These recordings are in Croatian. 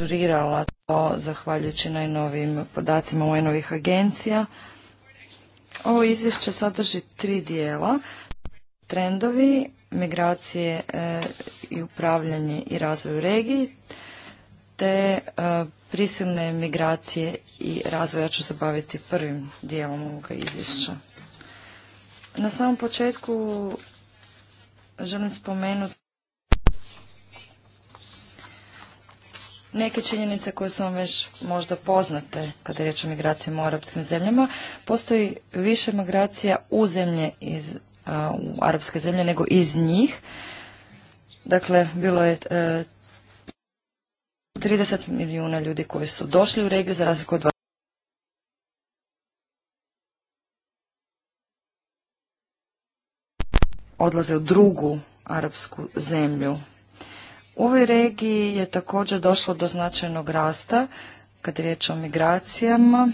ažurirala to zahvaljujući najnovijim podacima UN-ovih agencija. Ovo izvješće sadrži tri dijela. Trendovi, migracije e, i upravljanje i razvoj u regiji, te e, prisilne migracije i razvoja Ja ću se baviti prvim dijelom ovoga izvješća. Na samom početku želim spomenuti neke činjenice koje su vam već možda poznate kada je riječ o migracijama u arapskim zemljama. Postoji više migracija u zemlje iz, u arapske zemlje nego iz njih. Dakle, bilo je 30 e, milijuna ljudi koji su došli u regiju za razliku od 20 odlaze u drugu arapsku zemlju u ovoj regiji je također došlo do značajnog rasta kad je riječ o migracijama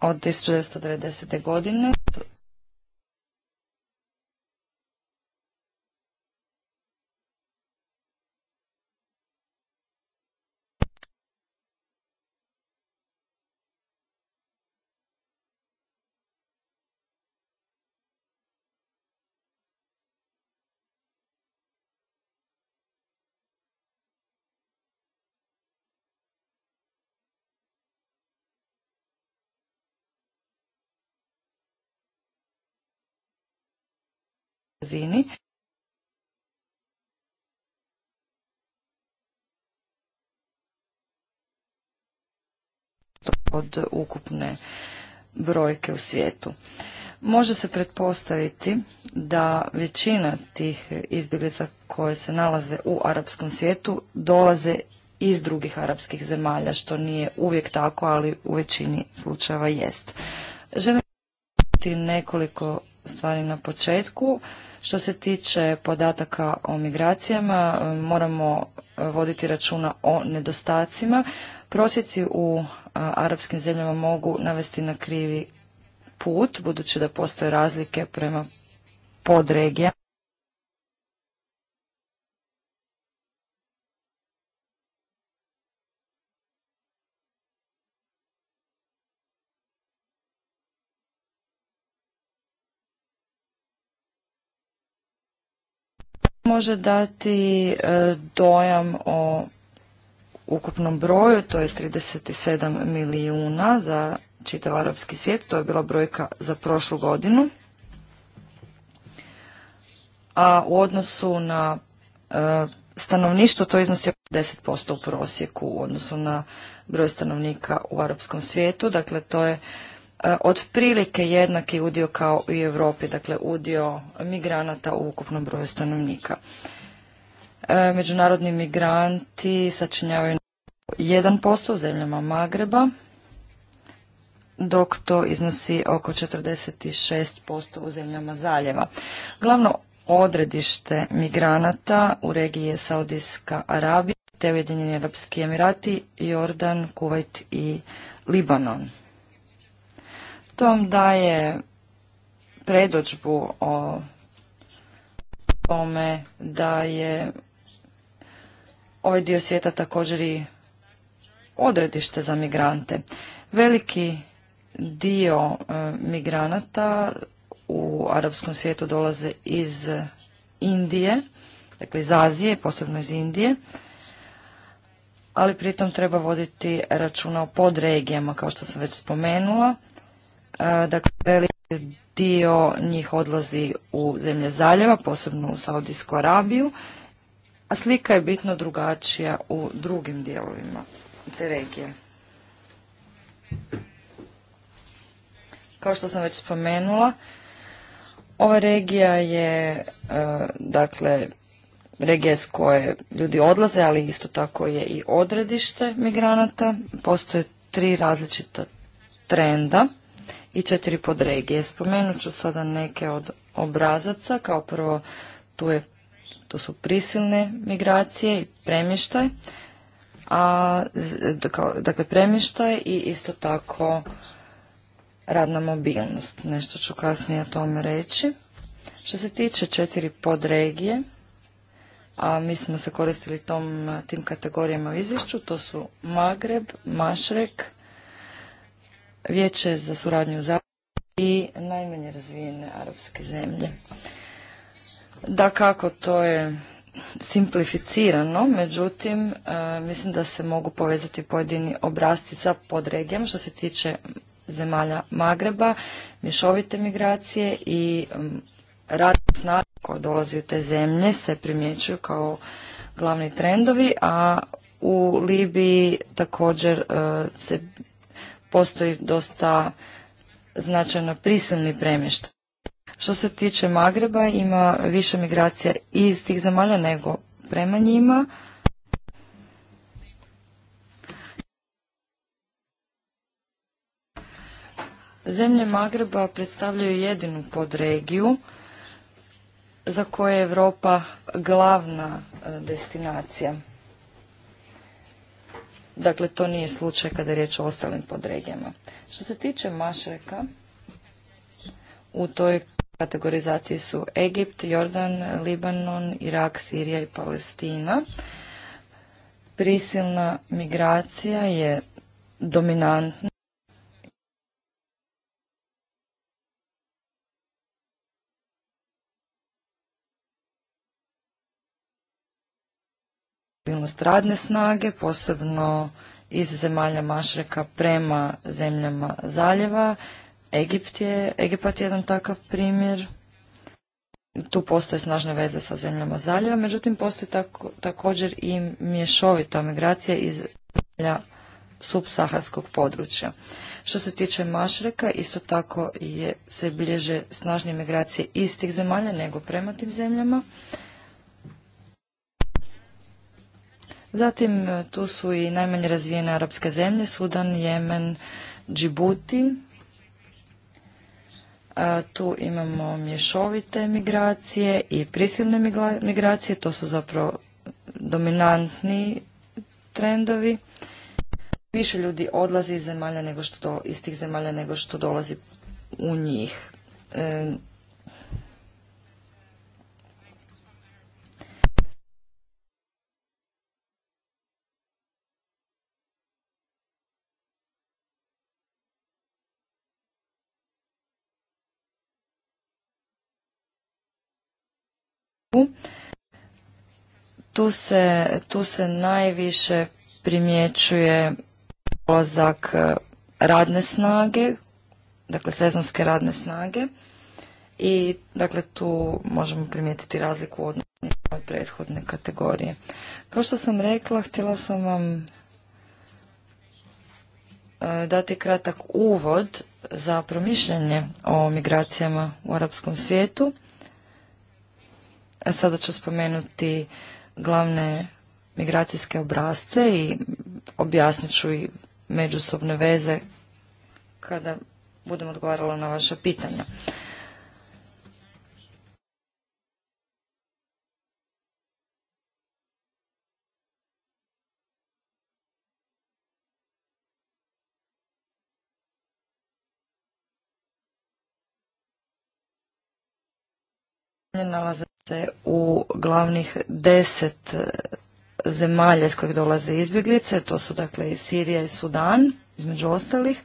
od 1990. godine razini. od ukupne brojke u svijetu. Može se pretpostaviti da većina tih izbjeglica koje se nalaze u arapskom svijetu dolaze iz drugih arapskih zemalja, što nije uvijek tako, ali u većini slučajeva jest. Želim nekoliko stvari na početku. Što se tiče podataka o migracijama, moramo voditi računa o nedostacima. Prosjeci u arapskim zemljama mogu navesti na krivi put, budući da postoje razlike prema podregijama. može dati e, dojam o ukupnom broju, to je 37 milijuna za čitav arapski svijet, to je bila brojka za prošlu godinu. A u odnosu na e, stanovništvo to iznosi 10% u prosjeku u odnosu na broj stanovnika u arapskom svijetu, dakle to je E, otprilike jednaki udio kao i u Europi, dakle udio migranata u ukupnom broju stanovnika. E, međunarodni migranti sačinjavaju 1% u zemljama Magreba, dok to iznosi oko 46% u zemljama zaljeva. Glavno odredište migranata u regiji je Saudijska Arabija, te Ujedinjeni Arabski Emirati, Jordan, Kuvajt i Libanon. Tom daje predođbu o tome da je ovaj dio svijeta također i odredište za migrante. Veliki dio e, migranata u arapskom svijetu dolaze iz Indije, dakle iz Azije, posebno iz Indije, ali pritom treba voditi računa o podregijama, kao što sam već spomenula. E, dakle, veliki dio njih odlazi u zemlje zaljeva, posebno u Saudijsku Arabiju, a slika je bitno drugačija u drugim dijelovima te regije. Kao što sam već spomenula, ova regija je, e, dakle, regija s koje ljudi odlaze, ali isto tako je i odredište migranata. Postoje tri različita trenda i četiri podregije. Spomenut ću sada neke od obrazaca. Kao prvo, tu, je, su prisilne migracije i premještaj. A, dakle, premještaj i isto tako radna mobilnost. Nešto ću kasnije o tome reći. Što se tiče četiri podregije, a mi smo se koristili tom, tim kategorijama u izvješću, to su Magreb, Mašrek, vijeće za suradnju Zagrebu i najmanje razvijene arapske zemlje. Da kako to je simplificirano, međutim e, mislim da se mogu povezati pojedini obrazci sa podregijama što se tiče zemalja Magreba, mješovite migracije i radna snaga koja dolazi u te zemlje se primjećuju kao glavni trendovi, a u Libiji također e, se postoji dosta značajno prisilni premještaj. Što se tiče Magreba, ima više migracija iz tih zemalja nego prema njima. Zemlje Magreba predstavljaju jedinu podregiju za koje je Europa glavna e, destinacija. Dakle, to nije slučaj kada je riječ o ostalim podregijama. Što se tiče Mašreka, u toj kategorizaciji su Egipt, Jordan, Libanon, Irak, Sirija i Palestina. Prisilna migracija je dominantna mobilnost radne snage, posebno iz zemalja Mašreka prema zemljama zaljeva. Egipt je, Egipat je jedan takav primjer. Tu postoje snažne veze sa zemljama zaljeva, međutim postoji također i mješovita migracija iz zemlja subsaharskog područja. Što se tiče Mašreka, isto tako je, se bilježe snažne migracije iz tih zemalja nego prema tim zemljama. Zatim e, tu su i najmanje razvijene arapske zemlje, Sudan, Jemen, Džibuti. Tu imamo mješovite migracije i prisilne migracije, to su zapravo dominantni trendovi. Više ljudi odlazi iz zemalja nego što iz tih zemalja nego što dolazi u njih. E, Tu se, tu se najviše primjećuje ulazak e, radne snage, dakle sezonske radne snage i dakle tu možemo primijetiti razliku od prethodne kategorije. Kao što sam rekla, htjela sam vam e, dati kratak uvod za promišljanje o migracijama u arapskom svijetu. E, sada ću spomenuti glavne migracijske obrazce i objasnit ću i međusobne veze kada budem odgovarala na vaša pitanja. nalaze se u glavnih deset e, zemalja iz kojih dolaze izbjeglice, to su dakle i Sirija i Sudan, između ostalih,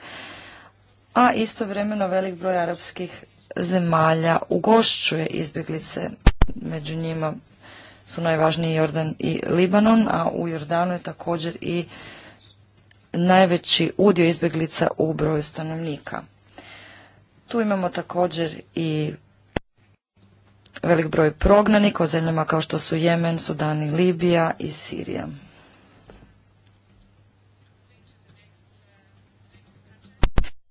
a istovremeno velik broj arapskih zemalja ugošćuje izbjeglice, među njima su najvažniji Jordan i Libanon, a u Jordanu je također i najveći udio izbjeglica u broju stanovnika. Tu imamo također i velik broj prognanika o zemljama kao što su Jemen, Sudan i Libija i Sirija.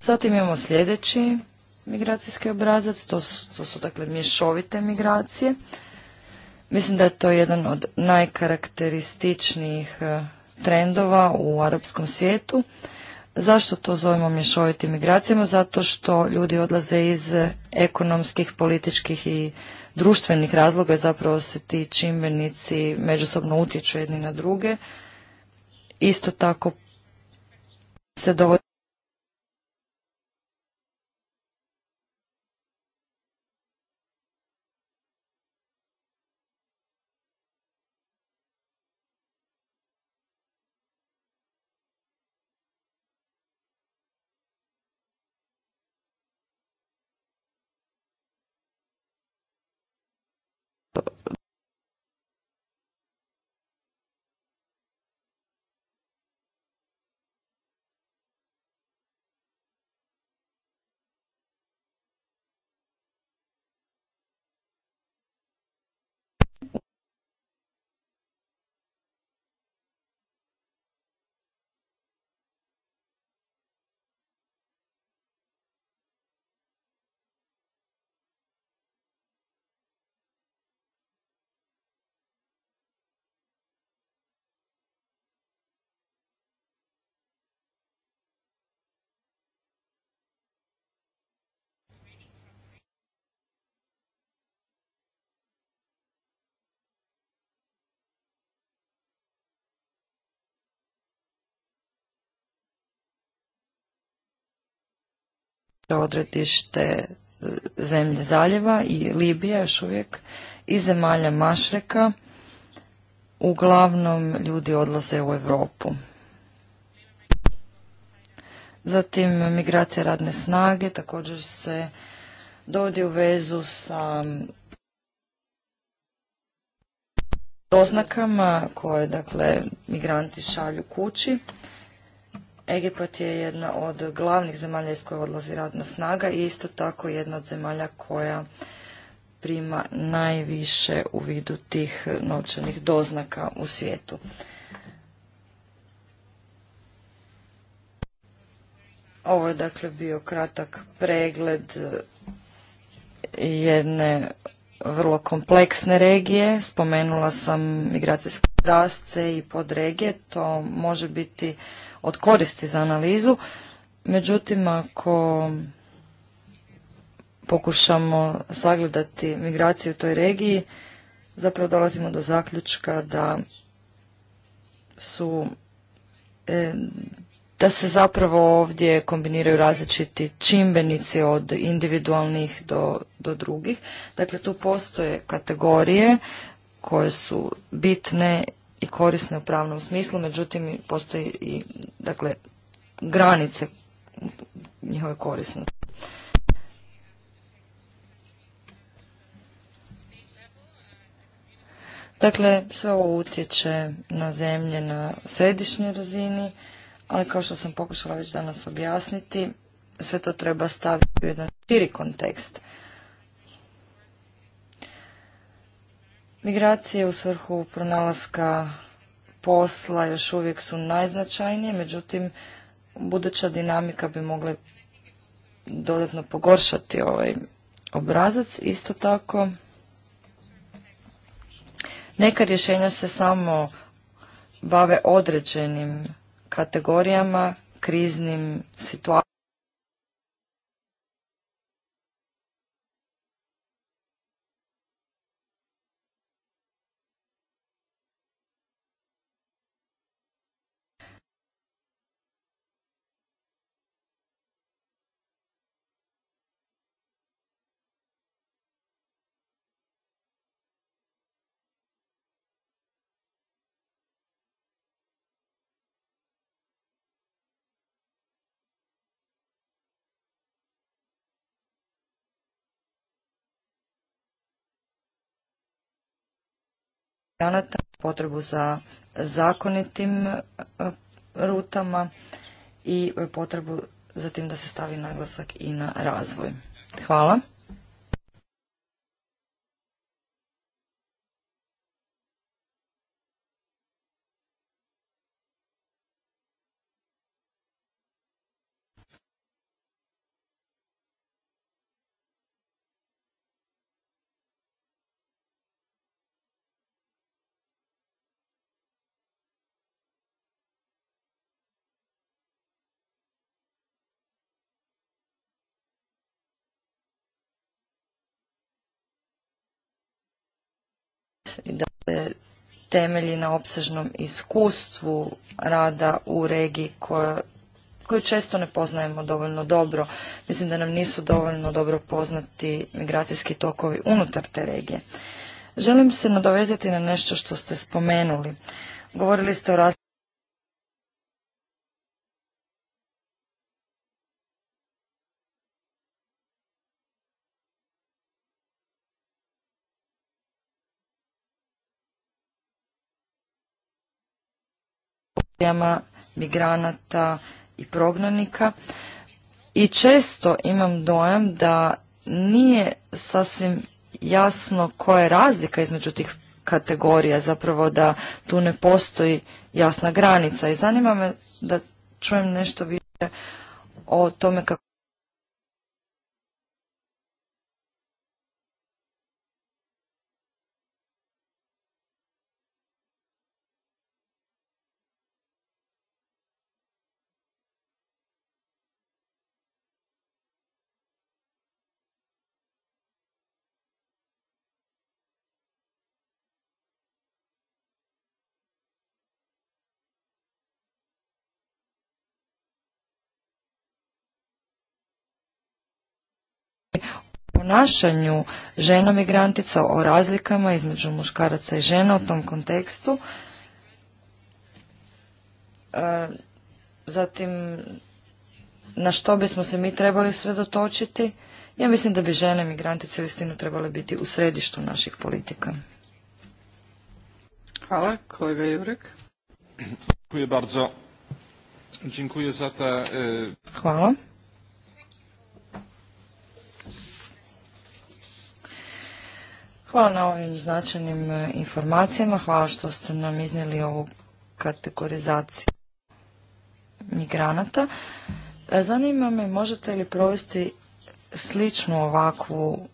Zatim imamo sljedeći migracijski obrazac, to su, su dakle mješovite migracije. Mislim da je to jedan od najkarakterističnijih e, trendova u arapskom svijetu. Zašto to zovemo mješovitim migracijama? Zato što ljudi odlaze iz ekonomskih, političkih i društvenih razloga zapravo se ti čimbenici međusobno utječu jedni na druge. Isto tako se dovodi odredište e, zemlje zaljeva i Libija još uvijek i zemalja Mašreka. Uglavnom ljudi odlaze u Europu. Zatim migracija radne snage također se dodi u vezu sa doznakama koje dakle migranti šalju kući. Egipat je jedna od glavnih zemalja iz koje odlazi radna snaga i isto tako jedna od zemalja koja prima najviše u vidu tih novčanih doznaka u svijetu. Ovo je dakle bio kratak pregled jedne vrlo kompleksne regije. Spomenula sam migracijske prasce i podregije. To može biti od koristi za analizu, međutim ako pokušamo sagledati migraciju u toj regiji, zapravo dolazimo do zaključka da su e, da se zapravo ovdje kombiniraju različiti čimbenici od individualnih do, do drugih. Dakle, tu postoje kategorije koje su bitne i korisne u pravnom smislu, međutim postoji i dakle granice njihove korisnosti. Dakle, sve ovo utječe na zemlje na središnjoj razini, ali kao što sam pokušala već danas objasniti, sve to treba staviti u jedan širi kontekst. Migracije u svrhu pronalaska posla još uvijek su najznačajnije, međutim buduća dinamika bi mogla dodatno pogoršati ovaj obrazac. Isto tako, neka rješenja se samo bave određenim kategorijama, kriznim situacijama. migranata, potrebu za zakonitim e, rutama i potrebu za tim da se stavi naglasak i na razvoj. Hvala. i da se temelji na opsežnom iskustvu rada u regiji koju često ne poznajemo dovoljno dobro. Mislim da nam nisu dovoljno dobro poznati migracijski tokovi unutar te regije. Želim se nadovezati na nešto što ste spomenuli. Govorili ste o migranata i prognanika i često imam dojam da nije sasvim jasno koja je razlika između tih kategorija, zapravo da tu ne postoji jasna granica i zanima me da čujem nešto više o tome kako ponašanju žena migrantica, o razlikama između muškaraca i žena u tom kontekstu. E, zatim, na što bismo se mi trebali sredotočiti? Ja mislim da bi žene migrantice u istinu trebale biti u središtu naših politika. Hvala, kolega Jurek. za e, Hvala. Hvala na ovim značajnim e, informacijama. Hvala što ste nam iznijeli ovu kategorizaciju migranata. E, zanima me, možete li provesti sličnu ovakvu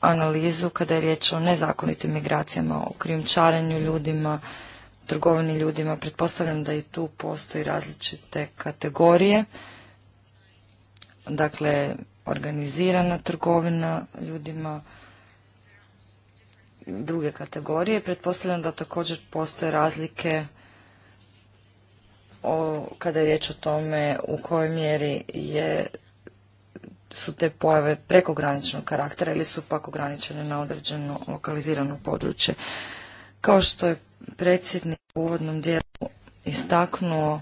analizu kada je riječ o nezakonitim migracijama, o krijumčarenju ljudima, trgovini ljudima. Pretpostavljam da i tu postoji različite kategorije. Dakle, organizirana trgovina ljudima, druge kategorije. Pretpostavljam da također postoje razlike o, kada je riječ o tome u kojoj mjeri je, su te pojave prekograničnog karaktera ili su pak ograničene na određeno lokalizirano područje. Kao što je predsjednik u uvodnom dijelu istaknuo,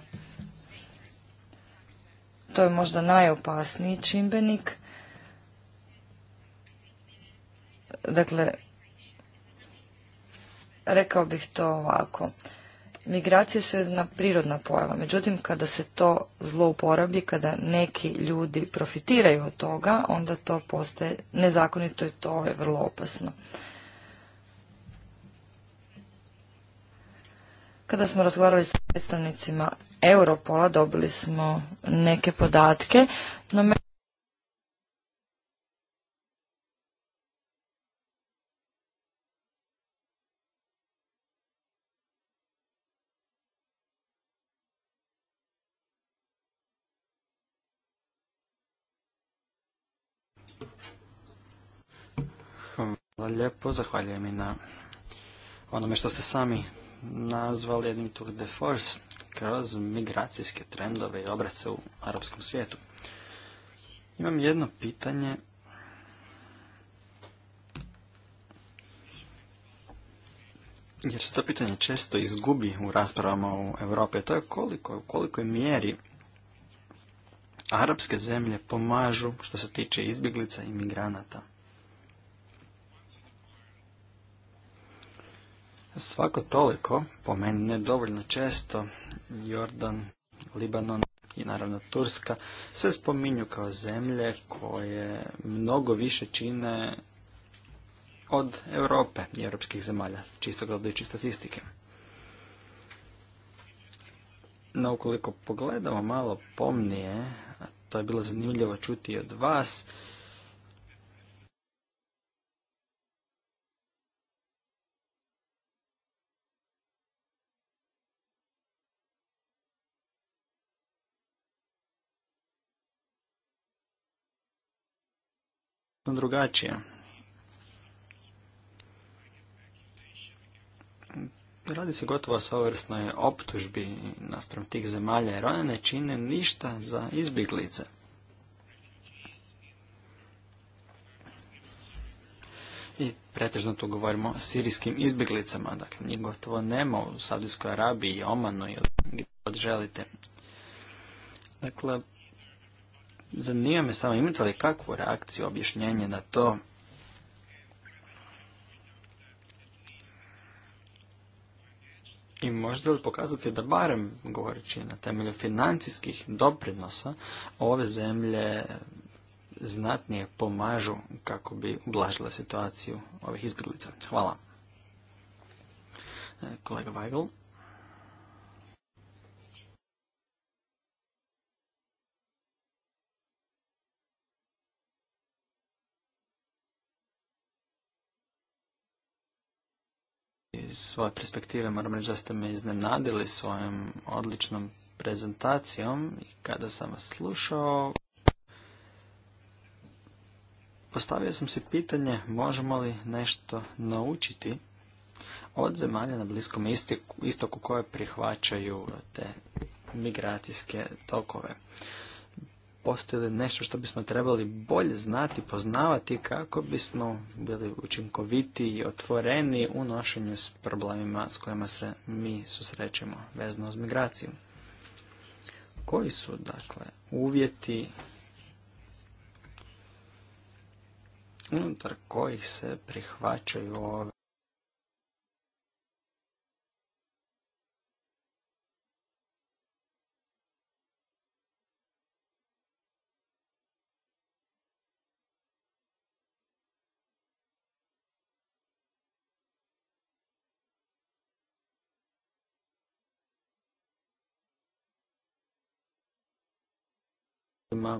to je možda najopasniji čimbenik. Dakle, Rekao bih to ovako. Migracije su jedna prirodna pojava, međutim kada se to zlouporabi, kada neki ljudi profitiraju od toga, onda to postaje nezakonito i to je vrlo opasno. Kada smo razgovarali sa predstavnicima Europola, dobili smo neke podatke, no Hvala lijepo, zahvaljujem i na onome što ste sami nazvali jednim tour de force kroz migracijske trendove i obrace u arapskom svijetu. Imam jedno pitanje jer se to pitanje često izgubi u raspravama u Europi, to je koliko, u kolikoj mjeri arapske zemlje pomažu što se tiče izbjeglica i migranata. Svako toliko, po meni ne dovoljno često, Jordan, Libanon i naravno Turska se spominju kao zemlje koje mnogo više čine od Europe i europskih zemalja, čisto gledajući statistike. No, ukoliko pogledamo malo pomnije, a to je bilo zanimljivo čuti od vas, drugačije. Radi se gotovo o svojvrstnoj optužbi nastrom tih zemalja, jer one ne čine ništa za izbjeglice. I pretežno tu govorimo o sirijskim izbjeglicama, dakle njih gotovo nema u Saudijskoj Arabiji, Omanu ili gdje god želite. Dakle, Zanima me samo imate li kakvu reakciju, objašnjenje na to I možete li pokazati da barem, govoreći na temelju financijskih doprinosa, ove zemlje znatnije pomažu kako bi ublažila situaciju ovih izbjeglica. Hvala. E, kolega Weigl. iz svoje perspektive moram reći da ste me iznenadili svojom odličnom prezentacijom i kada sam vas slušao postavio sam se pitanje možemo li nešto naučiti od zemalja na Bliskom istoku koje prihvaćaju te migracijske tokove postoji nešto što bismo trebali bolje znati, poznavati kako bismo bili učinkoviti i otvoreni u nošenju s problemima s kojima se mi susrećemo vezano s migracijom. Koji su, dakle, uvjeti unutar kojih se prihvaćaju ove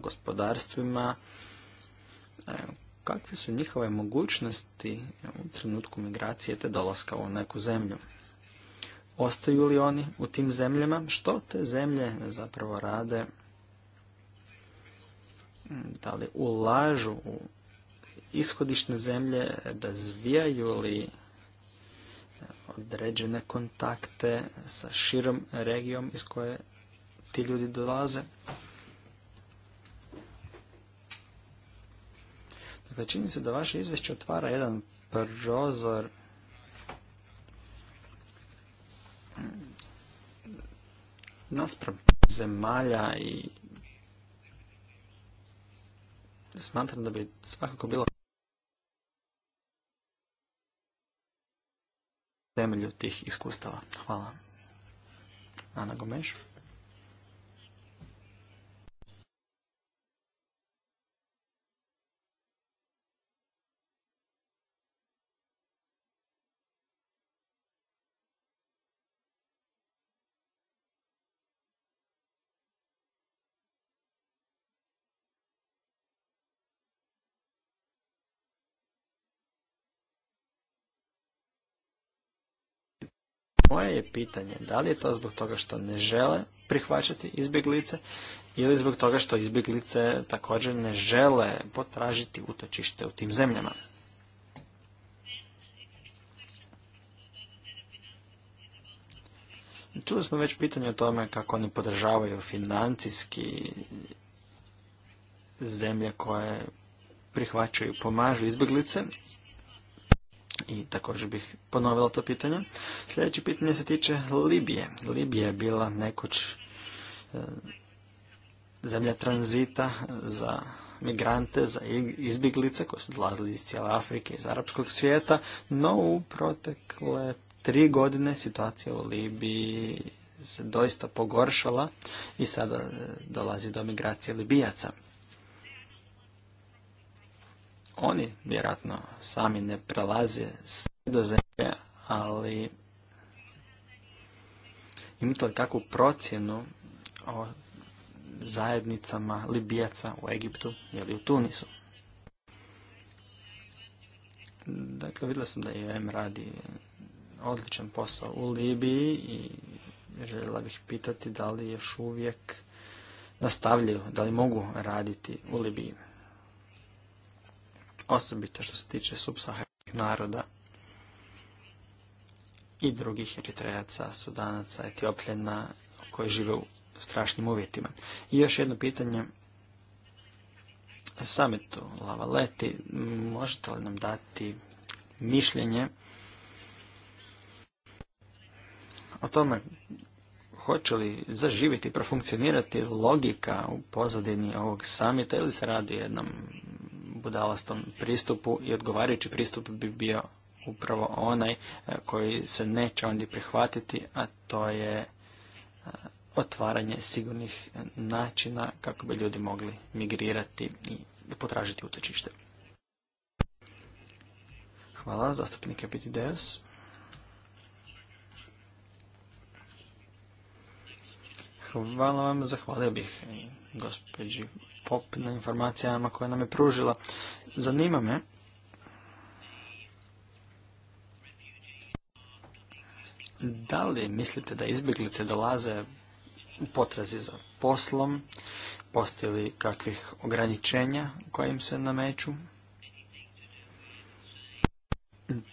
gospodarstvima, e, kakve su njihove mogućnosti e, u trenutku migracije te dolaska u neku zemlju. Ostaju li oni u tim zemljama? Što te zemlje zapravo rade? Da li ulažu u ishodišne zemlje, razvijaju li e, određene kontakte sa širom regijom iz koje ti ljudi dolaze? Dakle, čini se da vaše izvješće otvara jedan prozor naspram zemalja i smatram da bi svakako bilo temelju tih iskustava. Hvala. Ana Gomeš. Moje je pitanje, da li je to zbog toga što ne žele prihvaćati izbjeglice ili zbog toga što izbjeglice također ne žele potražiti utočište u tim zemljama? Čuli smo već pitanje o tome kako oni podržavaju financijski zemlje koje prihvaćaju pomažu izbjeglice, i također bih ponovila to pitanje. Sljedeće pitanje se tiče Libije. Libija je bila nekoć e, zemlja tranzita za migrante, za izbjeglice koji su dolazili iz cijele Afrike, iz arapskog svijeta, no u protekle tri godine situacija u Libiji se doista pogoršala i sada e, dolazi do migracije Libijaca. Oni vjerojatno sami ne prelaze do zemlje, ali imate li kakvu procjenu o zajednicama Libijaca u Egiptu ili u Tunisu? Dakle, vidjela sam da EM radi odličan posao u Libiji i željela bih pitati da li još uvijek nastavljaju, da li mogu raditi u Libiji osobito što se tiče subsaharskih naroda i drugih eritrejaca, sudanaca, etiopljena koji žive u strašnim uvjetima. I još jedno pitanje samitu Lavaleti. Možete li nam dati mišljenje o tome hoće li zaživjeti, profunkcionirati logika u pozadini ovog samita ili se radi o jednom budalastom pristupu i odgovarajući pristup bi bio upravo onaj e, koji se neće ondje prihvatiti, a to je e, otvaranje sigurnih načina kako bi ljudi mogli migrirati i potražiti utočište. Hvala, zastupnik Deus. Hvala vam, zahvalio bih gospođi POP na informacijama koje nam je pružila. Zanima me da li mislite da izbjeglice dolaze u potrazi za poslom, postoji li kakvih ograničenja koja im se nameću?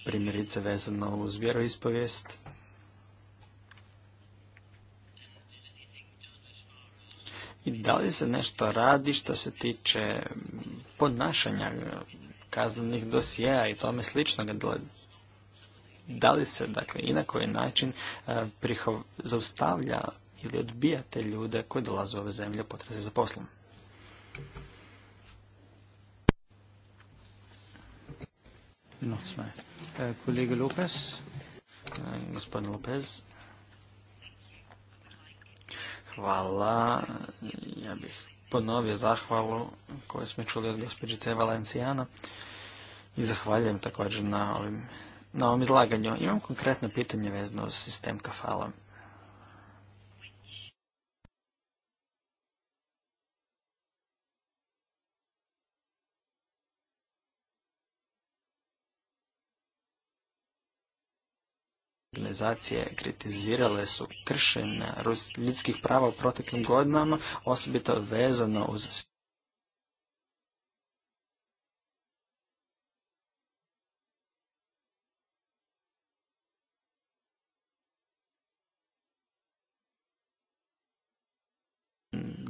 Primjerice vezano uz vjeroispovijest. i da li se nešto radi što se tiče ponašanja kaznenih dosijeja i tome sličnog. Dakle, da li se, dakle, i na koji način e, prihov, zaustavlja ili odbija te ljude koji dolaze u ove zemlje potrazi za poslom? Uh, kolega Lopez. E, gospodin Lopez. Hvala. Ja bih ponovio zahvalu koju smo čuli od gospođice Valencijana i zahvaljujem također na na ovom izlaganju. Imam konkretno pitanje vezano uz sistem kafala. organizacije kritizirale su kršenja ljudskih prava u proteklim godinama, osobito vezano uz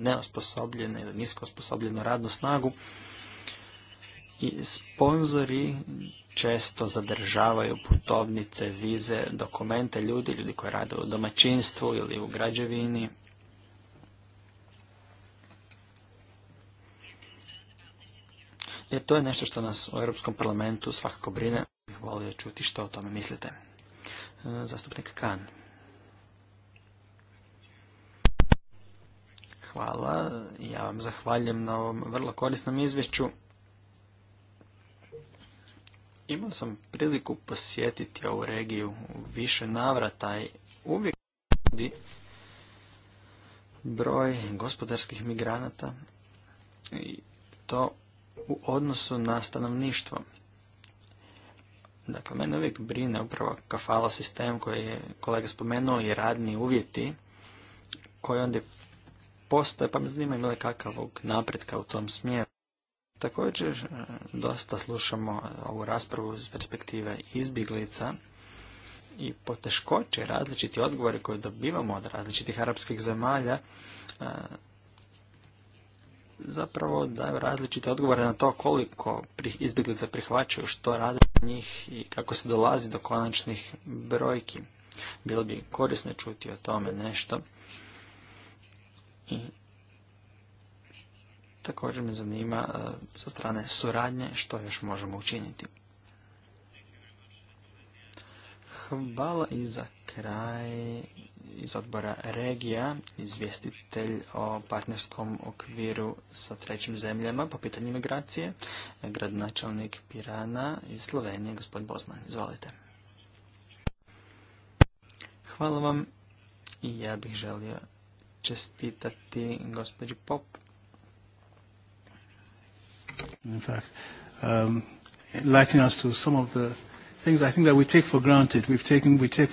neosposobljene ili nisko osposobljene radnu snagu i sponzori često zadržavaju putovnice, vize, dokumente ljudi, ljudi koji rade u domaćinstvu ili u građevini. Jer to je nešto što nas u Europskom parlamentu svakako brine. Volio volio čuti što o tome mislite. E, zastupnik Kan. Hvala. Ja vam zahvaljujem na ovom vrlo korisnom izvješću. Imao sam priliku posjetiti ovu regiju više navrata i uvijek ljudi broj gospodarskih migranata i to u odnosu na stanovništvo. Dakle, mene uvijek brine upravo kafala sistem koji je kolega spomenuo i radni uvjeti koji onda postoje, pa me zanima ili kakavog napretka u tom smjeru. Također e, dosta slušamo ovu raspravu iz perspektive izbjeglica i poteškoće, različiti odgovori koje dobivamo od različitih arapskih zemalja e, zapravo daju različite odgovore na to koliko izbjeglica prihvaćaju, što rade njih i kako se dolazi do konačnih brojki. Bilo bi korisno čuti o tome nešto i Također me zanima e, sa strane suradnje što još možemo učiniti. Hvala i za kraj iz odbora Regija, izvjestitelj o partnerskom okviru sa trećim zemljama po pitanju migracije, gradonačelnik Pirana iz Slovenije, gospod Bozman. Izvolite. Hvala vam i ja bih želio čestitati gospođi Pop In fact, um, us to some of the things I think that we take for granted. We've taken, we take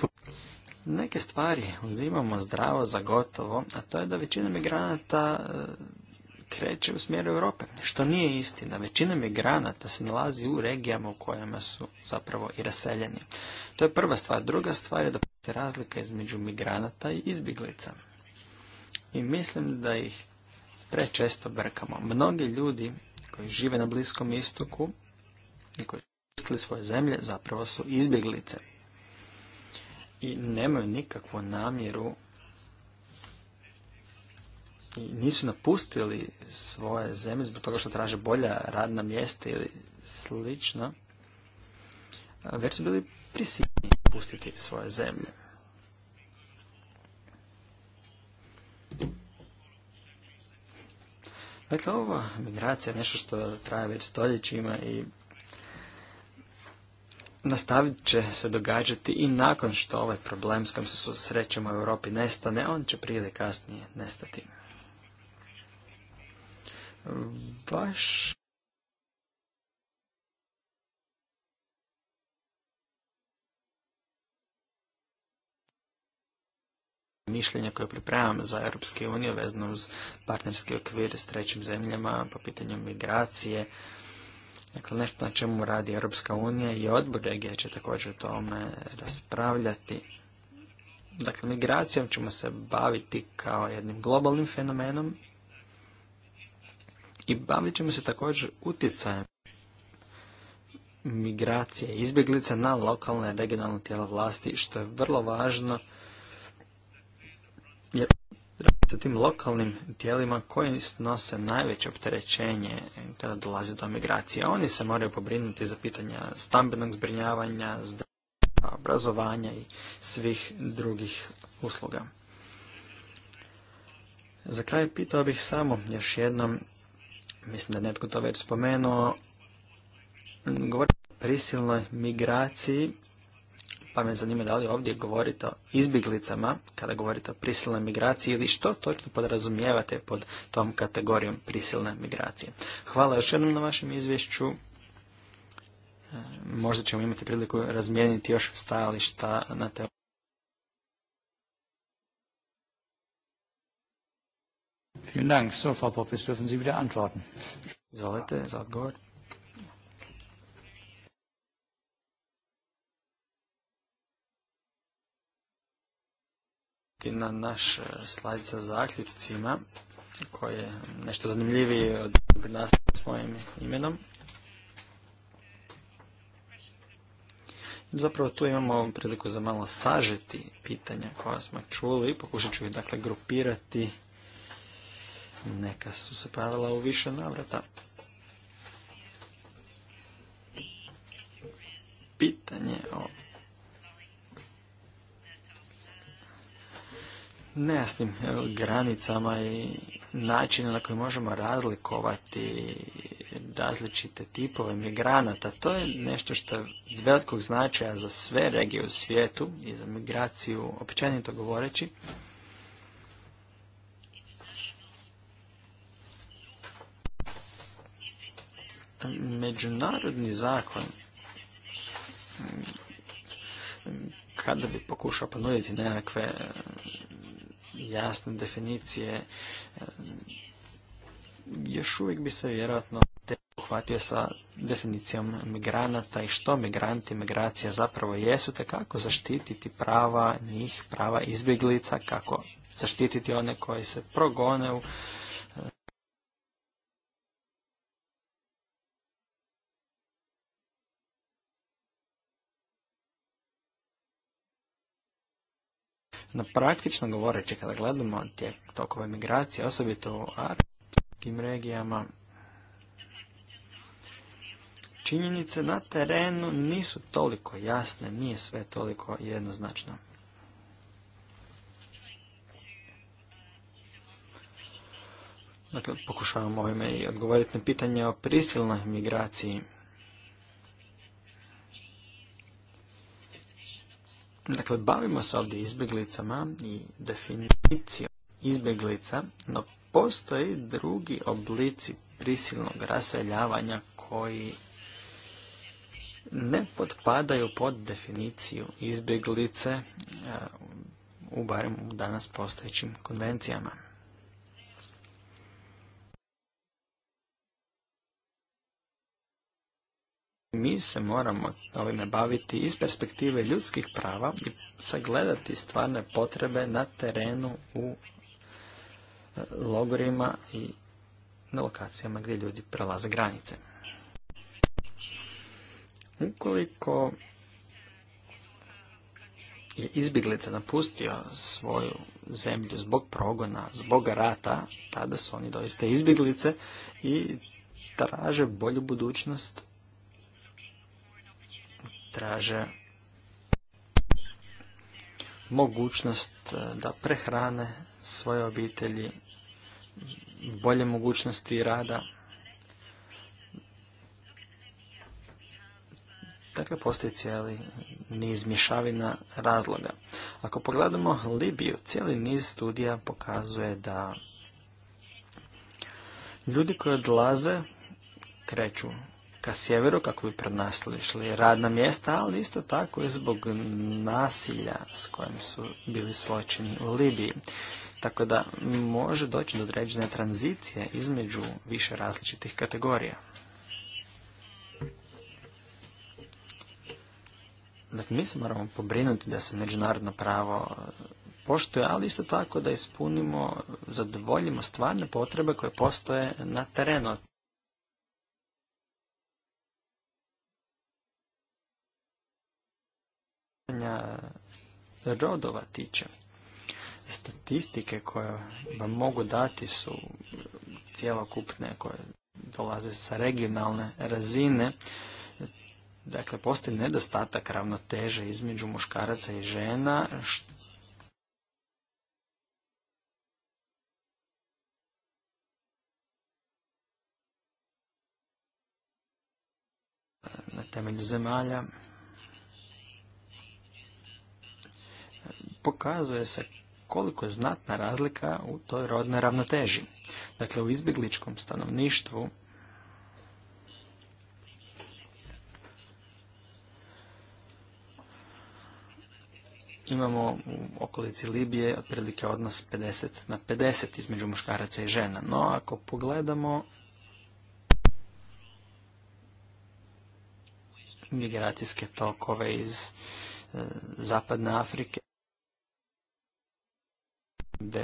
Neke stvari uzimamo zdravo za gotovo, a to je da većina migranata e, kreće u smjeru Europe, što nije istina. Većina migranata se nalazi u regijama u kojima su zapravo i raseljeni. To je prva stvar. Druga stvar je da postoji razlika između migranata i izbjeglica. I mislim da ih prečesto brkamo. Mnogi ljudi koji žive na Bliskom istoku i koji su svoje zemlje zapravo su izbjeglice i nemaju nikakvu namjeru i nisu napustili svoje zemlje zbog toga što traže bolja radna mjesta ili slično, već su bili prisiljeni napustiti svoje zemlje. Dakle, ova migracija je nešto što traje već stoljećima i nastavit će se događati i nakon što ovaj problem s kojim se susrećemo u Europi nestane, on će prije kasnije nestati. mišljenja koje pripremam za Europske unije vezano uz partnerski okvir s trećim zemljama po pitanju migracije. Dakle, nešto na čemu radi Europska unija i odbor regije će također o tome raspravljati. Dakle, migracijom ćemo se baviti kao jednim globalnim fenomenom i bavit ćemo se također utjecajem migracije izbjeglica na lokalne i regionalne tijela vlasti, što je vrlo važno jer sa tim lokalnim tijelima koji snose najveće opterećenje kada dolazi do migracije. Oni se moraju pobrinuti za pitanja stambenog zbrinjavanja, zdravstva, obrazovanja i svih drugih usluga. Za kraj pitao bih samo još jednom, mislim da je netko to već spomenuo, govorimo o prisilnoj migraciji pa me zanima da li ovdje govorite o izbjeglicama, kada govorite o prisilnoj migraciji ili što točno podrazumijevate pod tom kategorijom prisilne migracije. Hvala još jednom na vašem izvješću. E, možda ćemo imati priliku razmijeniti još stajališta na te Vielen Sie wieder antworten. Izvolite za odgovor. na naš e, slajd sa zaključcima koji je nešto zanimljiviji od nas svojim imenom. Zapravo tu imamo priliku za malo sažeti pitanja koja smo čuli. Pokušat ću ih dakle grupirati. Neka su se pravila u više navrata. Pitanje o nejasnim granicama i načinu na koji možemo razlikovati različite tipove migranata. To je nešto što je velikog značaja za sve regije u svijetu i za migraciju, općenito govoreći. Međunarodni zakon kada bi pokušao ponuditi nekakve jasne definicije. E, još uvijek bi se vjerojatno te uhvatio sa definicijom migranata i što migranti, migracija zapravo jesu, te kako zaštititi prava njih, prava izbjeglica, kako zaštititi one koji se progone u No praktično govoreći, kada gledamo tijek tokove migracije, osobito u arapskim regijama, činjenice na terenu nisu toliko jasne, nije sve toliko jednoznačno. Dakle, pokušavam ovime i odgovoriti na pitanje o prisilnoj migraciji. Dakle, bavimo se ovdje izbjeglicama i definicijom izbjeglica, no postoji drugi oblici prisilnog raseljavanja koji ne potpadaju pod definiciju izbjeglice e, u barem u danas postojećim konvencijama. mi se moramo ovime baviti iz perspektive ljudskih prava i sagledati stvarne potrebe na terenu u e, logorima i na lokacijama gdje ljudi prelaze granice. Ukoliko je izbjeglica napustio svoju zemlju zbog progona, zbog rata, tada su oni doista izbjeglice i traže bolju budućnost traže mogućnost e, da prehrane svoje obitelji, bolje mogućnosti rada. Dakle, postoji cijeli niz mješavina razloga. Ako pogledamo Libiju, cijeli niz studija pokazuje da ljudi koji odlaze kreću ka sjeveru kako bi pronašli radna mjesta, ali isto tako i zbog nasilja s kojim su bili suočeni u Libiji. Tako da može doći do određene tranzicije između više različitih kategorija. Dakle, mi se moramo pobrinuti da se međunarodno pravo poštuje, ali isto tako da ispunimo, zadovoljimo stvarne potrebe koje postoje na terenu. rodova tiče, statistike koje vam mogu dati su cijelokupne, koje dolaze sa regionalne razine. Dakle, postoji nedostatak ravnoteže između muškaraca i žena, na temelju zemalja pokazuje se koliko je znatna razlika u toj rodnoj ravnoteži. Dakle, u izbjegličkom stanovništvu imamo u okolici Libije otprilike odnos 50 na 50 između muškaraca i žena. No, ako pogledamo migracijske tokove iz e, zapadne Afrike,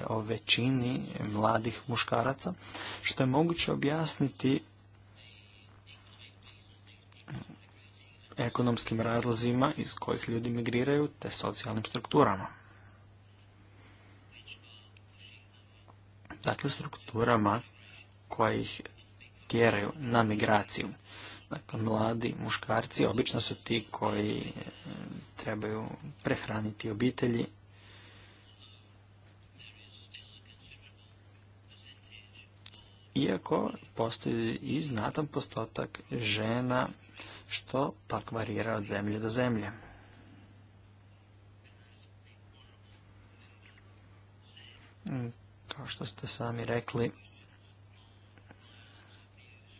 o većini mladih muškaraca, što je moguće objasniti ekonomskim razlozima iz kojih ljudi migriraju te socijalnim strukturama. Dakle, strukturama koje ih tjeraju na migraciju. Dakle, mladi muškarci obično su ti koji eh, trebaju prehraniti obitelji iako postoji i znatan postotak žena što pak varira od zemlje do zemlje. Kao što ste sami rekli,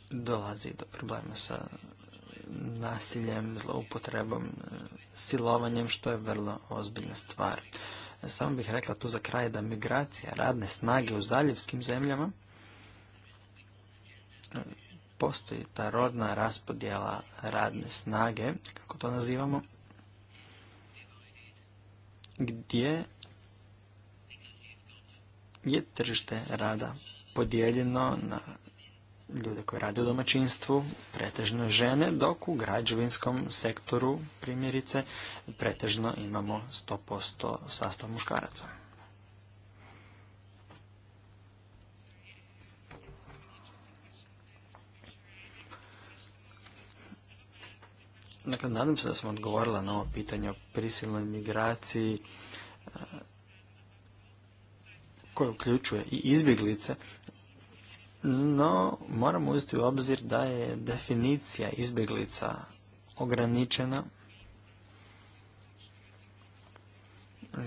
dolazi do problema sa nasiljem, zloupotrebom, silovanjem, što je vrlo ozbiljna stvar. Samo bih rekla tu za kraj da migracija radne snage u zaljevskim zemljama postoji ta rodna raspodjela radne snage, kako to nazivamo, gdje je tržište rada podijeljeno na ljude koji rade u domaćinstvu, pretežno žene, dok u građevinskom sektoru, primjerice, pretežno imamo 100% sastav muškaraca. Dakle, nadam se da sam odgovorila na ovo pitanje o prisilnoj migraciji e, koje uključuje i izbjeglice, no moramo uzeti u obzir da je definicija izbjeglica ograničena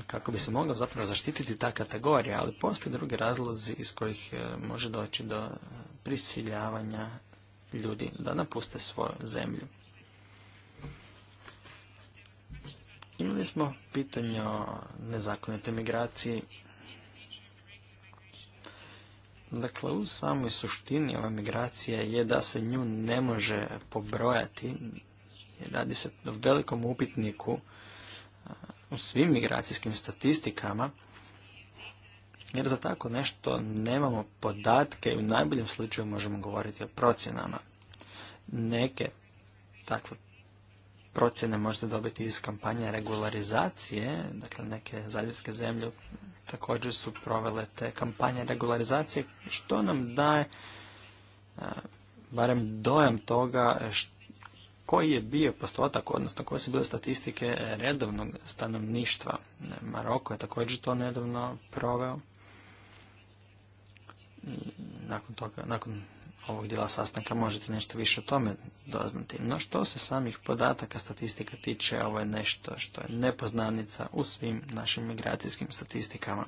kako bi se mogla zapravo zaštititi ta kategorija, ali postoje drugi razlozi iz kojih e, može doći do prisiljavanja ljudi da napuste svoju zemlju. Imali smo pitanje o nezakonitoj migraciji. Dakle, u samoj suštini ove migracija je da se nju ne može pobrojati. Radi se o velikom upitniku u svim migracijskim statistikama, jer za tako nešto nemamo podatke i u najboljem slučaju možemo govoriti o procjenama. Neke takve procjene možete dobiti iz kampanje regularizacije, dakle neke zaljevske zemlje također su provele te kampanje regularizacije, što nam daje barem dojam toga koji je bio postotak, odnosno koje su bile statistike redovnog stanovništva. Maroko je također to nedavno proveo. nakon nakon ovog dijela sastanka možete nešto više o tome doznati. No što se samih podataka statistika tiče, ovo je nešto što je nepoznanica u svim našim migracijskim statistikama.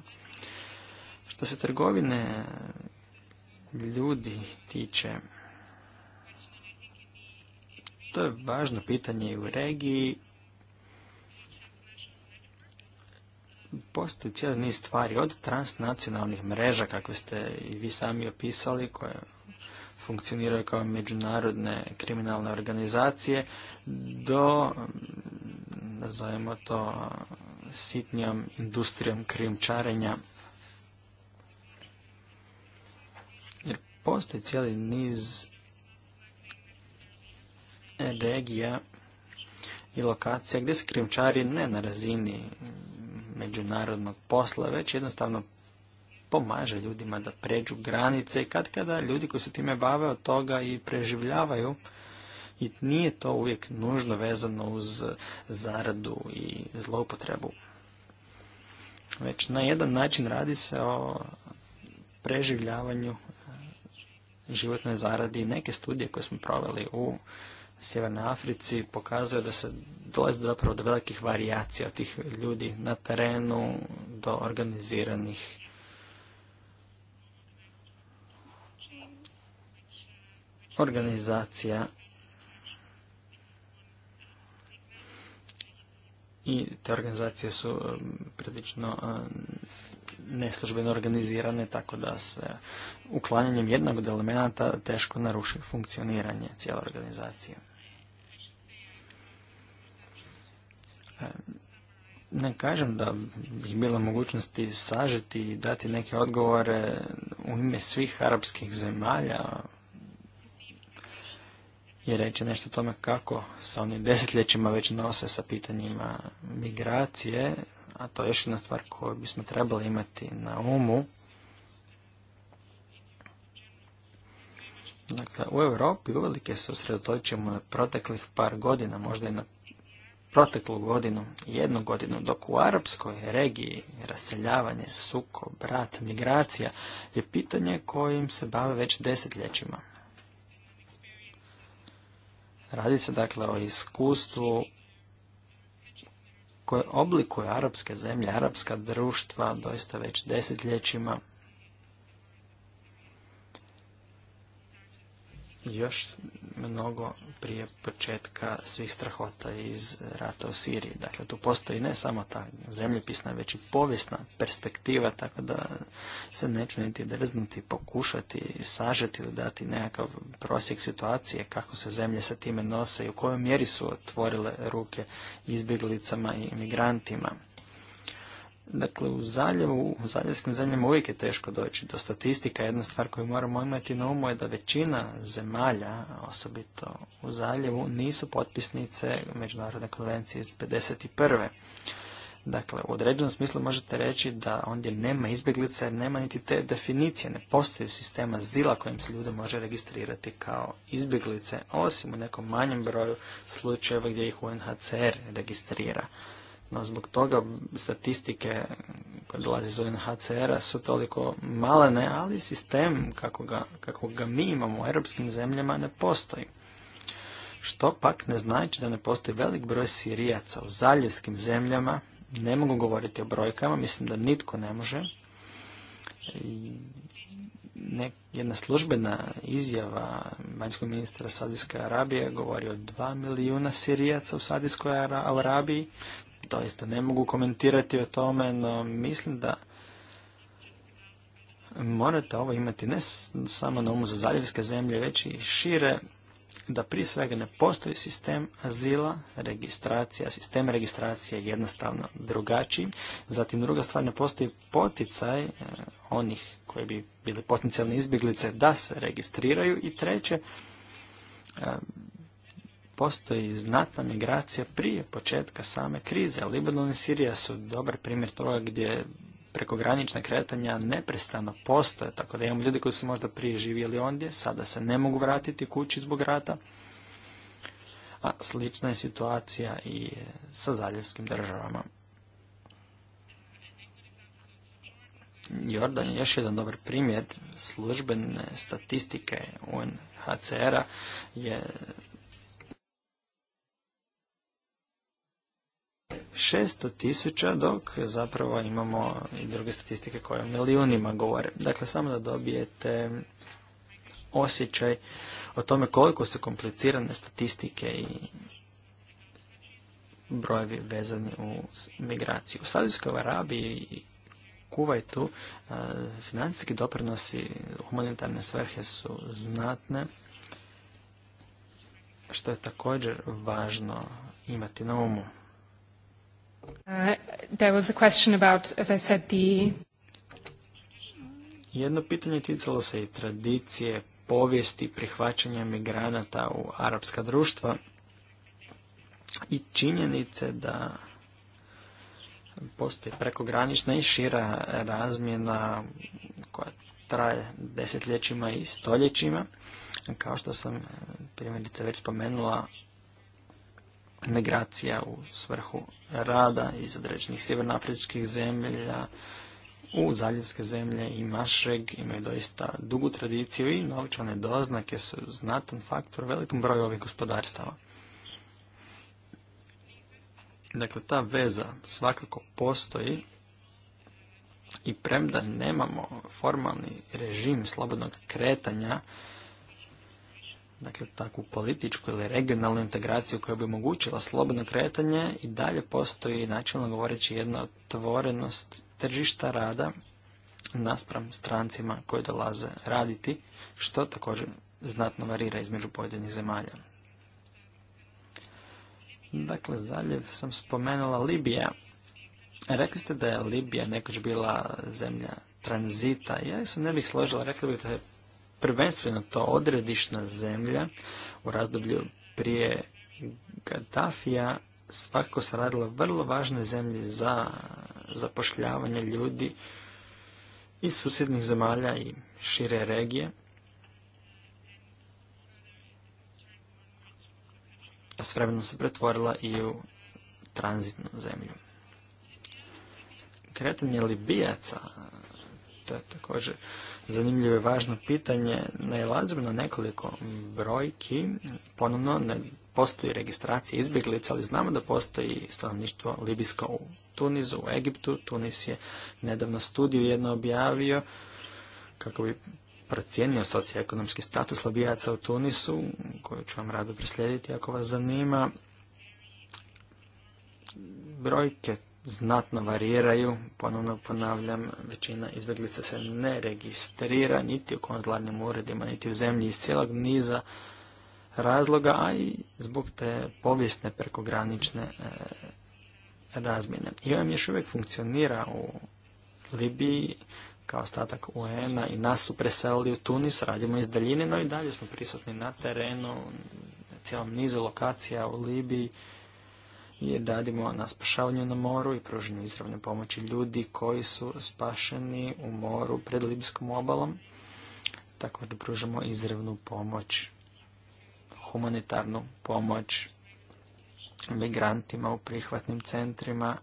Što se trgovine ljudi tiče, to je važno pitanje i u regiji. Postoji cijeli niz stvari od transnacionalnih mreža, kako ste i vi sami opisali, koje funkcioniraju kao međunarodne kriminalne organizacije do, nazovimo to, sitnijom industrijom krijumčarenja. Jer postoji cijeli niz regija i lokacija gdje se krijumčari ne na razini međunarodnog posla, već jednostavno pomaže ljudima da pređu granice i kad kada ljudi koji se time bave od toga i preživljavaju i nije to uvijek nužno vezano uz zaradu i zloupotrebu. Već na jedan način radi se o preživljavanju eh, životnoj zaradi. Neke studije koje smo proveli u Sjevernoj Africi pokazuje da se dolazi zapravo do velikih varijacija od tih ljudi na terenu do organiziranih organizacija i te organizacije su um, prilično um, neslužbeno organizirane tako da se uklanjanjem jednog od elemenata teško naruši funkcioniranje cijele organizacije. Um, ne kažem da bih bila mogućnosti sažeti i dati neke odgovore u ime svih arapskih zemalja i reći nešto o tome kako sa onim desetljećima već nose sa pitanjima migracije, a to je još jedna stvar koju bismo trebali imati na umu. Dakle, u Europi uvelike se usredotočimo na proteklih par godina, možda i na proteklu godinu, jednu godinu, dok u arapskoj regiji raseljavanje, sukob, brat, migracija je pitanje kojim se bave već desetljećima. Radi se dakle o iskustvu koje oblikuje arapske zemlje, arapska društva doista već desetljećima. Još mnogo prije početka svih strahota iz rata u Siriji. Dakle, tu postoji ne samo ta zemljopisna, već i povijesna perspektiva, tako da se neću niti drznuti, pokušati, sažeti ili dati nekakav prosjek situacije, kako se zemlje sa time nose i u kojoj mjeri su otvorile ruke izbjeglicama i imigrantima. Dakle, u zaljevu, u zaljevskim zemljama uvijek je teško doći do statistika. Jedna stvar koju moramo imati na umu je da većina zemalja, osobito u zaljevu, nisu potpisnice Međunarodne konvencije iz 51. Dakle, u određenom smislu možete reći da ondje nema izbjeglica jer nema niti te definicije. Ne postoji sistema zila kojim se ljude može registrirati kao izbjeglice, osim u nekom manjem broju slučajeva gdje ih UNHCR registrira. No zbog toga statistike koje dolaze iz UNHCR-a su toliko malene, ali sistem kako ga, kako ga mi imamo u europskim zemljama ne postoji. Što pak ne znači da ne postoji velik broj sirijaca u zaljevskim zemljama, ne mogu govoriti o brojkama, mislim da nitko ne može. Jedna službena izjava vanjskog ministra Saudijske Arabije govori o 2 milijuna sirijaca u Saudijskoj Arabiji, doista ne mogu komentirati o tome, no mislim da morate ovo imati ne samo na umu za zaljevske zemlje, već i šire, da prije svega ne postoji sistem azila, registracija, sistem registracije je jednostavno drugačiji. Zatim druga stvar, ne postoji poticaj e, onih koji bi bili potencijalne izbjeglice da se registriraju. I treće, e, postoji znatna migracija prije početka same krize. Libanon i Sirija su dobar primjer toga gdje prekogranična kretanja neprestano postoje, tako da imamo ljudi koji su možda prije živjeli ondje, sada se ne mogu vratiti kući zbog rata, a slična je situacija i sa zaljevskim državama. Jordan je još jedan dobar primjer službene statistike UNHCR-a je 600 tisuća, dok zapravo imamo i druge statistike koje o milijunima govore. Dakle, samo da dobijete osjećaj o tome koliko su komplicirane statistike i brojevi vezani u migraciju. U Saudijskoj Arabiji i Kuvajtu e, financijski doprinosi humanitarne svrhe su znatne, što je također važno imati na umu. Uh, there was a question about, as I said, the... Jedno pitanje ticalo se i tradicije, povijesti prihvaćanja migranata u arapska društva i činjenice da postoji prekogranična i šira razmjena koja traje desetljećima i stoljećima. Kao što sam primjerice već spomenula, migracija u svrhu rada iz određenih sjevernoafričkih zemlja u zaljevske zemlje i Mašeg imaju doista dugu tradiciju i novčane doznake su znatan faktor velikom broju ovih gospodarstava. Dakle, ta veza svakako postoji i premda nemamo formalni režim slobodnog kretanja, dakle takvu političku ili regionalnu integraciju koja bi omogućila slobodno kretanje i dalje postoji načelno govoreći jedna otvorenost tržišta rada naspram strancima koji dolaze raditi, što također znatno varira između pojedinih zemalja. Dakle, zaljev sam spomenula Libija. Rekli ste da je Libija nekoć bila zemlja tranzita. Ja se ne bih složila, rekli bi da je prvenstveno to odredišna zemlja u razdoblju prije Gaddafija svakako se radila vrlo važne zemlje za zapošljavanje ljudi iz susjednih zemalja i šire regije. A s vremenom se pretvorila i u tranzitnu zemlju. Kretanje Libijaca, to je također zanimljivo i važno pitanje. Najlazim na nekoliko brojki. Ponovno, ne postoji registracija izbjeglica, ali znamo da postoji stanovništvo libijsko u Tunizu, u Egiptu. Tunis je nedavno studiju jedno objavio kako bi procijenio socioekonomski status lobijaca u Tunisu, koju ću vam rado preslijediti ako vas zanima. Brojke znatno variraju, ponovno ponavljam, većina izbjeglica se ne registrira niti u konzularnim uredima, niti u zemlji iz cijelog niza razloga, a i zbog te povijesne prekogranične e, razmjene. IOM još uvijek funkcionira u Libiji kao ostatak UN-a i nas su preselili u Tunis, radimo iz daljine, no i dalje smo prisutni na terenu, na cijelom nizu lokacija u Libiji i radimo na spašavanju na moru i pružanju izravne pomoći ljudi koji su spašeni u moru pred Libijskom obalom. tako da pružamo izravnu pomoć, humanitarnu pomoć migrantima u prihvatnim centrima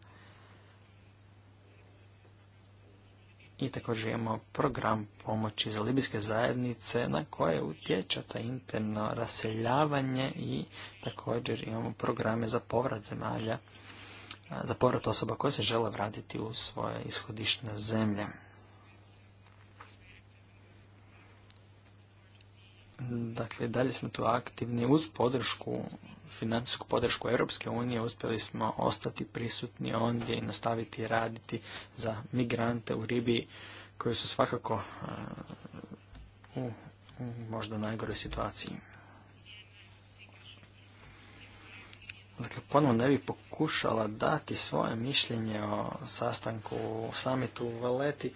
i također imamo program pomoći za libijske zajednice na koje utječe ta interno raseljavanje i također imamo programe za povrat zemalja, za povrat osoba koje se žele vratiti u svoje ishodišne zemlje. Dakle, dalje smo tu aktivni uz podršku financijsku podršku Europske unije uspjeli smo ostati prisutni ondje i nastaviti raditi za migrante u Ribiji koji su svakako e, u, možda najgoroj situaciji. Dakle, ponovno ne bi pokušala dati svoje mišljenje o sastanku, u samitu u Valeti.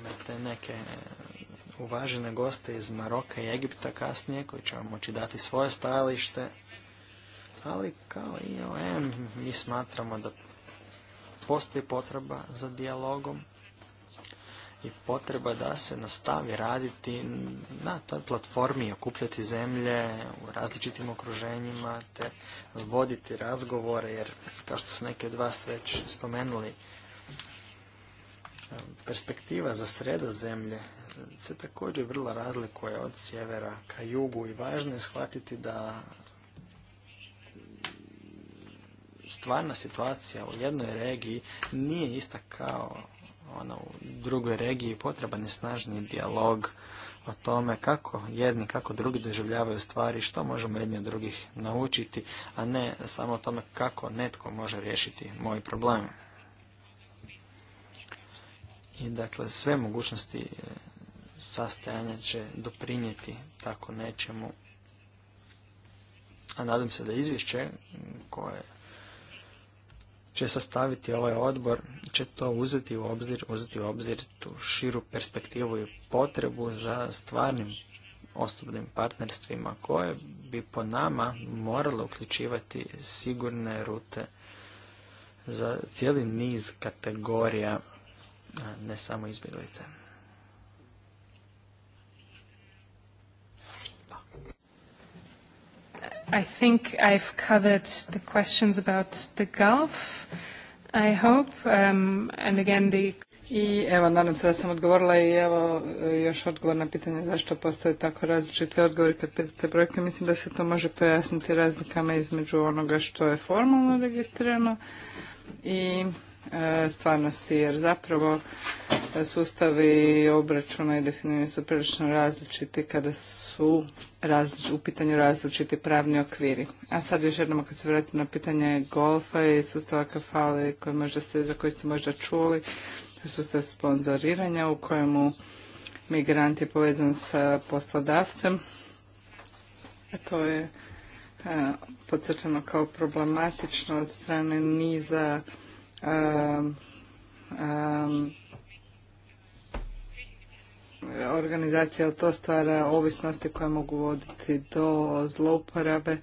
Imate neke uvažene goste iz Maroka i Egipta kasnije koji će vam moći dati svoje stajalište. Ali kao i OM mi smatramo da postoji potreba za dijalogom i potreba da se nastavi raditi na toj platformi okupljati zemlje u različitim okruženjima te voditi razgovore jer kao što su neki od vas već spomenuli perspektiva za sredo zemlje se također vrlo razlikuje od sjevera ka jugu i važno je shvatiti da stvarna situacija u jednoj regiji nije ista kao ona u drugoj regiji. Potreban je snažni dijalog o tome kako jedni, kako drugi doživljavaju stvari, što možemo jedni od drugih naučiti, a ne samo o tome kako netko može riješiti moj problem. I dakle, sve mogućnosti sastajanja će doprinijeti tako nečemu. A nadam se da izvješće koje će sastaviti ovaj odbor će to uzeti u obzir, uzeti u obzir tu širu perspektivu i potrebu za stvarnim osobnim partnerstvima koje bi po nama moralo uključivati sigurne rute za cijeli niz kategorija, ne samo izbjeglice. I think I've covered the questions about the Gulf, I hope, um, and again the... I evo, nadam se da sam odgovorila i evo još odgovor na pitanje zašto postoje tako različiti odgovori kad pitate brojke. Mislim da se to može pojasniti razlikama između onoga što je formalno registrirano i E, stvarnosti jer zapravo e, sustavi obračuna i definiranja su prilično različiti kada su u pitanju različiti pravni okviri. A sad još jednom ako se vratimo na pitanje golfa i sustava kafale koje za koji ste možda čuli, sustav sponzoriranja u kojemu migrant je povezan sa poslodavcem. to je e, podcrtano kao problematično od strane niza Ehm, ehm, organizacija, ali to stvara ovisnosti koje mogu voditi do zlouporabe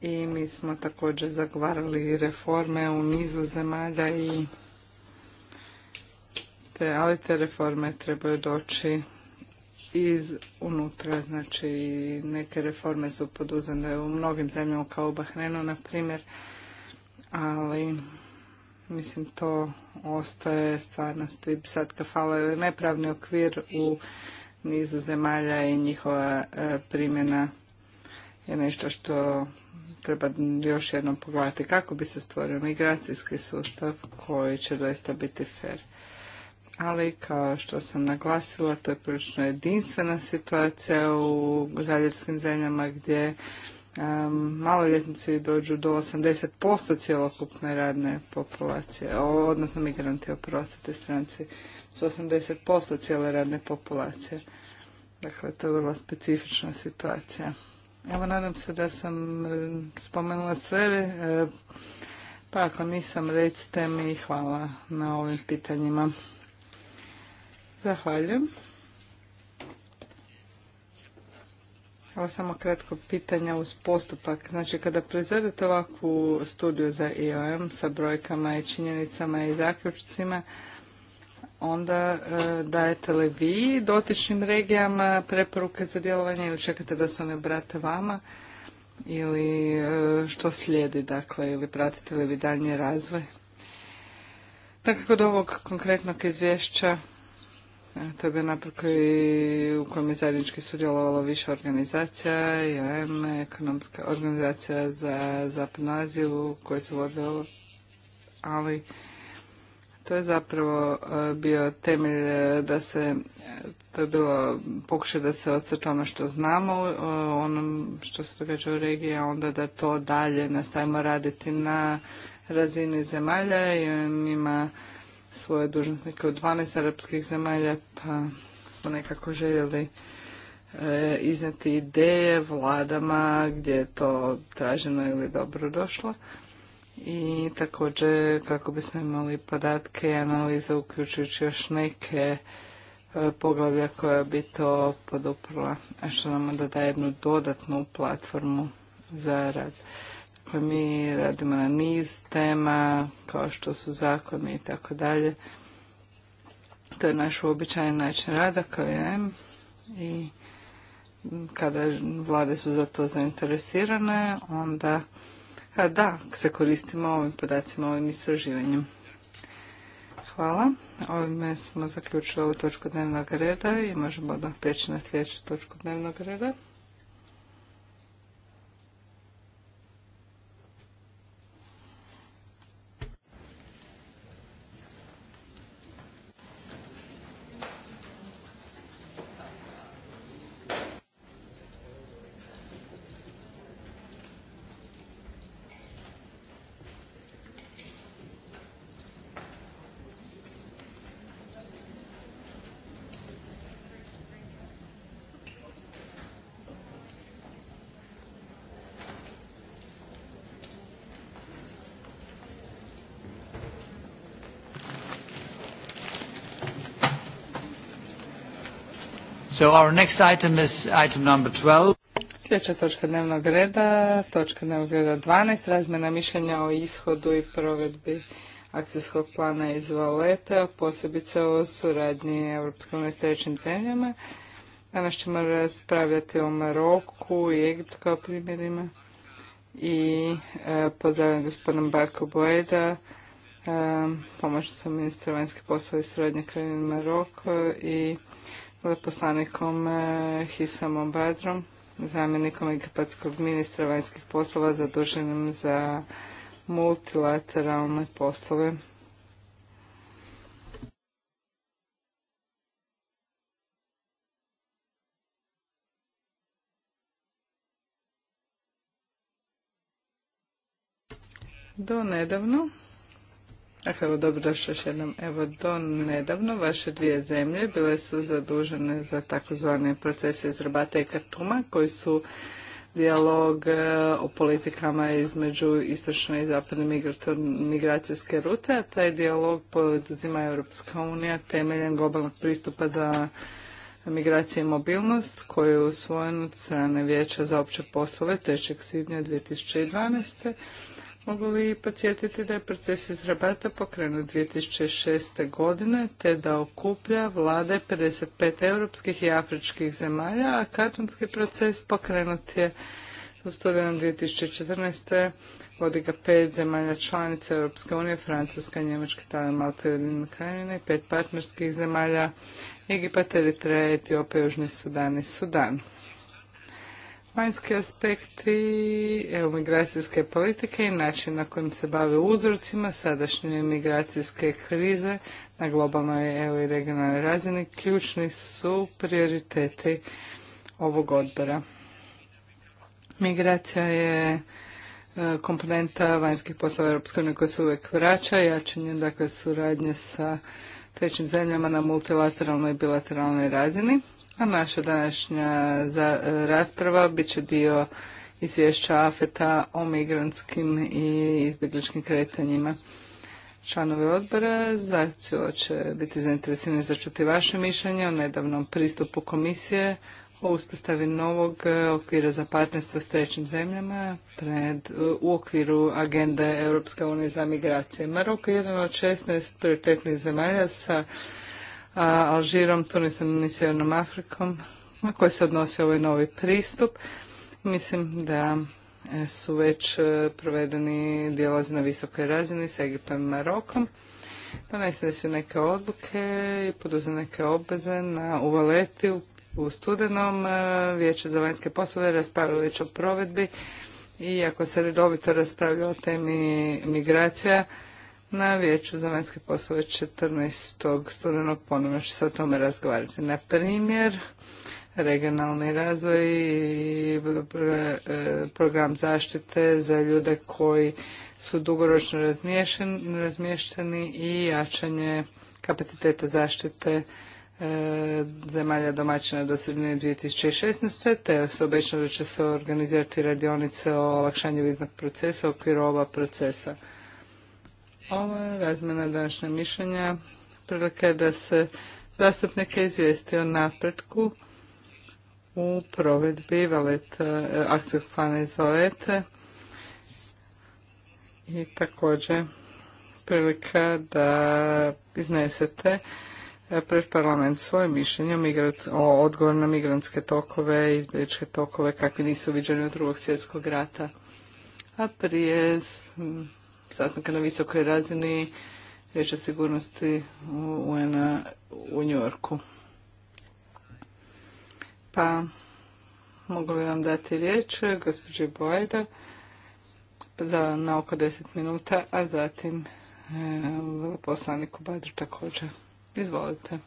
i mi smo također zagovarali reforme u nizu zemalja i te, ali te reforme trebaju doći iz unutra, znači neke reforme su poduzene u mnogim zemljama kao u Bahrenu, na primjer, ali mislim to ostaje stvarnosti sad kad fala nepravni okvir u nizu zemalja i njihova e, primjena je nešto što treba još jednom pogledati kako bi se stvorio migracijski sustav koji će doista biti fer. Ali kao što sam naglasila, to je prilično jedinstvena situacija u zaljevskim zemljama gdje maloljetnici dođu do 80% cjelokupne radne populacije, odnosno migranti, oprostite, stranci su 80% cijele radne populacije. Dakle, to je vrlo specifična situacija. Evo, nadam se da sam spomenula sve. E, pa ako nisam, recite mi hvala na ovim pitanjima. Zahvaljujem. Evo samo kratko pitanje uz postupak. Znači kada proizvedete ovakvu studiju za IOM sa brojkama i činjenicama i zaključcima, onda eh, dajete li vi dotičnim regijama preporuke za djelovanje ili čekate da se one obrate vama ili eh, što slijedi, dakle, ili pratite li vi daljnji razvoj? Dakle, kod ovog konkretnog izvješća E, to je bio u kojem je zajednički sudjelovalo više organizacija, IAM, ekonomska organizacija za Zapadnu Aziju koje su ali to je zapravo e, bio temelj e, da se, to je bilo pokušaj da se ocrta ono što znamo, onom što se događa u regiji, a onda da to dalje nastavimo raditi na razini zemalja i ima svoje dužnosnike u 12 arapskih zemalja, pa smo nekako željeli e, izneti ideje vladama gdje je to traženo ili dobro došlo. I također kako bismo imali podatke i analize uključujući još neke e, poglavlja koja bi to poduprla, što nam daje jednu dodatnu platformu za rad. Dakle, mi radimo na niz tema, kao što su zakoni i tako dalje. To je naš uobičajen način rada kao je i kada vlade su za to zainteresirane, onda da, se koristimo ovim podacima, ovim istraživanjem. Hvala. Ovime smo zaključili ovu točku dnevnog reda i možemo odmah prijeći na sljedeću točku dnevnog reda. So our next item is item number 12. Sljedeća točka dnevnog reda, točka dnevnog reda 12, razmjena mišljenja o ishodu i provedbi akcijskog plana iz Valeta, posebice o suradnji europskom unije s trećim zemljama. Danas ćemo raspravljati o Maroku i Egiptu kao primjerima i e, pozdravljam gospodina Barko Boeda, e, pomoćnicom ministra vanjske poslova i suradnje Kraljevine Maroko i veleposlanikom e, Hisamom Badrom, zamjenikom egipatskog ministra vanjskih poslova zaduženim za multilateralne poslove. Do nedavno Dakle, evo dobro još jednom. Evo, do nedavno vaše dvije zemlje bile su zadužene za takozvane procese iz Rabata i Kartuma, koji su dijalog e, o politikama između istočne i zapadne migracijske rute, a taj dijalog poduzima Europska unija temeljem globalnog pristupa za migracije i mobilnost koji je usvojen od strane Vijeća za opće poslove 3. svibnja 2012 Mogu li podsjetiti da je proces iz rabata pokrenut 2006. godine te da okuplja vlade 55 europskih i afričkih zemalja, a kartonski proces pokrenut je u studenom 2014. vodi ga pet zemalja članica Europske unije, Francuska, Njemačka, Italija, Malta, i i pet partnerskih zemalja, Egipat, Eritreja, Etiopija, Južni Sudan i Sudan. Vanjski aspekti EU migracijske politike i način na kojim se bave uzrocima sadašnje migracijske krize na globalnoj i regionalnoj razini ključni su prioriteti ovog odbora. Migracija je e, komponenta vanjskih poslova Europske unije koja se uvijek vraća, jačanje dakle suradnje sa trećim zemljama na multilateralnoj i bilateralnoj razini. A naša današnja e, rasprava bit će dio izvješća AFETA o migrantskim i izbjegličkim kretanjima. Članovi odbora cijelo će biti zainteresirani za vaše mišljenje o nedavnom pristupu komisije o uspostavi novog e, okvira za partnerstvo s trećim zemljama pred, e, u okviru agende Europske unije za migracije. Maroko je jedan od 16 prioritetnih zemalja sa Alžirom, Tunisom i Sjevernom Afrikom na koje se odnosi ovaj novi pristup. Mislim da e, su već e, provedeni dijelazi na visokoj razini sa Egiptom i Marokom. Donesene su neke odluke i poduze neke obveze na uvaleti u studenom. E, Vijeće za vanjske poslove raspravljaju već o provedbi i ako se redovito raspravlja o temi migracija, na vijeću za vanjske poslove 14. studenog ponovno će se o tome razgovarati. Na primjer, regionalni razvoj i e, program zaštite za ljude koji su dugoročno razmješteni i jačanje kapaciteta zaštite e, zemalja domaćina do sredine 2016. te se obećano da će se organizirati radionice o olakšanju viznog procesa u okviru oba procesa. Ovo je razmjena današnja mišljenja. Prilika je da se zastupnike izvijesti o napretku u provedbi valeta, e, akcijog plana iz valete i također prilika da iznesete e, pred parlament svoje mišljenje o odgovor na migrantske tokove, izbjegličke tokove kakvi nisu viđeni od drugog svjetskog rata. A prije sastanka na visokoj razini Vijeća sigurnosti UN-a u Njorku. Pa, mogu li vam dati riječ, gospođi Bojda, za na oko deset minuta, a zatim e, poslaniku Badru također. Izvolite.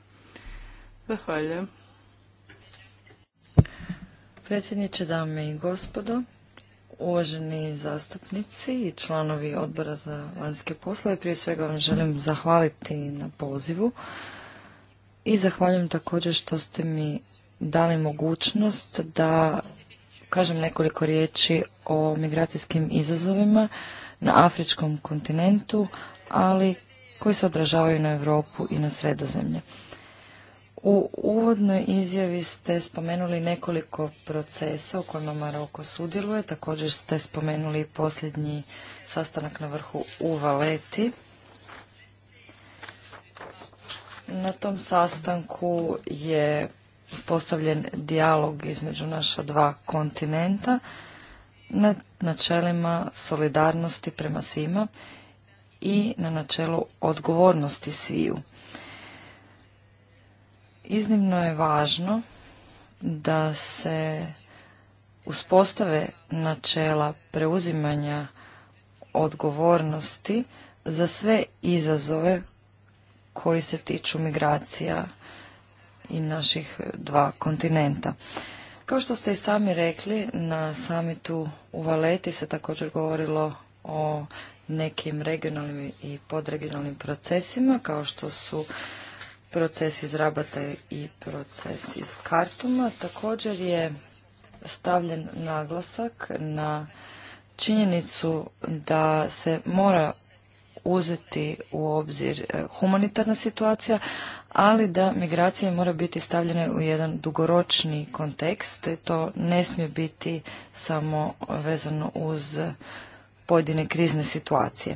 Zahvaljujem. Predsjedniče, dame i gospodo, Uvaženi zastupnici i članovi odbora za vanjske poslove, prije svega vam želim zahvaliti na pozivu i zahvaljujem također što ste mi dali mogućnost da kažem nekoliko riječi o migracijskim izazovima na afričkom kontinentu, ali koji se odražavaju na Europu i na sredozemlje. U uvodnoj izjavi ste spomenuli nekoliko procesa u kojima Maroko sudjeluje. Također ste spomenuli i posljednji sastanak na vrhu u Valeti. Na tom sastanku je uspostavljen dijalog između naša dva kontinenta na načelima solidarnosti prema svima i na načelu odgovornosti sviju. Iznimno je važno da se uspostave načela preuzimanja odgovornosti za sve izazove koji se tiču migracija i naših dva kontinenta. Kao što ste i sami rekli, na samitu u Valeti se također govorilo o nekim regionalnim i podregionalnim procesima, kao što su proces iz Rabata i proces iz Kartuma. Također je stavljen naglasak na činjenicu da se mora uzeti u obzir e, humanitarna situacija, ali da migracije mora biti stavljene u jedan dugoročni kontekst. E, to ne smije biti samo vezano uz pojedine krizne situacije.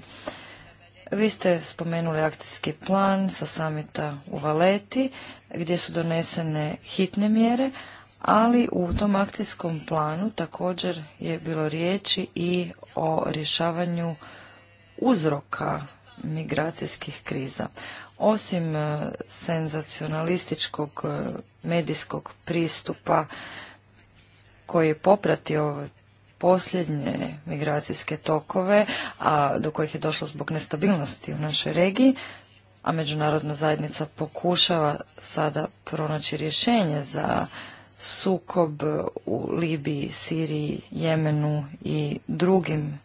Vi ste spomenuli akcijski plan sa samita u Valeti gdje su donesene hitne mjere, ali u tom akcijskom planu također je bilo riječi i o rješavanju uzroka migracijskih kriza. Osim e, senzacionalističkog e, medijskog pristupa koji je popratio posljednje migracijske tokove, a do kojih je došlo zbog nestabilnosti u našoj regiji, a međunarodna zajednica pokušava sada pronaći rješenje za sukob u Libiji, Siriji, Jemenu i drugim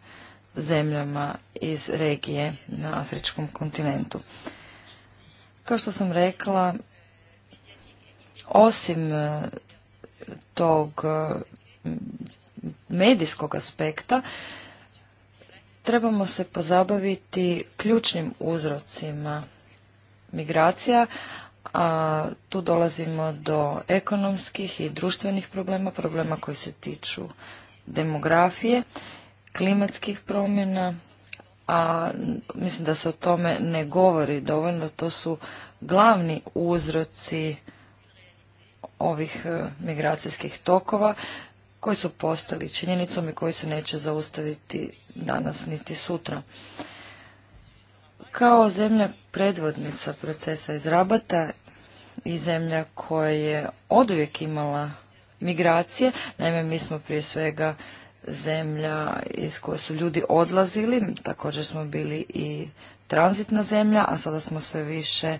zemljama iz regije na afričkom kontinentu. Kao što sam rekla, osim tog medijskog aspekta, trebamo se pozabaviti ključnim uzrocima migracija, a tu dolazimo do ekonomskih i društvenih problema, problema koji se tiču demografije, klimatskih promjena, a mislim da se o tome ne govori dovoljno, to su glavni uzroci ovih eh, migracijskih tokova koji su postali činjenicom i koji se neće zaustaviti danas niti sutra. Kao zemlja predvodnica procesa iz Rabata i zemlja koja je oduvijek imala migracije, naime mi smo prije svega zemlja iz koje su ljudi odlazili, također smo bili i tranzitna zemlja, a sada smo sve više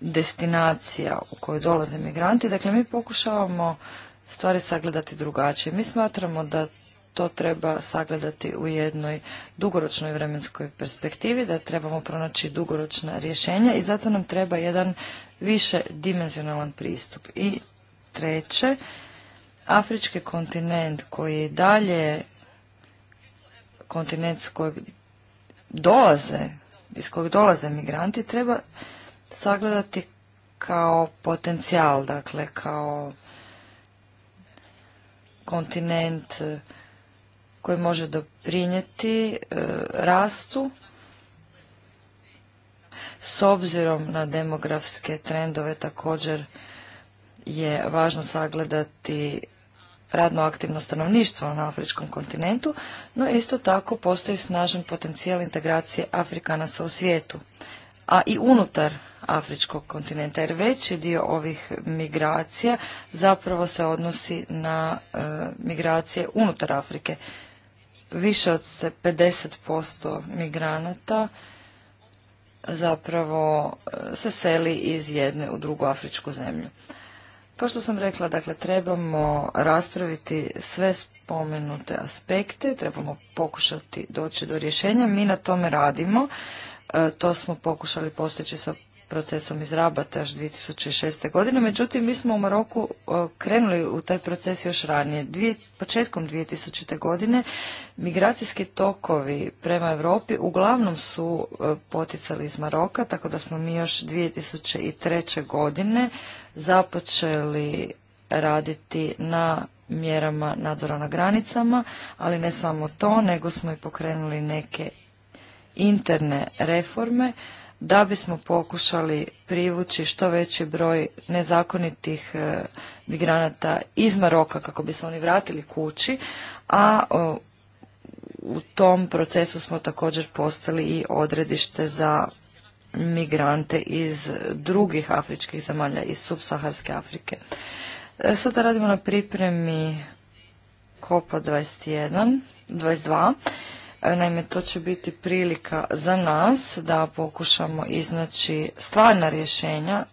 destinacija u koju dolaze migranti. Dakle, mi pokušavamo stvari sagledati drugačije. Mi smatramo da to treba sagledati u jednoj dugoročnoj vremenskoj perspektivi, da trebamo pronaći dugoročna rješenja i zato nam treba jedan više dimenzionalan pristup. I treće, afrički kontinent koji je dalje kontinent s kojeg dolaze, iz kojeg dolaze migranti, treba sagledati kao potencijal, dakle kao kontinent e, koji može doprinjeti e, rastu s obzirom na demografske trendove također je važno sagledati radno aktivno stanovništvo na afričkom kontinentu, no isto tako postoji snažan potencijal integracije Afrikanaca u svijetu, a i unutar afričkog kontinenta jer veći dio ovih migracija zapravo se odnosi na e, migracije unutar Afrike. Više od se 50% migranata zapravo e, se seli iz jedne u drugu afričku zemlju. Kao što sam rekla, dakle, trebamo raspraviti sve spomenute aspekte, trebamo pokušati doći do rješenja. Mi na tome radimo. E, to smo pokušali postići sa procesom iz Rabata još 2006. godine. Međutim, mi smo u Maroku e, krenuli u taj proces još ranije. Dvije, početkom 2000. godine migracijski tokovi prema Europi uglavnom su e, poticali iz Maroka, tako da smo mi još 2003. godine započeli raditi na mjerama nadzora na granicama, ali ne samo to, nego smo i pokrenuli neke interne reforme da bismo pokušali privući što veći broj nezakonitih e, migranata iz Maroka kako bi se oni vratili kući, a e, u tom procesu smo također postali i odredište za migrante iz drugih afričkih zemalja, iz subsaharske Afrike. E, sada radimo na pripremi COPA 21, 22 Naime, to će biti prilika za nas da pokušamo iznaći stvarna rješenja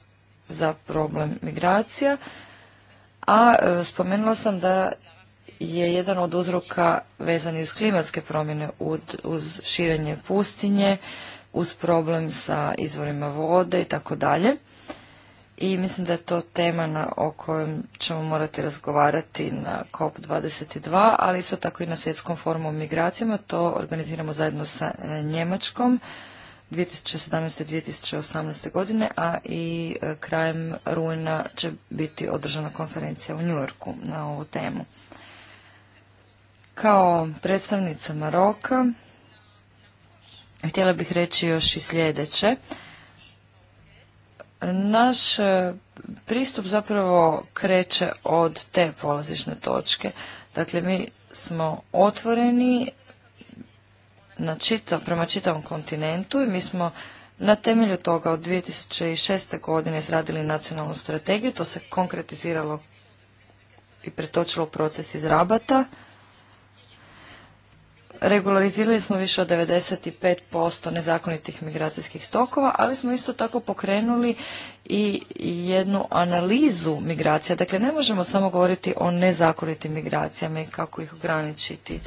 za problem migracija, a e, spomenula sam da je jedan od uzroka vezan iz klimatske promjene uz širenje pustinje, uz problem sa izvorima vode i tako dalje i mislim da je to tema na, o kojem ćemo morati razgovarati na COP22, ali isto tako i na svjetskom forumu o migracijama. To organiziramo zajedno sa e, Njemačkom 2017. i 2018. godine, a i e, krajem rujna će biti održana konferencija u Njujorku na ovu temu. Kao predstavnica Maroka htjela bih reći još i sljedeće. Naš e, pristup zapravo kreće od te polazišne točke. Dakle, mi smo otvoreni na prema čitavom kontinentu i mi smo na temelju toga od 2006. godine izradili nacionalnu strategiju. To se konkretiziralo i pretočilo u proces izrabata. Regularizirali smo više od 95% nezakonitih migracijskih tokova, ali smo isto tako pokrenuli i jednu analizu migracija. Dakle, ne možemo samo govoriti o nezakonitim migracijama i kako ih ograničiti.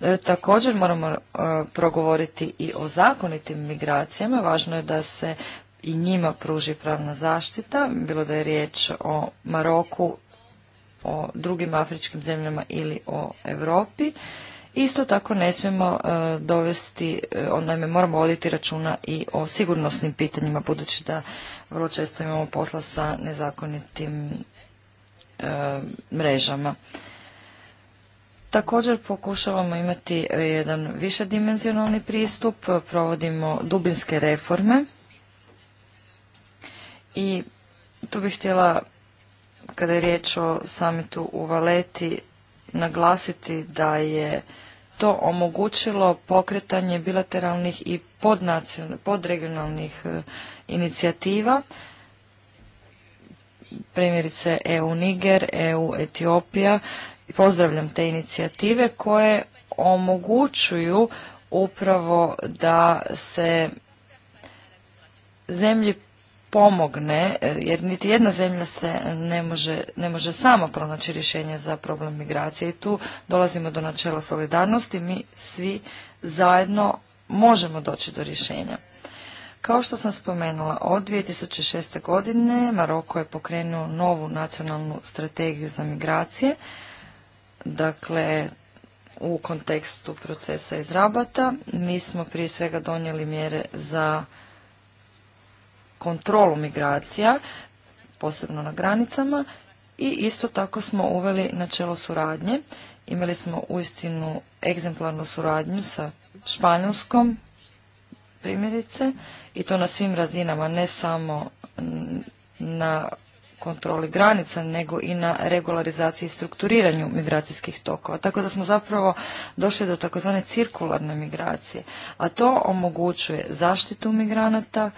E, također moramo e, progovoriti i o zakonitim migracijama. Važno je da se i njima pruži pravna zaštita, bilo da je riječ o Maroku, o drugim afričkim zemljama ili o Europi. Isto tako ne smijemo e, dovesti, e, naime moramo voditi računa i o sigurnosnim pitanjima, budući da vrlo često imamo posla sa nezakonitim e, mrežama. Također pokušavamo imati jedan višedimenzionalni pristup, provodimo dubinske reforme i tu bih htjela, kada je riječ o samitu u Valeti, naglasiti da je to omogućilo pokretanje bilateralnih i podregionalnih e, inicijativa, primjerice EU Niger, EU Etiopija. Pozdravljam te inicijative koje omogućuju upravo da se zemlji pomogne, e, jer niti jedna zemlja se ne može, ne može sama pronaći rješenje za problem migracije i tu dolazimo do načela solidarnosti, mi svi zajedno možemo doći do rješenja. Kao što sam spomenula, od 2006. godine Maroko je pokrenuo novu nacionalnu strategiju za migracije, dakle u kontekstu procesa iz rabata. Mi smo prije svega donijeli mjere za kontrolu migracija, posebno na granicama i isto tako smo uveli načelo suradnje. Imali smo uistinu egzemplarnu suradnju sa Španjolskom, primjerice, i to na svim razinama, ne samo na kontroli granica, nego i na regularizaciji i strukturiranju migracijskih tokova. Tako da smo zapravo došli do takozvane cirkularne migracije, a to omogućuje zaštitu migranata,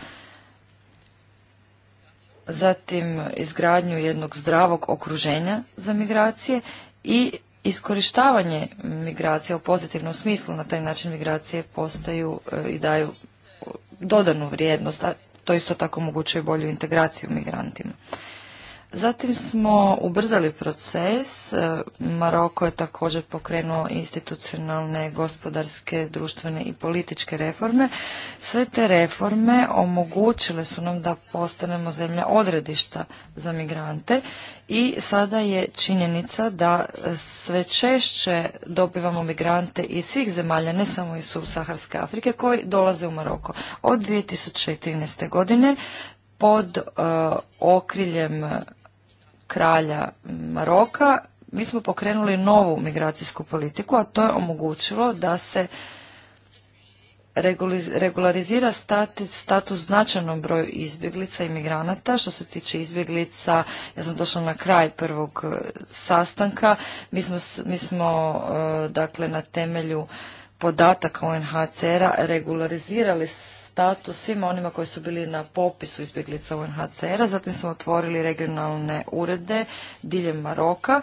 zatim izgradnju jednog zdravog okruženja za migracije i iskorištavanje migracija u pozitivnom smislu. Na taj način migracije postaju e, i daju dodanu vrijednost, a to isto tako omogućuje bolju integraciju migrantima. Zatim smo ubrzali proces. E, Maroko je također pokrenuo institucionalne, gospodarske, društvene i političke reforme. Sve te reforme omogućile su nam da postanemo zemlja odredišta za migrante i sada je činjenica da sve češće dobivamo migrante iz svih zemalja, ne samo iz subsaharske Afrike, koji dolaze u Maroko. Od 2013. godine pod e, okriljem kralja Maroka, mi smo pokrenuli novu migracijsku politiku, a to je omogućilo da se regularizira status značajnom broju izbjeglica i migranata. Što se tiče izbjeglica, ja sam došla na kraj prvog e, sastanka. Mi smo, e, dakle, na temelju podataka UNHCR-a regularizirali status svima onima koji su bili na popisu izbjeglica UNHCR-a. Zatim smo otvorili regionalne urede diljem Maroka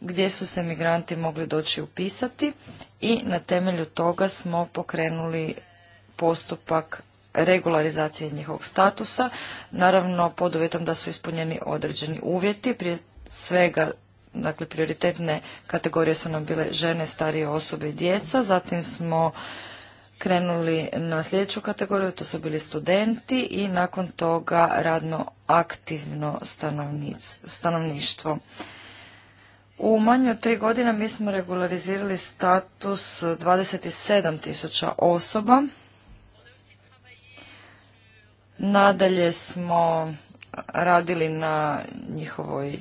gdje su se migranti mogli doći upisati i na temelju toga smo pokrenuli postupak regularizacije njihovog statusa, naravno pod uvjetom da su ispunjeni određeni uvjeti, prije svega dakle prioritetne kategorije su nam bile žene, starije osobe i djeca, zatim smo krenuli na sljedeću kategoriju, to su bili studenti i nakon toga radno aktivno stanovništvo. U manje od tri godina mi smo regularizirali status 27 tisuća osoba. Nadalje smo radili na njihovoj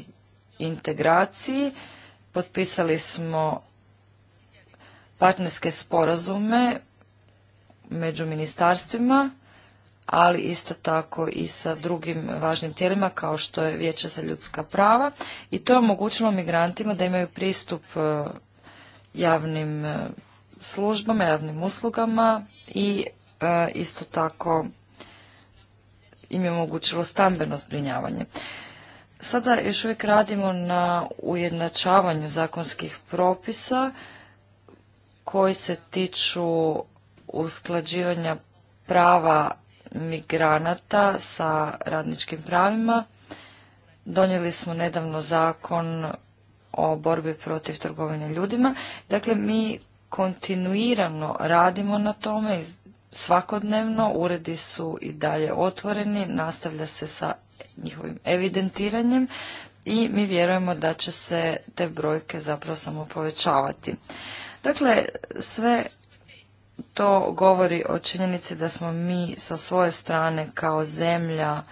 integraciji. Potpisali smo partnerske sporazume među ministarstvima, ali isto tako i sa drugim važnim tijelima kao što je Vijeće za ljudska prava i to je omogućilo migrantima da imaju pristup e, javnim e, službama, javnim uslugama i e, isto tako im je omogućilo stambeno zbrinjavanje. Sada još uvijek radimo na ujednačavanju zakonskih propisa koji se tiču usklađivanja prava migranata sa radničkim pravima. Donijeli smo nedavno zakon o borbi protiv trgovine ljudima. Dakle, mi kontinuirano radimo na tome svakodnevno, uredi su i dalje otvoreni, nastavlja se sa njihovim evidentiranjem i mi vjerujemo da će se te brojke zapravo samo povećavati. Dakle, sve to govori o činjenici da smo mi sa svoje strane kao zemlja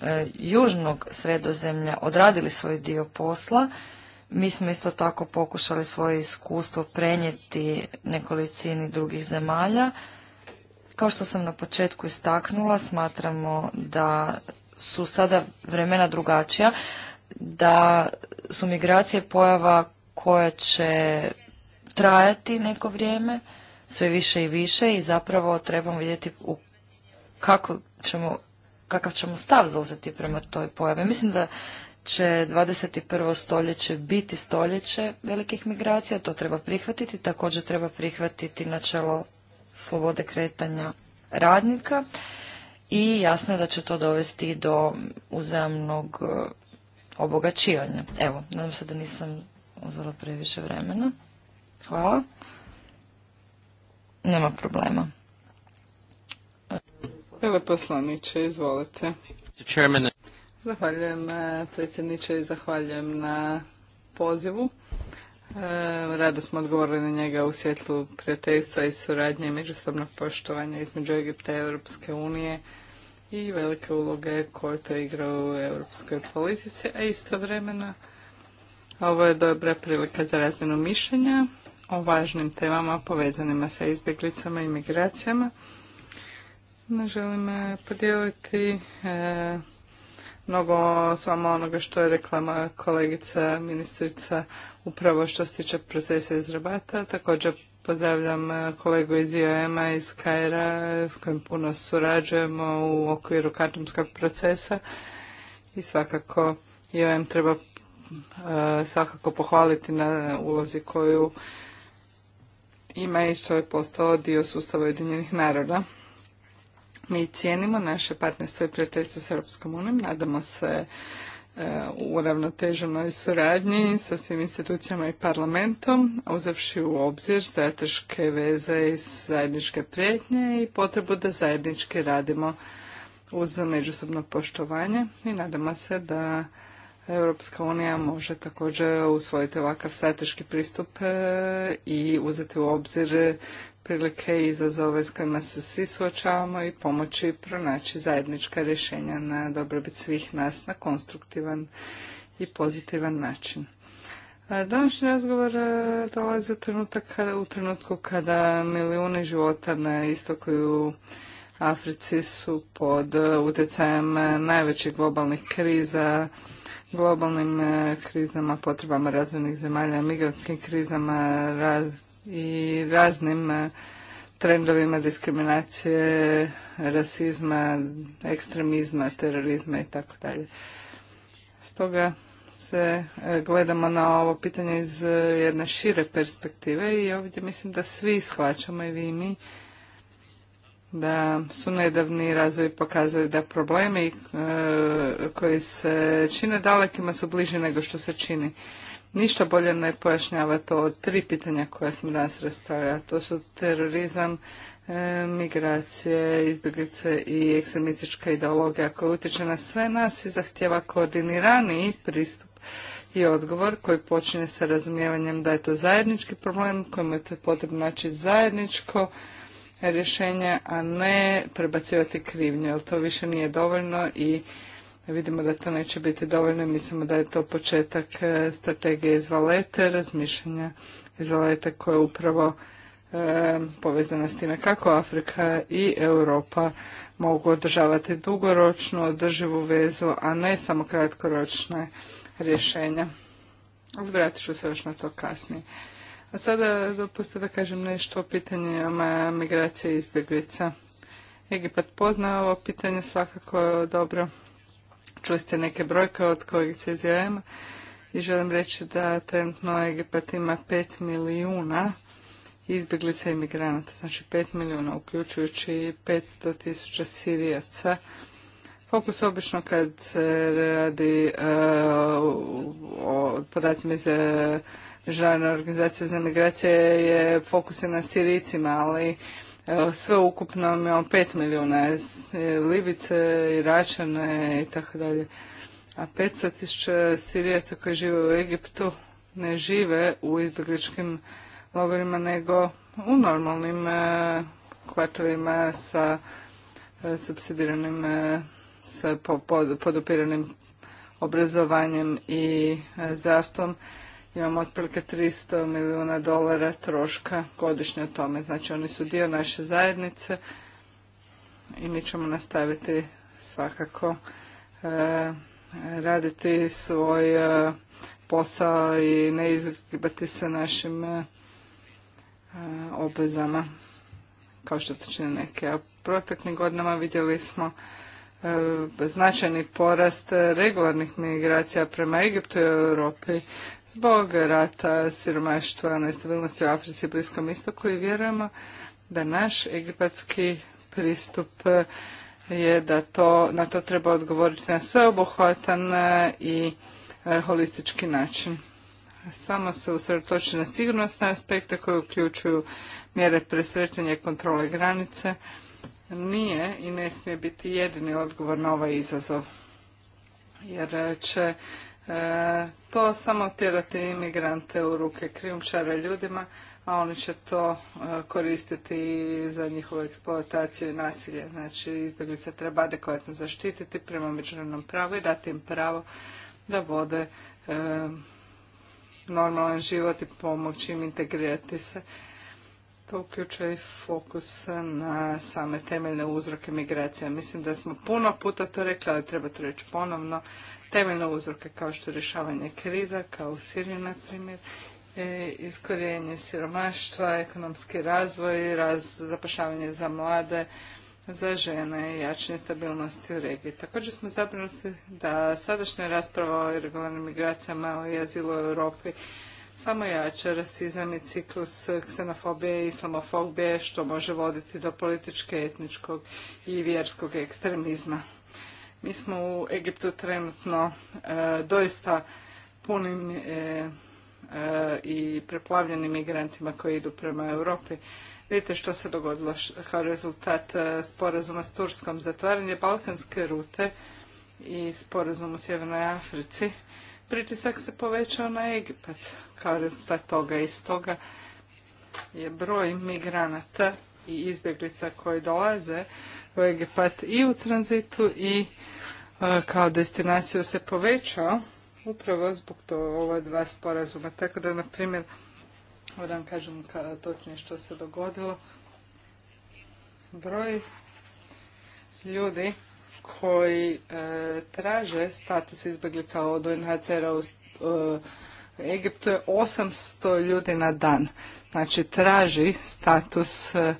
e, južnog sredozemlja odradili svoj dio posla. Mi smo isto tako pokušali svoje iskustvo prenijeti nekolicini drugih zemalja. Kao što sam na početku istaknula, smatramo da su sada vremena drugačija, da su migracije pojava koja će trajati neko vrijeme, sve više i više i zapravo trebamo vidjeti u kako ćemo, kakav ćemo stav zauzeti prema toj pojavi. Mislim da će 21. stoljeće biti stoljeće velikih migracija, to treba prihvatiti, također treba prihvatiti načelo slobode kretanja radnika i jasno je da će to dovesti do uzajamnog e, obogaćivanja. Evo, nadam se da nisam uzela previše vremena. Hvala. Nema problema. Veleposlaniče, izvolite. Zahvaljujem eh, predsjedniče i zahvaljujem na pozivu. Eh, rado smo odgovorili na njega u svjetlu prijateljstva i suradnje i međusobnog poštovanja između Egipta i Europske unije i velike uloge koje to igra u europskoj politici, a vremena ovo je dobra prilika za razmjenu mišljenja o važnim temama povezanima sa izbjeglicama i migracijama. Želim e, podijeliti e, mnogo s vama onoga što je rekla moja kolegica ministrica upravo što se tiče procesa iz rabata. Također pozdravljam e, kolegu iz IOM-a iz Kaira s kojim puno surađujemo u okviru kartumskog procesa i svakako IOM treba svakako pohvaliti na ulozi koju ima i što je postao dio sustava Ujedinjenih naroda. Mi cijenimo naše partnerstvo i prijateljstvo s Europskom unijom. Nadamo se e, u uravnoteženoj suradnji sa svim institucijama i parlamentom, uzavši u obzir strateške veze i zajedničke prijetnje i potrebu da zajednički radimo uz međusobno poštovanje i nadamo se da Europska unija može također usvojiti ovakav strateški pristup e, i uzeti u obzir prilike i izazove s kojima se svi suočavamo i pomoći pronaći zajednička rješenja na dobrobit svih nas na konstruktivan i pozitivan način. E, današnji razgovor e, dolazi u, trenutak kada, u trenutku kada milijuni života na istoku i Africi su pod utjecajem najvećih globalnih kriza, globalnim e, krizama, potrebama razvojnih zemalja, migrantskim krizama raz, i raznim e, trendovima diskriminacije, rasizma, ekstremizma, terorizma i tako dalje. Stoga se e, gledamo na ovo pitanje iz jedne šire perspektive i ovdje mislim da svi shvaćamo i vi i mi da su nedavni razvoji pokazali da problemi e, koji se čine dalekima su bliži nego što se čini. Ništa bolje ne pojašnjava to od tri pitanja koja smo danas raspravljali. To su terorizam, e, migracije, izbjeglice i ekstremistička ideologija koja utječe na sve nas i zahtjeva koordinirani pristup i odgovor koji počinje sa razumijevanjem da je to zajednički problem kojem je potrebno naći zajedničko rješenje, a ne prebacivati krivnju, jer to više nije dovoljno i vidimo da to neće biti dovoljno. i Mislimo da je to početak e, strategije iz valete, razmišljanja iz valete koja je upravo e, povezana s time kako Afrika i Europa mogu održavati dugoročnu održivu vezu, a ne samo kratkoročne rješenja. Vratit ću se još na to kasnije. A sada dopustite da kažem nešto o pitanjima migracije i izbjeglica. Egipat pozna ovo pitanje svakako dobro. Čuli ste neke brojke od kolegice iz i želim reći da trenutno Egipat ima 5 milijuna izbjeglica i migranata, znači 5 milijuna, uključujući 500 tisuća sirijaca. Fokus obično kad se radi e, o podacima iz e, Međunarodna organizacija za migracije je fokus na Sirijcima, ali e, sve ukupno imamo 5 milijuna e, Libice, Iračane i tako dalje. A 500 tisuća Sirijaca koji žive u Egiptu ne žive u izbjegličkim logorima nego u normalnim e, kvartovima sa subsidiranim sa podupiranim obrazovanjem i zdravstvom imamo otprilike 300 milijuna dolara troška godišnje o tome. Znači oni su dio naše zajednice i mi ćemo nastaviti svakako e, raditi svoj e, posao i ne izgibati se našim e, obvezama kao što to čine neke. A proteklim godinama vidjeli smo E, značajni porast regularnih migracija prema Egiptu i Europi zbog rata, siromaštva, nestabilnosti u Africi i Bliskom istoku i vjerujemo da naš egipatski pristup je da to, na to treba odgovoriti na sveobuhvatan e, i e, holistički način. Samo se usredotoči na sigurnosne aspekte koje uključuju mjere presretanja kontrole granice, nije i ne smije biti jedini odgovor na ovaj izazov. Jer će e, to samo tjerati imigrante u ruke krijumčara ljudima, a oni će to e, koristiti za njihovu eksploataciju i nasilje. Znači, izbjeglice treba adekvatno zaštititi prema međunarodnom pravu i dati im pravo da vode e, normalan život i pomoći im integrirati se to pa uključuje fokus na same temeljne uzroke migracija. Mislim da smo puno puta to rekli, ali treba to reći ponovno. Temeljne uzroke kao što je rješavanje kriza, kao u Siriji, na primjer, e, siromaštva, ekonomski razvoj, raz, zapošljavanje za mlade, za žene i jačanje stabilnosti u regiji. Također smo zabrinuti da sadašnja rasprava o regularnim migracijama i azilu u Europi samo jače rasizam i ciklus ksenofobije i islamofobije što može voditi do političke, etničkog i vjerskog ekstremizma. Mi smo u Egiptu trenutno e, doista punim e, e, i preplavljenim migrantima koji idu prema Europi. Vidite što se dogodilo kao rezultat sporazuma s Turskom. Zatvaranje balkanske rute i sporazum u Sjevernoj Africi pritisak se povećao na Egipat. Kao rezultat toga i stoga je broj migranata i izbjeglica koji dolaze u Egipat i u tranzitu i e, kao destinaciju se povećao upravo zbog to ova dva sporazuma. Tako da, na primjer, moram kažem točnije što se dogodilo, broj ljudi koji e, traže status izbjeglica od UNHCR-a u e, Egiptu je 800 ljudi na dan. Znači traži status e,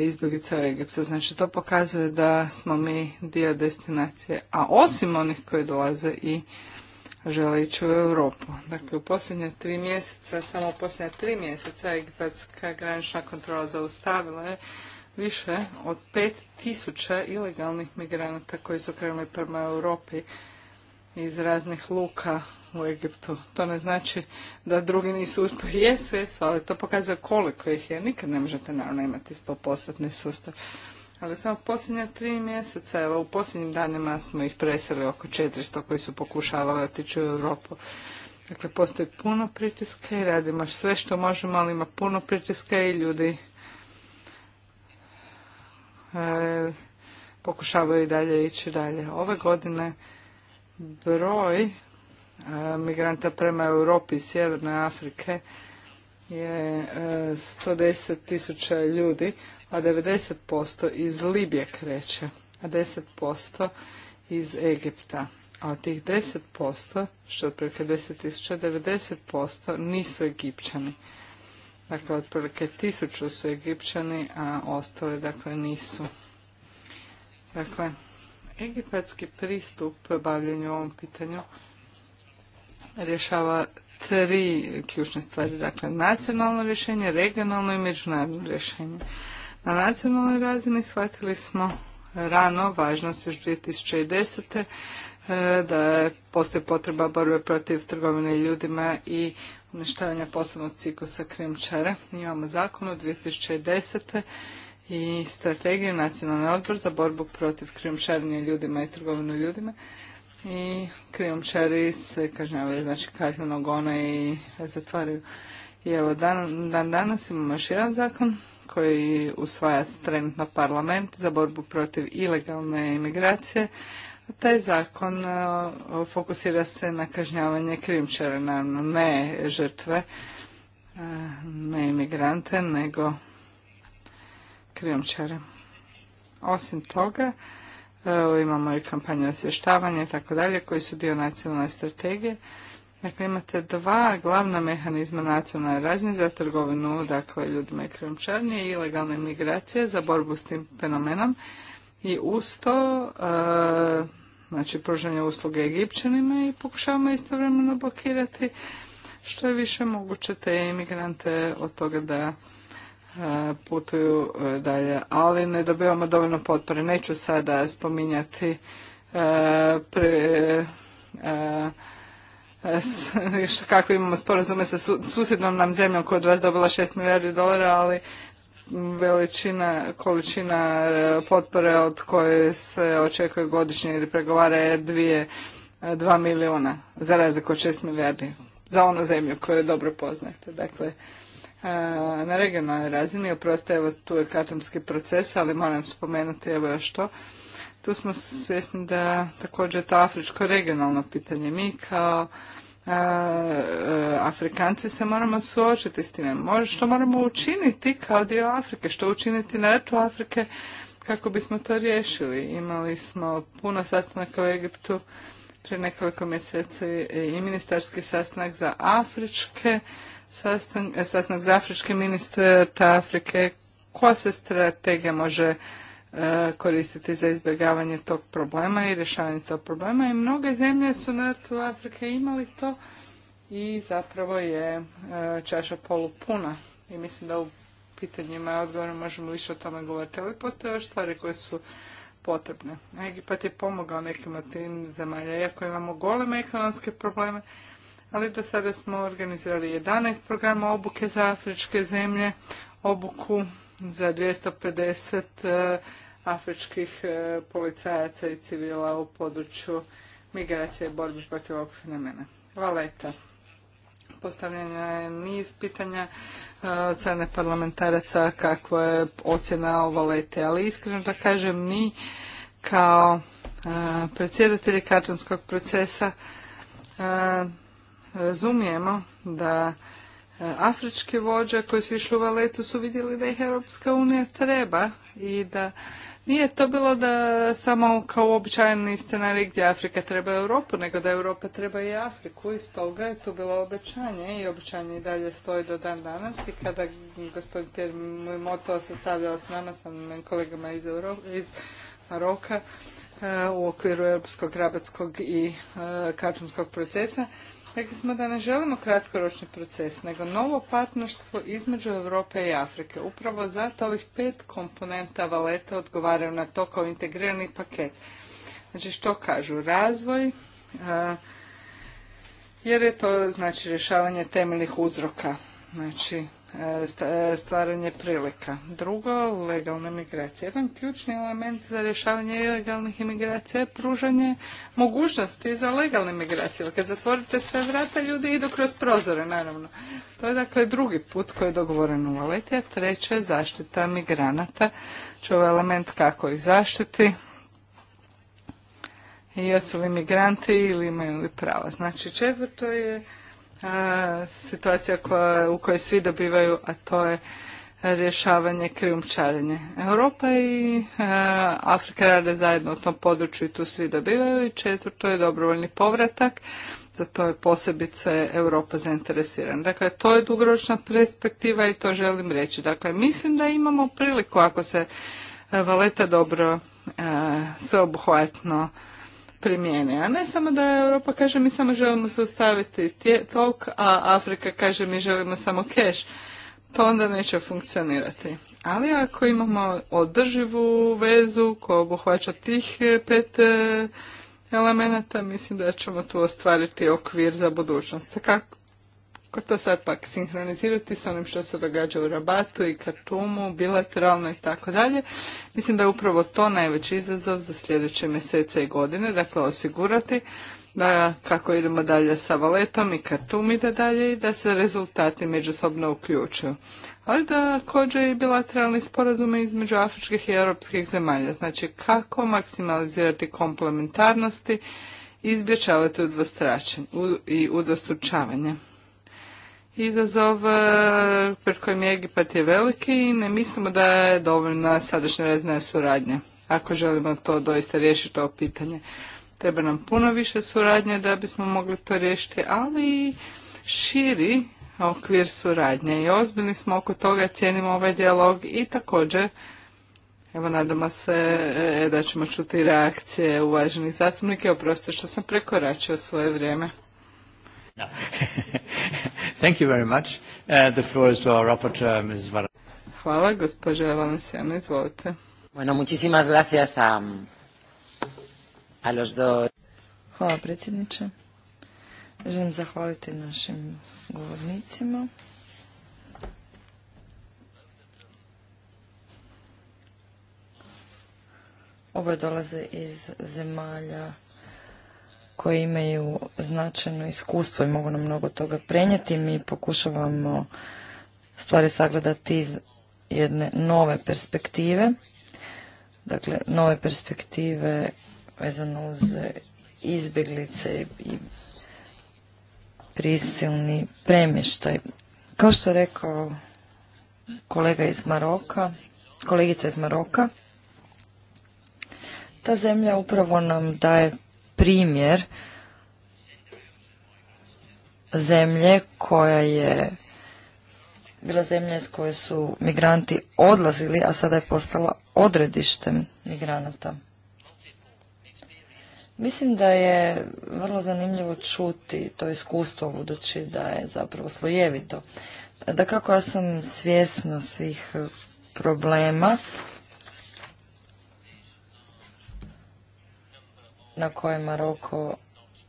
izbjeglica u Egiptu. Znači to pokazuje da smo mi dio destinacije, a osim onih koji dolaze i žele ići u Europu. Dakle, u posljednje tri mjeseca, samo u posljednje tri mjeseca, egipatska granična kontrola zaustavila je više od tisuća ilegalnih migranata koji su krenuli prema Europi iz raznih luka u Egiptu. To ne znači da drugi nisu uspjeli. Jesu, jesu, ali to pokazuje koliko ih je. Nikad ne možete naravno imati 100% sustav. Ali samo posljednja tri mjeseca, evo u posljednjim danima smo ih preseli oko 400 koji su pokušavali otići u Europu. Dakle, postoji puno pritiska i radimo sve što možemo, ali ima puno pritiska i ljudi E, pokušavaju i dalje ići dalje. Ove godine broj e, migranta prema Europi i Sjeverne Afrike je 110 e, tisuća ljudi, a 90% iz Libije kreće, a 10% iz Egipta. A od tih 10%, što je otprilike 10 tisuća, 90% nisu Egipćani. Dakle, otprilike tisuću su Egipćani, a ostale, dakle nisu. Dakle, egipatski pristup bavljenju ovom pitanju rješava tri ključne stvari. Dakle, nacionalno rješenje, regionalno i međunarodno rješenje. Na nacionalnoj razini shvatili smo rano važnost još 2010. E, da postoji potreba borbe protiv trgovine ljudima i uništavanja poslovnog ciklusa krijumčara. Imamo zakon od 2010. i strategiju Nacionalni odbor za borbu protiv krijumčarenja ljudima i trgovinu ljudima. I krijumčari se kažnjavaju, znači kazneno gone i zatvaraju. I evo, dan, danas imamo još jedan zakon koji usvaja trenutno parlament za borbu protiv ilegalne imigracije, taj zakon e, fokusira se na kažnjavanje krimčara, naravno ne žrtve, e, ne imigrante, nego krimčara. Osim toga, e, imamo i kampanju osvještavanja i tako dalje, koji su dio nacionalne strategije. Dakle, imate dva glavna mehanizma nacionalne razine za trgovinu, dakle, ljudima i i ilegalne migracije za borbu s tim fenomenom i usto e, znači pružanje usluge Egipćanima i pokušavamo istovremeno blokirati što je više moguće te imigrante od toga da e, putuju e, dalje, ali ne dobivamo dovoljno potpore. Neću sada spominjati pre, kako imamo sporazume sa susjednom nam zemljom koja od vas dobila 6 milijardi dolara, ali veličina, količina e, potpore od koje se očekuje godišnje ili pregovara je dvije, e, dva milijuna, za razliku od šest milijardi, za onu zemlju koju dobro poznajete. Dakle, e, na regionalnoj razini, oprosti evo tu je katomski proces, ali moram spomenuti evo još to. Tu smo svjesni da također je to afričko regionalno pitanje. Mi kao E, Afrikanci se moramo suočiti s time. Što moramo učiniti kao dio Afrike? Što učiniti na rtu Afrike kako bismo to riješili? Imali smo puno sastanaka u Egiptu prije nekoliko mjeseci i ministarski sastanak za afričke e, sastanak, za afričke ministre Afrike koja se strategija može E, koristiti za izbjegavanje tog problema i rješavanje tog problema. I mnoge zemlje su na tu Afrike imali to i zapravo je e, čaša polupuna. I mislim da u pitanjima i odgovorima možemo više o tome govoriti, ali postoje još stvari koje su potrebne. Egipat je pomogao nekim od tim zemalja, iako imamo goleme ekonomske probleme, ali do sada smo organizirali 11 programa obuke za afričke zemlje, obuku za 250 e, afričkih e, policajaca i civila u području migracije i borbi protiv ovog fenomena. Valeta. postavljena je niz pitanja e, od strane parlamentaraca kakva je ocjena o valete, ali iskreno da kažem mi kao predsjedatelji kartonskog procesa razumijemo da E, afričke vođe koji su išli u valetu su vidjeli da ih Europska unija treba i da nije to bilo da samo kao uobičajeni scenarij gdje Afrika treba Europu, nego da Europa treba i Afriku i stoga je tu bilo obećanje i obećanje i dalje stoji do dan danas i kada gospodin moj Moto sastavljao s nama, sa kolegama iz, Euro, iz Maroka, e, u okviru Europskog rabatskog i e, kartonskog procesa, Rekli smo da ne želimo kratkoročni proces, nego novo partnerstvo između Europe i Afrike. Upravo zato ovih pet komponenta valeta odgovaraju na to kao integrirani paket. Znači što kažu? Razvoj, eh, jer je to znači rješavanje temeljnih uzroka. Znači stvaranje prilika. Drugo, legalna migracija. Jedan ključni element za rješavanje ilegalnih imigracija je pružanje mogućnosti za legalne migracije. Kad zatvorite sve vrata, ljudi idu kroz prozore, naravno. To je dakle drugi put koji je dogovoren u Valeti, a treće, zaštita migranata. Čuo ovaj element kako ih zaštiti, jesu li migranti ili imaju li prava. Znači četvrto je situacija koja, u kojoj svi dobivaju, a to je rješavanje krijumčarenja. Europa i Afrika rade zajedno u tom području i tu svi dobivaju i četvrto je dobrovoljni povratak, za to je posebice Europa zainteresirana. Dakle, to je dugoročna perspektiva i to želim reći. Dakle, mislim da imamo priliku ako se valeta dobro sveobuhvatno primijeni A ne samo da Europa kaže mi samo želimo zaustaviti tok, a Afrika kaže mi želimo samo keš. To onda neće funkcionirati. Ali ako imamo održivu vezu koja obuhvaća tih e, pet e, elemenata, mislim da ćemo tu ostvariti okvir za budućnost. Kako kako to sad pak sinhronizirati s onim što se događa u Rabatu i Kartumu, bilateralno i tako dalje, mislim da je upravo to najveći izazov za sljedeće mjesece i godine, dakle osigurati da kako idemo dalje sa valetom i Kartum da dalje i da se rezultati međusobno uključuju. Ali da kođe i bilateralni sporazume između afričkih i europskih zemalja, znači kako maksimalizirati komplementarnosti i izbječavati udvostračenje i udvostručavanje izazov e, pred kojim je Egipat je veliki i ne mislimo da je dovoljna sadašnja razna suradnja. Ako želimo to doista riješiti, to pitanje. Treba nam puno više suradnje da bismo mogli to riješiti, ali širi okvir suradnje i ozbiljni smo oko toga, cijenimo ovaj dijalog i također Evo, nadamo se e, da ćemo čuti reakcije uvaženih zastupnika i oprostite što sam prekoračio svoje vrijeme. No. Thank you very much. Uh, the floor is to our rapporteur, Ms. Var Hvala, gospođa Valenciano, izvolite. Bueno, muchísimas gracias a, a los dos. Hvala, predsjedniče. Želim zahvaliti našim govornicima. Ovo dolaze iz zemalja koji imaju značajno iskustvo i mogu nam mnogo toga prenijeti. Mi pokušavamo stvari sagledati iz jedne nove perspektive, dakle nove perspektive vezano uz izbjeglice i prisilni premještaj. Kao što je rekao kolega iz Maroka, kolegica iz Maroka, ta zemlja upravo nam daje primjer zemlje koja je bila zemlja iz koje su migranti odlazili, a sada je postala odredištem migranata. Mislim da je vrlo zanimljivo čuti to iskustvo, budući da je zapravo slojevito. Da kako ja sam svjesna svih problema na koje Maroko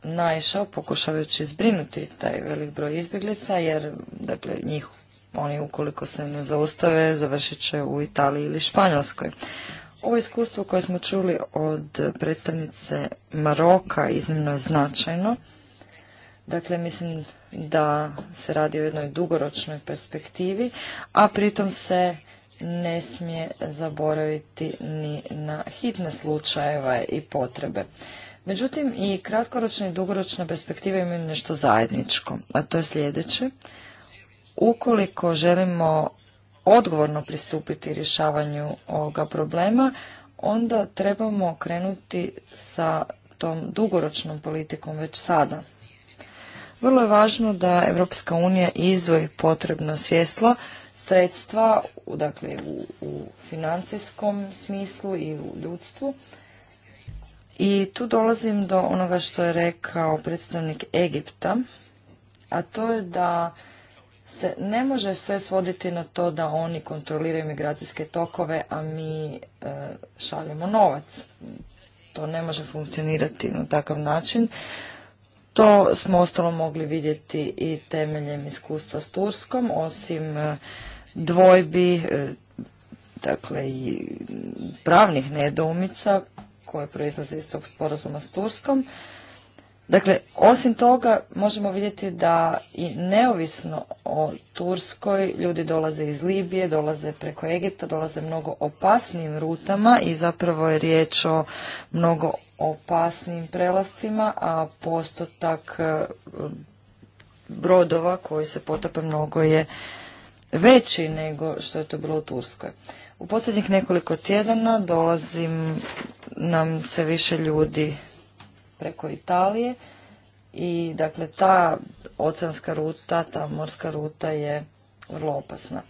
naišao pokušavajući zbrinuti taj velik broj izbjeglica jer dakle njih oni ukoliko se ne zaustave završit će u Italiji ili Španjolskoj. Ovo iskustvo koje smo čuli od predstavnice Maroka iznimno je značajno. Dakle, mislim da se radi o jednoj dugoročnoj perspektivi, a pritom se ne smije zaboraviti ni na hitne slučajeve i potrebe. Međutim, i kratkoročne i dugoročne perspektiva imaju nešto zajedničko, a to je sljedeće. Ukoliko želimo odgovorno pristupiti rješavanju ovoga problema, onda trebamo krenuti sa tom dugoročnom politikom već sada. Vrlo je važno da Europska unija izvoji potrebno svjeslo sredstva, dakle u, u financijskom smislu i u ljudstvu. I tu dolazim do onoga što je rekao predstavnik Egipta, a to je da se ne može sve svoditi na to da oni kontroliraju migracijske tokove, a mi e, šaljemo novac. To ne može funkcionirati na takav način. To smo ostalo mogli vidjeti i temeljem iskustva s Turskom, osim e, dvojbi, e, dakle i pravnih nedoumica koje proizlaze iz tog sporazuma s Turskom. Dakle, osim toga možemo vidjeti da i neovisno o Turskoj ljudi dolaze iz Libije, dolaze preko Egipta, dolaze mnogo opasnim rutama i zapravo je riječ o mnogo opasnim prelascima, a postotak e, brodova koji se potope mnogo je veći nego što je to bilo u Turskoj. U posljednjih nekoliko tjedana dolazim nam se više ljudi preko Italije i dakle ta oceanska ruta, ta morska ruta je vrlo opasna.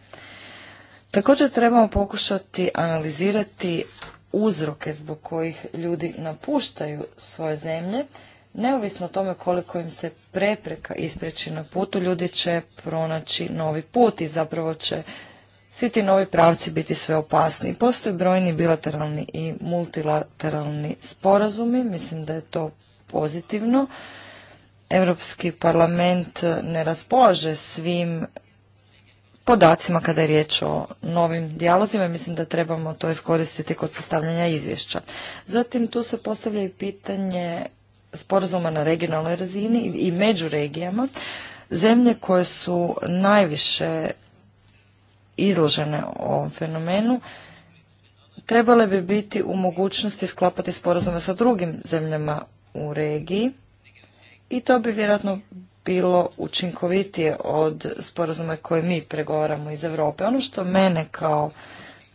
Također trebamo pokušati analizirati uzroke zbog kojih ljudi napuštaju svoje zemlje Neovisno o tome koliko im se prepreka ispreći na putu, ljudi će pronaći novi put i zapravo će svi ti novi pravci biti sve opasni. Postoje brojni bilateralni i multilateralni sporazumi, mislim da je to pozitivno. Europski parlament ne raspolaže svim podacima kada je riječ o novim dijalozima i mislim da trebamo to iskoristiti kod sastavljanja izvješća. Zatim tu se postavlja i pitanje sporazuma na regionalnoj razini i među regijama, zemlje koje su najviše izložene ovom fenomenu trebale bi biti u mogućnosti sklapati sporazume sa drugim zemljama u regiji i to bi vjerojatno bilo učinkovitije od sporazuma koje mi pregovaramo iz Europe. Ono što mene kao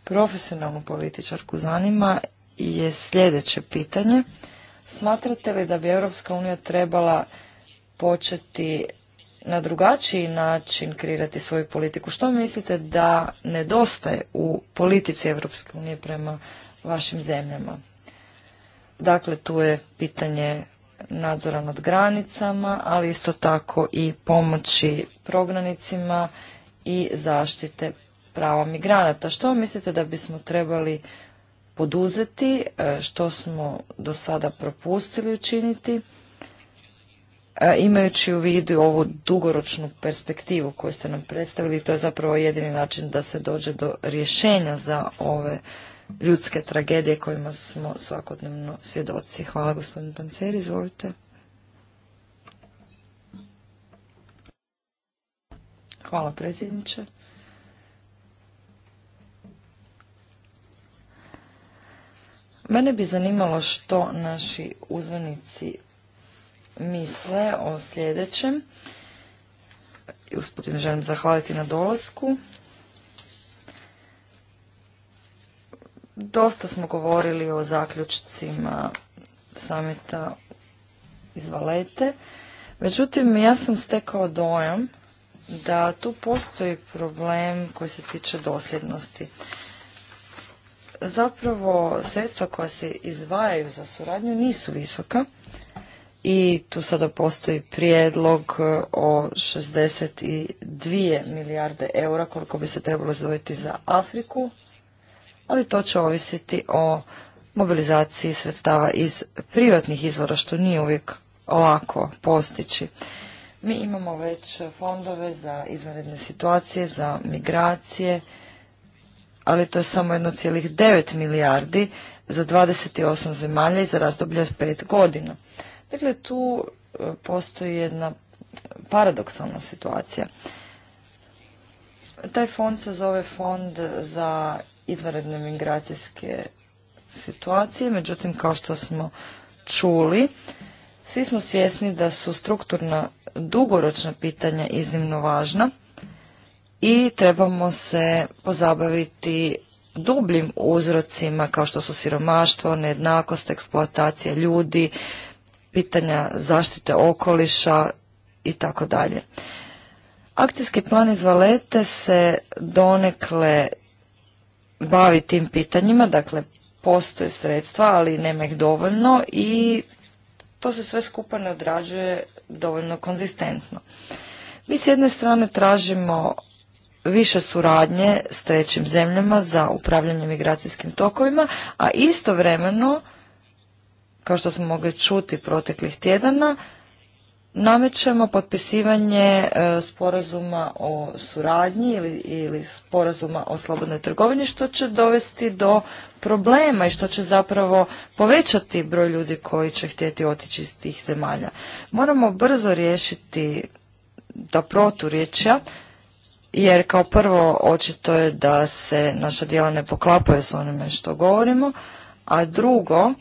profesionalnu političarku zanima je sljedeće pitanje. Smatrate li da bi Europska unija trebala početi na drugačiji način kreirati svoju politiku? Što mislite da nedostaje u politici Europske unije prema vašim zemljama? Dakle, tu je pitanje nadzora nad granicama, ali isto tako i pomoći prognanicima i zaštite prava migranata. Što mislite da bismo trebali poduzeti, e, što smo do sada propustili učiniti, e, imajući u vidu ovu dugoročnu perspektivu koju ste nam predstavili, to je zapravo jedini način da se dođe do rješenja za ove ljudske tragedije kojima smo svakodnevno svjedoci. Hvala gospodin Panceri, izvolite. Hvala predsjedniče. Mene bi zanimalo što naši uzvanici misle o sljedećem. Usputim, želim zahvaliti na dolasku. Dosta smo govorili o zaključcima samita iz Valete. Međutim, ja sam stekao dojam da tu postoji problem koji se tiče dosljednosti zapravo sredstva koja se izvajaju za suradnju nisu visoka i tu sada postoji prijedlog e, o 62 milijarde eura koliko bi se trebalo izdvojiti za Afriku, ali to će ovisiti o mobilizaciji sredstava iz privatnih izvora, što nije uvijek lako postići. Mi imamo već fondove za izvanredne situacije, za migracije, ali to je samo 1,9 milijardi za 28 zemalja i za razdoblje od 5 godina. Dakle, tu e, postoji jedna paradoksalna situacija. Taj fond se zove Fond za izvanredne migracijske situacije, međutim, kao što smo čuli, svi smo svjesni da su strukturna dugoročna pitanja iznimno važna i trebamo se pozabaviti dubljim uzrocima kao što su siromaštvo, nejednakost, eksploatacija ljudi, pitanja zaštite okoliša i tako dalje. Akcijski plan iz Valete se donekle bavi tim pitanjima, dakle postoje sredstva, ali nema ih dovoljno i to se sve skupa ne odrađuje dovoljno konzistentno. Mi s jedne strane tražimo više suradnje s trećim zemljama za upravljanje migracijskim tokovima, a istovremeno, kao što smo mogli čuti proteklih tjedana, namećemo potpisivanje e, sporazuma o suradnji ili, ili sporazuma o slobodnoj trgovini što će dovesti do problema i što će zapravo povećati broj ljudi koji će htjeti otići iz tih zemalja. Moramo brzo riješiti da proturječja jer kao prvo očito je da se naša djela ne poklapaju s onime što govorimo, a drugo,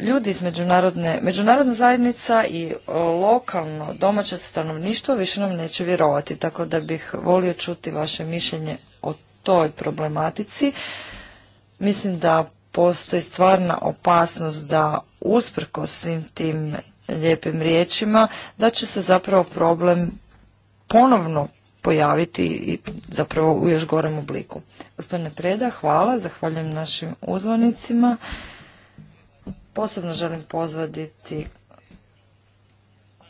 ljudi iz međunarodne, međunarodna zajednica i e, lokalno domaće stanovništvo više nam neće vjerovati, tako da bih volio čuti vaše mišljenje o toj problematici. Mislim da postoji stvarna opasnost da usprko svim tim lijepim riječima, da će se zapravo problem ponovno pojaviti i zapravo u još gorem obliku. Gospodine Preda, hvala, zahvaljujem našim uzvanicima. Posebno želim pozvaditi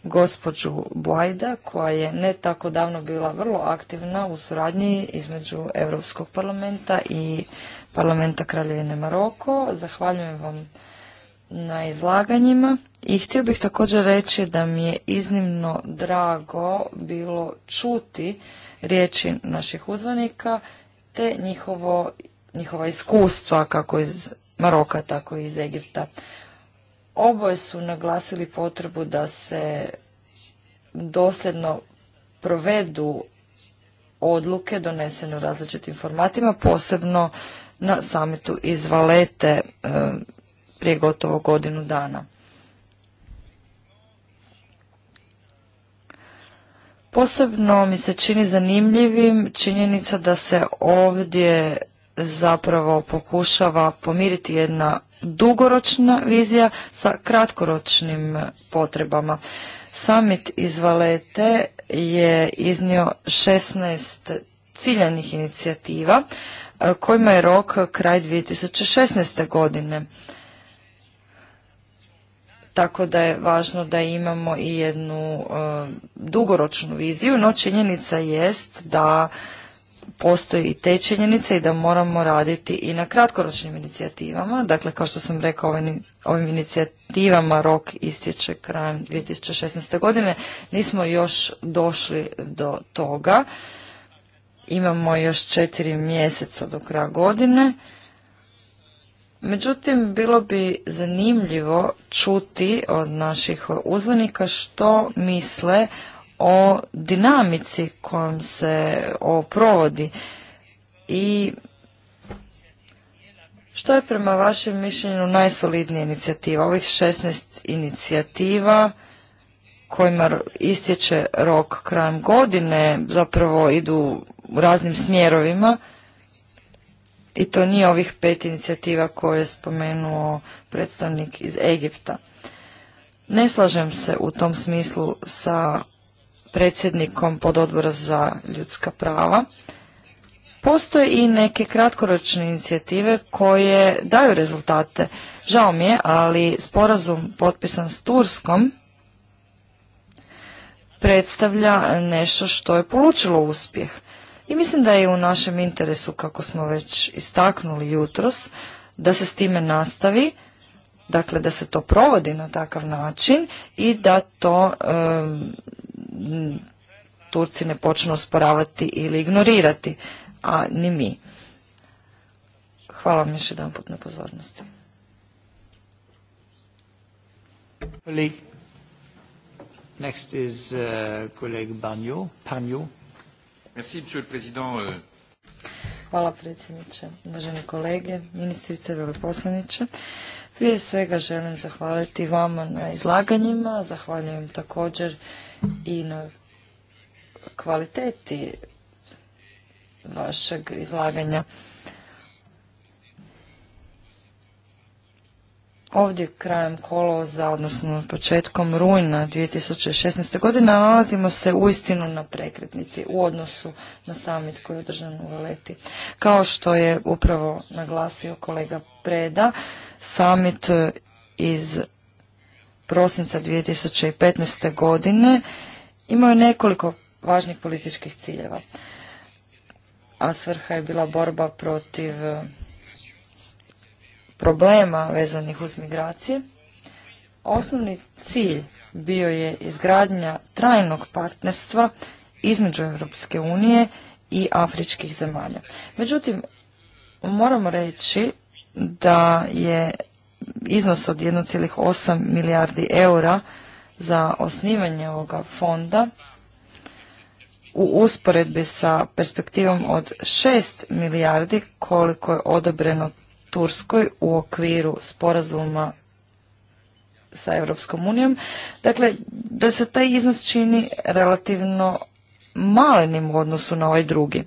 gospođu Bojda koja je ne tako davno bila vrlo aktivna u suradnji između Europskog parlamenta i parlamenta Kraljevine Maroko. Zahvaljujem vam na izlaganjima. I htio bih također reći da mi je iznimno drago bilo čuti riječi naših uzvanika te njihovo, njihova iskustva kako iz Maroka tako i iz Egipta. Oboje su naglasili potrebu da se dosljedno provedu odluke donesene u različitim formatima, posebno na samitu iz Valete eh, prije gotovo godinu dana. Posebno mi se čini zanimljivim činjenica da se ovdje zapravo pokušava pomiriti jedna dugoročna vizija sa kratkoročnim potrebama. Summit iz Valete je iznio 16 ciljanih inicijativa kojima je rok kraj 2016. godine tako da je važno da imamo i jednu e, dugoročnu viziju, no činjenica jest da postoji i te činjenice i da moramo raditi i na kratkoročnim inicijativama. Dakle, kao što sam rekao, ovim, inicijativama rok istječe krajem 2016. godine. Nismo još došli do toga. Imamo još četiri mjeseca do kraja godine. Međutim, bilo bi zanimljivo čuti od naših uzvanika što misle o dinamici kojom se ovo provodi i što je prema vašem mišljenju najsolidnija inicijativa? Ovih 16 inicijativa kojima istječe rok krajem godine zapravo idu u raznim smjerovima i to nije ovih pet inicijativa koje je spomenuo predstavnik iz Egipta. Ne slažem se u tom smislu sa predsjednikom pododbora za ljudska prava. Postoje i neke kratkoročne inicijative koje daju rezultate. Žao mi je, ali sporazum potpisan s Turskom predstavlja nešto što je polučilo uspjeh. I mislim da je u našem interesu, kako smo već istaknuli jutros, da se s time nastavi, dakle da se to provodi na takav način i da to Turci ne počnu osporavati ili ignorirati, a ni mi. Hvala vam još jedan put na pozornosti. Next is uh, colleague Euh. Hvala predsjedniče, uvaženi kolege, ministrice, veleposlaniče. Prije svega želim zahvaliti vama na izlaganjima, zahvaljujem također i na kvaliteti vašeg izlaganja. ovdje krajem koloza, odnosno početkom rujna 2016. godine, nalazimo se uistinu na prekretnici u odnosu na samit koji je održan u leti. Kao što je upravo naglasio kolega Preda, samit e, iz prosinca 2015. godine imao je nekoliko važnih političkih ciljeva, a svrha je bila borba protiv e, problema vezanih uz migracije. Osnovni cilj bio je izgradnja trajnog partnerstva između Europske unije i afričkih zemalja. Međutim, moramo reći da je iznos od 1,8 milijardi eura za osnivanje ovoga fonda u usporedbi sa perspektivom od 6 milijardi koliko je odobreno Turskoj u okviru sporazuma sa Europskom unijom. Dakle, da se taj iznos čini relativno malenim u odnosu na ovaj drugi.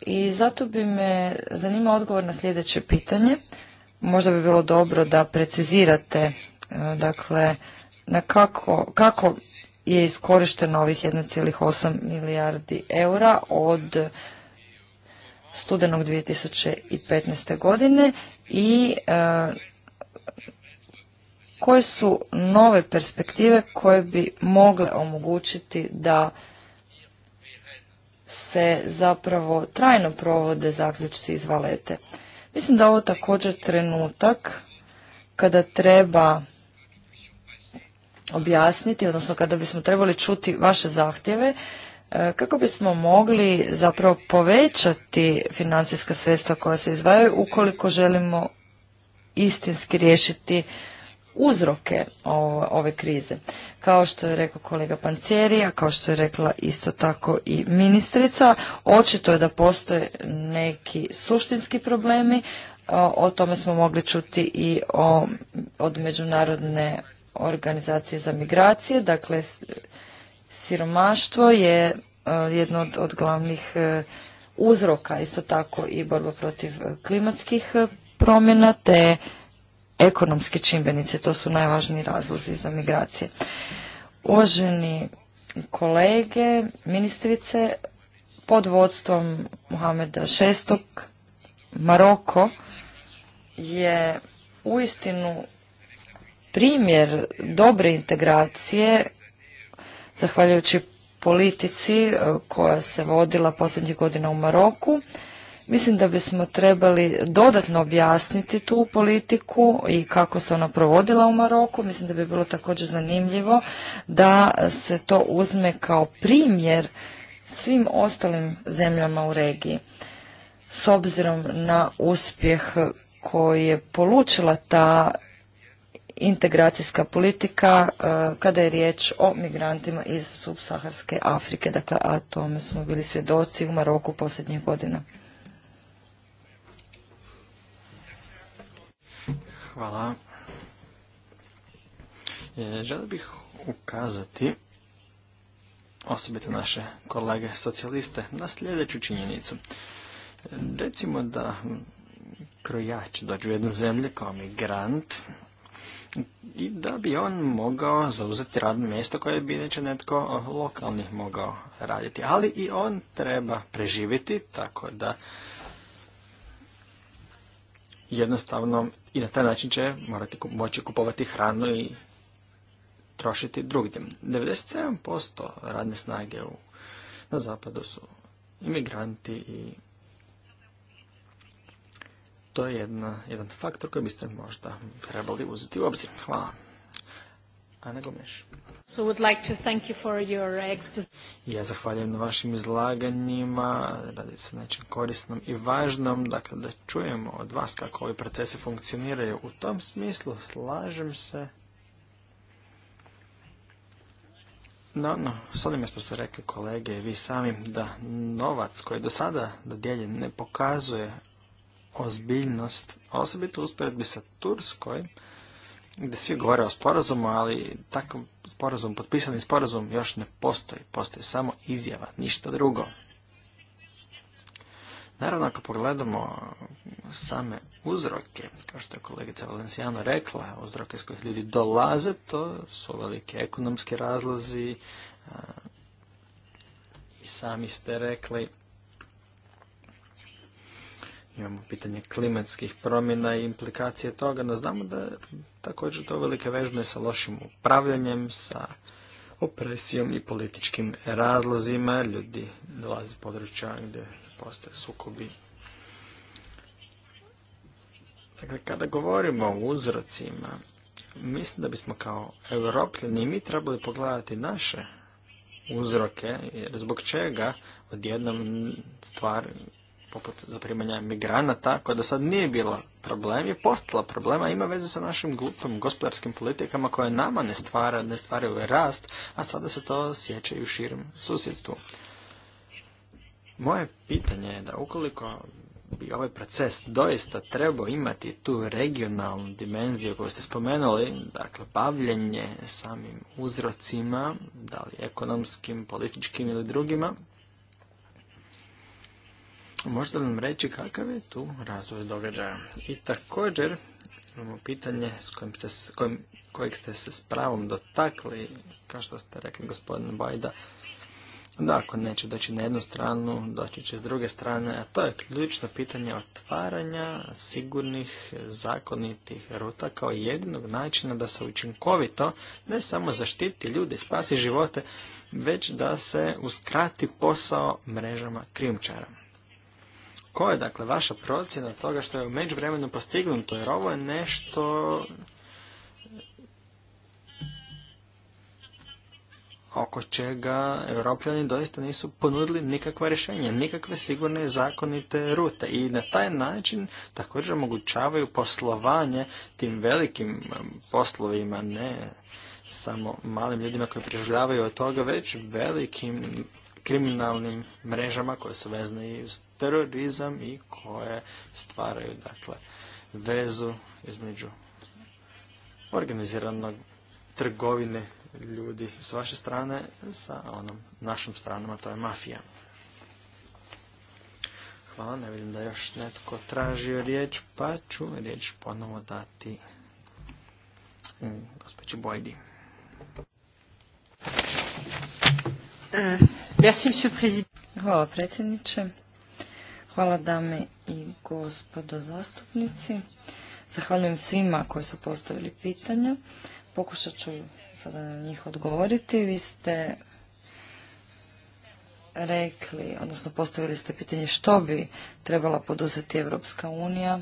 I zato bi me zanimao odgovor na sljedeće pitanje. Možda bi bilo dobro da precizirate e, dakle, na kako, kako je iskorišteno ovih 1,8 milijardi eura od studenog 2015. godine i e, koje su nove perspektive koje bi mogle omogućiti da se zapravo trajno provode zaključci iz valete. Mislim da ovo također trenutak kada treba objasniti, odnosno kada bismo trebali čuti vaše zahtjeve E, kako bismo mogli zapravo povećati financijska sredstva koja se izdvajaju ukoliko želimo istinski riješiti uzroke ove krize. Kao što je rekao kolega Pancerija, kao što je rekla isto tako i ministrica, očito je da postoje neki suštinski problemi, o tome smo mogli čuti i od Međunarodne organizacije za migracije, dakle siromaštvo je e, jedno od, od glavnih e, uzroka, isto tako i borba protiv e, klimatskih promjena te ekonomske čimbenici, to su najvažniji razlozi za migracije. Uvaženi kolege, ministrice, pod vodstvom Muhameda VI. Maroko je uistinu primjer dobre integracije zahvaljujući politici e, koja se vodila posljednjih godina u Maroku. Mislim da bismo trebali dodatno objasniti tu politiku i kako se ona provodila u Maroku. Mislim da bi bilo također zanimljivo da se to uzme kao primjer svim ostalim zemljama u regiji. S obzirom na uspjeh koji je polučila ta integracijska politika e, kada je riječ o migrantima iz subsaharske Afrike, dakle, a tome smo bili svjedoci u Maroku posljednjih godina. Hvala. E, želio bih ukazati osobito naše kolege socijaliste na sljedeću činjenicu. E, recimo da krojač dođu u jednu zemlju kao migrant, i da bi on mogao zauzeti radno mjesto koje bi inače netko eh, lokalni mogao raditi. Ali i on treba preživjeti, tako da jednostavno i na taj način će morati moći kupovati hranu i trošiti drugdje. 97% radne snage na zapadu su imigranti i to je jedna, jedan faktor koji biste možda trebali uzeti u obzir. Hvala. Ana meš. So would like to thank you for your ja zahvaljujem na vašim izlaganjima, radi se nečem korisnom i važnom, dakle da čujemo od vas kako ovi procesi funkcioniraju. U tom smislu slažem se No, no, s onime što ste rekli kolege i vi sami, da novac koji je do sada dodijeljen ne pokazuje ozbiljnost, osobito usporedbi sa Turskoj, gdje svi govore o sporazumu, ali takav sporazum, potpisani sporazum još ne postoji. Postoji samo izjava, ništa drugo. Naravno, ako pogledamo same uzroke, kao što je kolegica Valenciano rekla, uzroke s kojih ljudi dolaze, to su velike ekonomski razlozi. I sami ste rekli imamo pitanje klimatskih promjena i implikacije toga, no znamo da je također to velike vežne sa lošim upravljanjem, sa opresijom i političkim razlozima. Ljudi dolaze iz područja gdje postoje sukobi. Dakle, kada govorimo o uzrocima, mislim da bismo kao europljani mi trebali pogledati naše uzroke, zbog čega odjednom stvar poput zaprimanja migranata, koja do sad nije bila problem, je postala problema, ima veze sa našim glupom gospodarskim politikama koje nama ne, stvara, ne stvaraju rast, a sada se to sjeća i u širem susjedstvu. Moje pitanje je da ukoliko bi ovaj proces doista trebao imati tu regionalnu dimenziju koju ste spomenuli, dakle bavljenje samim uzrocima, da li ekonomskim, političkim ili drugima, Možda nam reći kakav je tu razvoj događaja? I također imamo pitanje s kojim ste, s kojim, kojeg ste se s pravom dotakli, kao što ste rekli gospodine Bajda, da ako neće doći na jednu stranu, doći će s druge strane, a to je ključno pitanje otvaranja sigurnih, zakonitih ruta kao jedinog načina da se učinkovito ne samo zaštiti ljudi, spasi živote, već da se uskrati posao mrežama krimčara. Koja je dakle vaša procjena toga što je u međuvremenu postignuto jer ovo je nešto oko čega europljani doista nisu ponudili nikakva rješenja, nikakve sigurne zakonite rute i na taj način također omogućavaju poslovanje tim velikim um, poslovima, ne samo malim ljudima koji preživljavaju od toga, već velikim kriminalnim mrežama koje su vezane i uz terorizam i koje stvaraju dakle vezu između organiziranog trgovine ljudi s vaše strane sa onom našom stranom, a to je mafija. Hvala, ne vidim da još netko tražio riječ, pa ću riječ ponovo dati mm, gospođi Bojdi. Eh, Hvala predsjedniče. Hvala dame i gospodo zastupnici. Zahvaljujem svima koji su postavili pitanja. Pokušat ću sada na njih odgovoriti. Vi ste rekli, odnosno postavili ste pitanje što bi trebala poduzeti Evropska unija.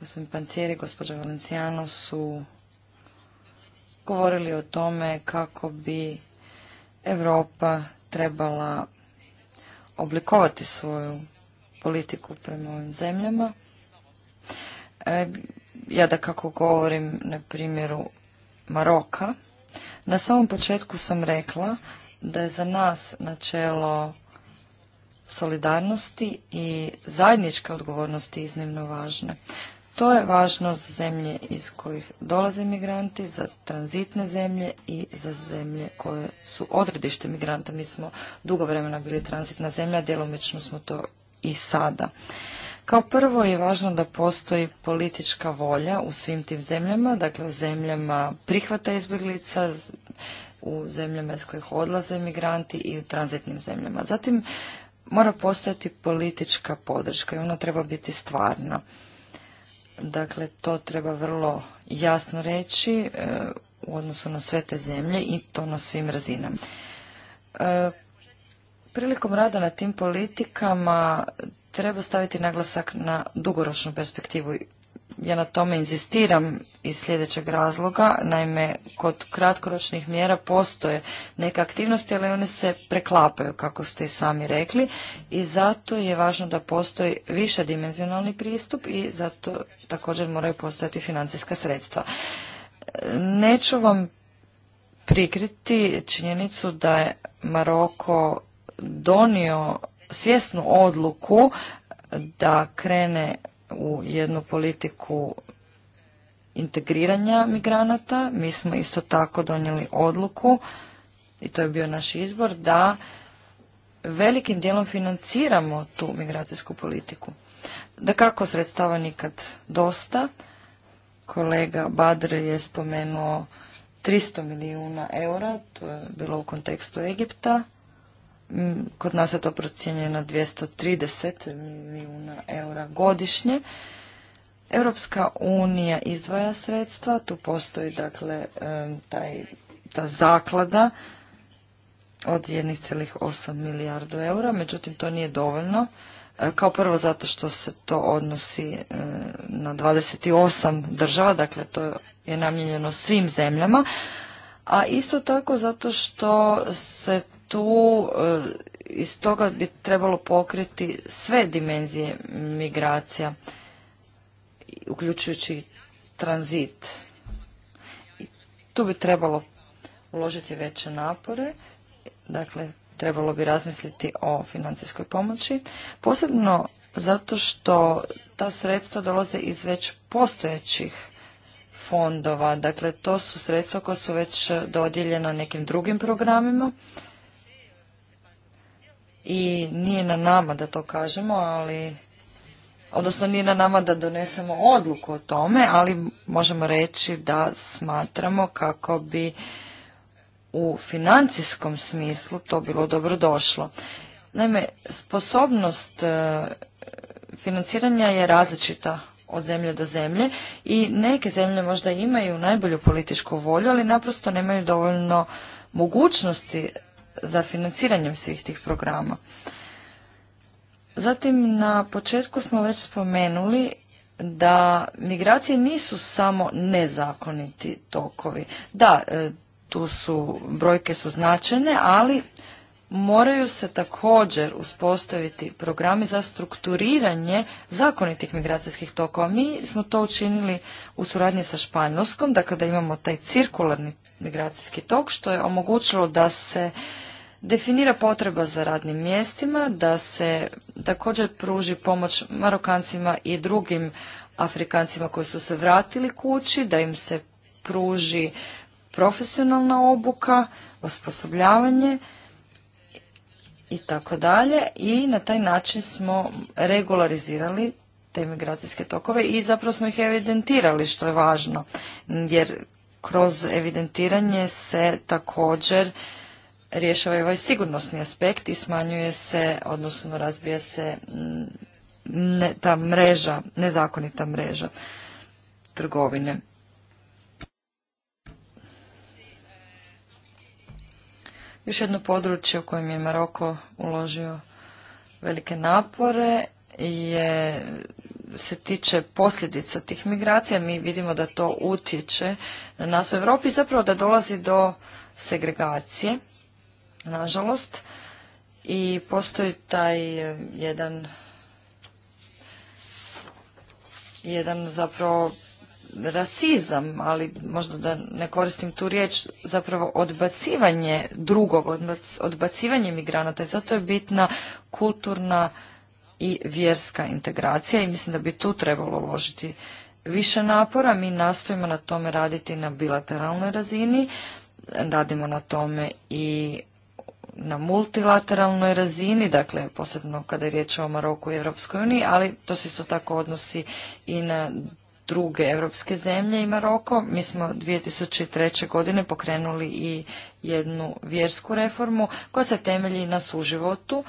Gospodin i gospođa Valencijano su govorili o tome kako bi Europa trebala oblikovati svoju politiku prema ovim zemljama. E, ja da kako govorim na primjeru Maroka, na samom početku sam rekla da je za nas načelo solidarnosti i zajedničke odgovornosti iznimno važne. To je važno za zemlje iz kojih dolaze migranti, za tranzitne zemlje i za zemlje koje su odredište migranta. Mi smo dugo vremena bili tranzitna zemlja, djelomično smo to i sada. Kao prvo je važno da postoji politička volja u svim tim zemljama, dakle u zemljama prihvata izbjeglica, u zemljama iz kojih odlaze migranti i u tranzitnim zemljama. Zatim mora postojati politička podrška i ona treba biti stvarna. Dakle, to treba vrlo jasno reći e, u odnosu na sve te zemlje i to na svim razinama. E, prilikom rada na tim politikama treba staviti naglasak na dugoročnu perspektivu ja na tome inzistiram iz sljedećeg razloga. Naime, kod kratkoročnih mjera postoje neke aktivnosti, ali one se preklapaju, kako ste i sami rekli. I zato je važno da postoji višedimenzionalni pristup i zato također moraju postojati financijska sredstva. Neću vam prikriti činjenicu da je Maroko donio svjesnu odluku da krene u jednu politiku integriranja migranata. Mi smo isto tako donijeli odluku i to je bio naš izbor da velikim dijelom financiramo tu migracijsku politiku. Da kako sredstava nikad dosta. Kolega Badr je spomenuo 300 milijuna eura, to je bilo u kontekstu Egipta kod nas je to procijenjeno 230 milijuna eura godišnje. Europska unija izdvaja sredstva, tu postoji dakle taj, ta zaklada od 1,8 milijardu eura, međutim to nije dovoljno. E, kao prvo zato što se to odnosi e, na 28 država, dakle to je namijenjeno svim zemljama, a isto tako zato što se tu e, iz toga bi trebalo pokriti sve dimenzije migracija, uključujući tranzit. I tu bi trebalo uložiti veće napore, dakle trebalo bi razmisliti o financijskoj pomoći, posebno zato što ta sredstva dolaze iz već postojećih fondova, dakle to su sredstva koja su već dodijeljena nekim drugim programima i nije na nama da to kažemo, ali odnosno nije na nama da donesemo odluku o tome, ali možemo reći da smatramo kako bi u financijskom smislu to bilo dobro došlo. Naime, sposobnost e, financiranja je različita od zemlje do zemlje i neke zemlje možda imaju najbolju političku volju, ali naprosto nemaju dovoljno mogućnosti za financiranjem svih tih programa. Zatim na početku smo već spomenuli da migracije nisu samo nezakoniti tokovi. Da, e, tu su brojke su značajne, ali moraju se također uspostaviti programi za strukturiranje zakonitih migracijskih tokova. Mi smo to učinili u suradnji sa Španjolskom, dakle da imamo taj cirkularni migracijski tok, što je omogućilo da se definira potreba za radnim mjestima, da se također pruži pomoć Marokancima i drugim Afrikancima koji su se vratili kući, da im se pruži profesionalna obuka, osposobljavanje i tako dalje i na taj način smo regularizirali te migracijske tokove i zapravo smo ih evidentirali što je važno jer kroz evidentiranje se također rješava i ovaj sigurnosni aspekt i smanjuje se, odnosno razbija se ta mreža, nezakonita mreža trgovine. Još jedno područje u kojem je Maroko uložio velike napore je se tiče posljedica tih migracija, mi vidimo da to utječe na nas u Europi i zapravo da dolazi do segregacije, nažalost, i postoji taj eh, jedan jedan zapravo rasizam, ali možda da ne koristim tu riječ, zapravo odbacivanje drugog, odbacivanje migranata i zato je bitna kulturna i vjerska integracija i mislim da bi tu trebalo uložiti više napora. Mi nastojimo na tome raditi na bilateralnoj razini, radimo na tome i na multilateralnoj razini, dakle posebno kada je riječ o Maroku i Europskoj uniji, ali to se isto tako odnosi i na druge europske zemlje i Maroko. Mi smo 2003. godine pokrenuli i jednu vjersku reformu koja se temelji na suživotu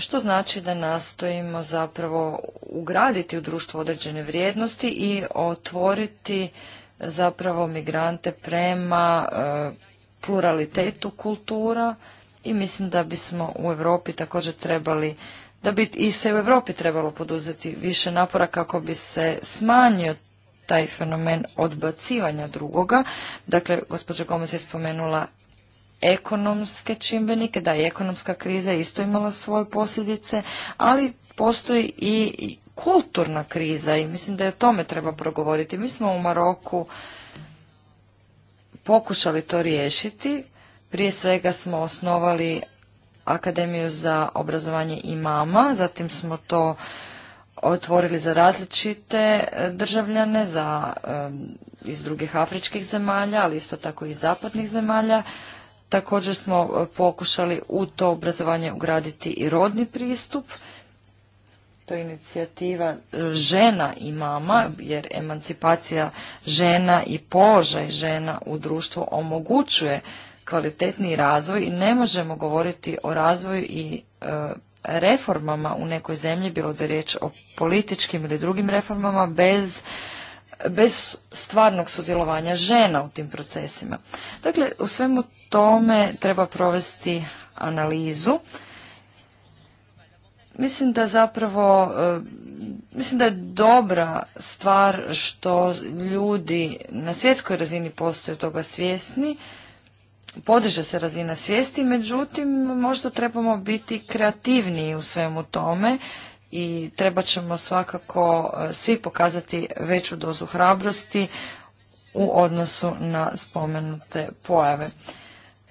što znači da nastojimo zapravo ugraditi u društvo određene vrijednosti i otvoriti zapravo migrante prema e, pluralitetu kultura i mislim da bismo u Europi također trebali da bi i se u Europi trebalo poduzeti više napora kako bi se smanjio taj fenomen odbacivanja drugoga. Dakle, gospođa Gomez je spomenula ekonomske čimbenike, da je ekonomska kriza isto imala svoje posljedice, ali postoji i kulturna kriza i mislim da je o tome treba progovoriti. Mi smo u Maroku pokušali to riješiti. Prije svega smo osnovali Akademiju za obrazovanje imama, zatim smo to otvorili za različite e, državljane za, e, iz drugih afričkih zemalja, ali isto tako i zapadnih zemalja. Također smo e, pokušali u to obrazovanje ugraditi i rodni pristup. To je inicijativa e, žena i mama, jer emancipacija žena i položaj žena u društvu omogućuje kvalitetni razvoj i ne možemo govoriti o razvoju i e, reformama u nekoj zemlji, bilo da je riječ o političkim ili drugim reformama, bez bez stvarnog sudjelovanja žena u tim procesima. Dakle, u svemu tome treba provesti analizu. Mislim da zapravo, e, mislim da je dobra stvar što ljudi na svjetskoj razini postaju toga svjesni, podiže se razina svijesti, međutim možda trebamo biti kreativniji u svemu tome i treba ćemo svakako e, svi pokazati veću dozu hrabrosti u odnosu na spomenute pojave.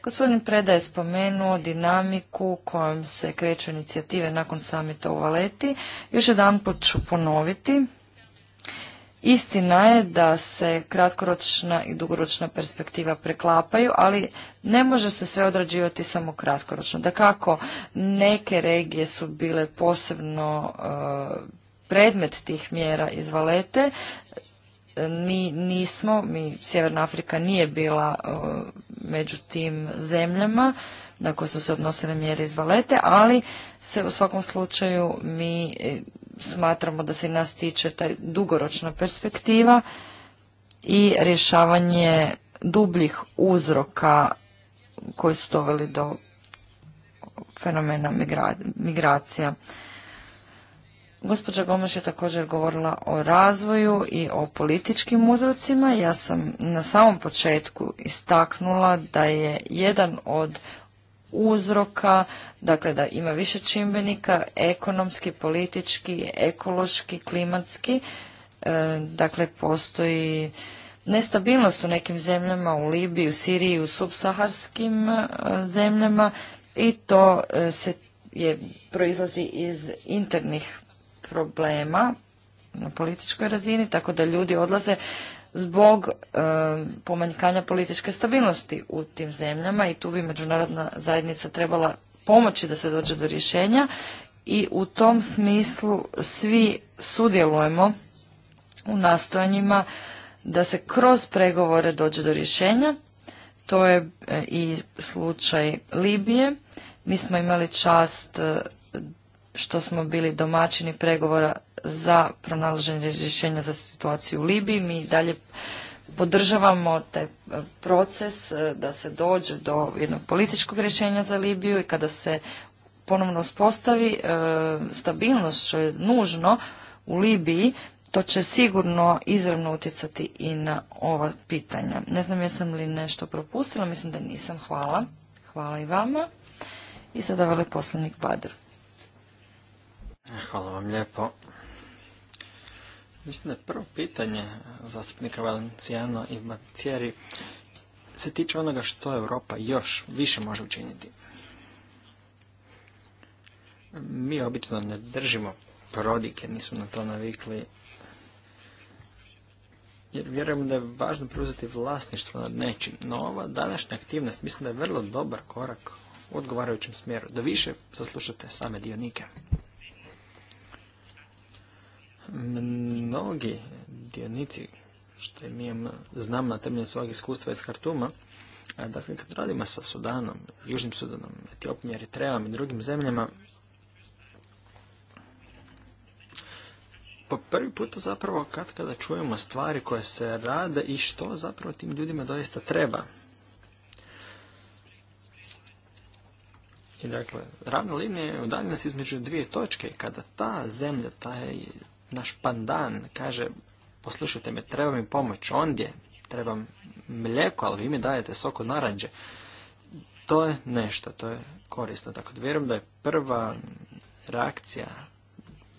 Gospodin Preda je spomenuo dinamiku kojom se kreću inicijative nakon samita u Valeti. Još jedan put ću ponoviti Istina je da se kratkoročna i dugoročna perspektiva preklapaju, ali ne može se sve odrađivati samo kratkoročno. Da kako neke regije su bile posebno e, predmet tih mjera iz Valete, mi nismo, mi Sjeverna Afrika nije bila e, među tim zemljama na koje su se odnosile mjere iz Valete, ali se u svakom slučaju mi e, smatramo da se i nas tiče taj dugoročna perspektiva i rješavanje dubljih uzroka koji su doveli do fenomena migracija. Gospođa Gomaš je također govorila o razvoju i o političkim uzrocima. Ja sam na samom početku istaknula da je jedan od uzroka, dakle da ima više čimbenika, ekonomski, politički, ekološki, klimatski. E, dakle, postoji nestabilnost u nekim zemljama, u Libiji, u Siriji, u subsaharskim e, zemljama i to e, se je, proizlazi iz internih problema na političkoj razini, tako da ljudi odlaze zbog e, pomanjkanja političke stabilnosti u tim zemljama i tu bi međunarodna zajednica trebala pomoći da se dođe do rješenja i u tom smislu svi sudjelujemo u nastojanjima da se kroz pregovore dođe do rješenja. To je e, i slučaj Libije. Mi smo imali čast e, što smo bili domaćini pregovora za pronalaženje rješenja za situaciju u Libiji. Mi dalje podržavamo taj e, proces e, da se dođe do jednog političkog rješenja za Libiju i kada se ponovno uspostavi e, stabilnost što je nužno u Libiji, to će sigurno izravno utjecati i na ova pitanja. Ne znam jesam li nešto propustila, mislim da nisam. Hvala. Hvala i vama. I sada veleposlanik Badr. Hvala vam lijepo. Mislim da je prvo pitanje zastupnika Valenciano i Macijeri se tiče onoga što Europa još više može učiniti. Mi obično ne držimo prodike, nisu na to navikli. Jer vjerujem da je važno preuzeti vlasništvo nad nečim. No ova današnja aktivnost mislim da je vrlo dobar korak u odgovarajućem smjeru. Da više saslušate same dionike mnogi dionici, što mi znam na temelju svog iskustva iz Kartuma, dakle kad radimo sa Sudanom, Južnim Sudanom, Etiopijom, Eritreom i drugim zemljama, po prvi puta zapravo kad kada čujemo stvari koje se rade i što zapravo tim ljudima doista treba. I dakle, ravna linija je udaljenost između dvije točke. Kada ta zemlja, taj naš pandan kaže, poslušajte me, treba mi pomoć ondje, trebam mlijeko, ali vi mi dajete sok od naranđe. To je nešto, to je korisno. Tako dakle, da vjerujem da je prva reakcija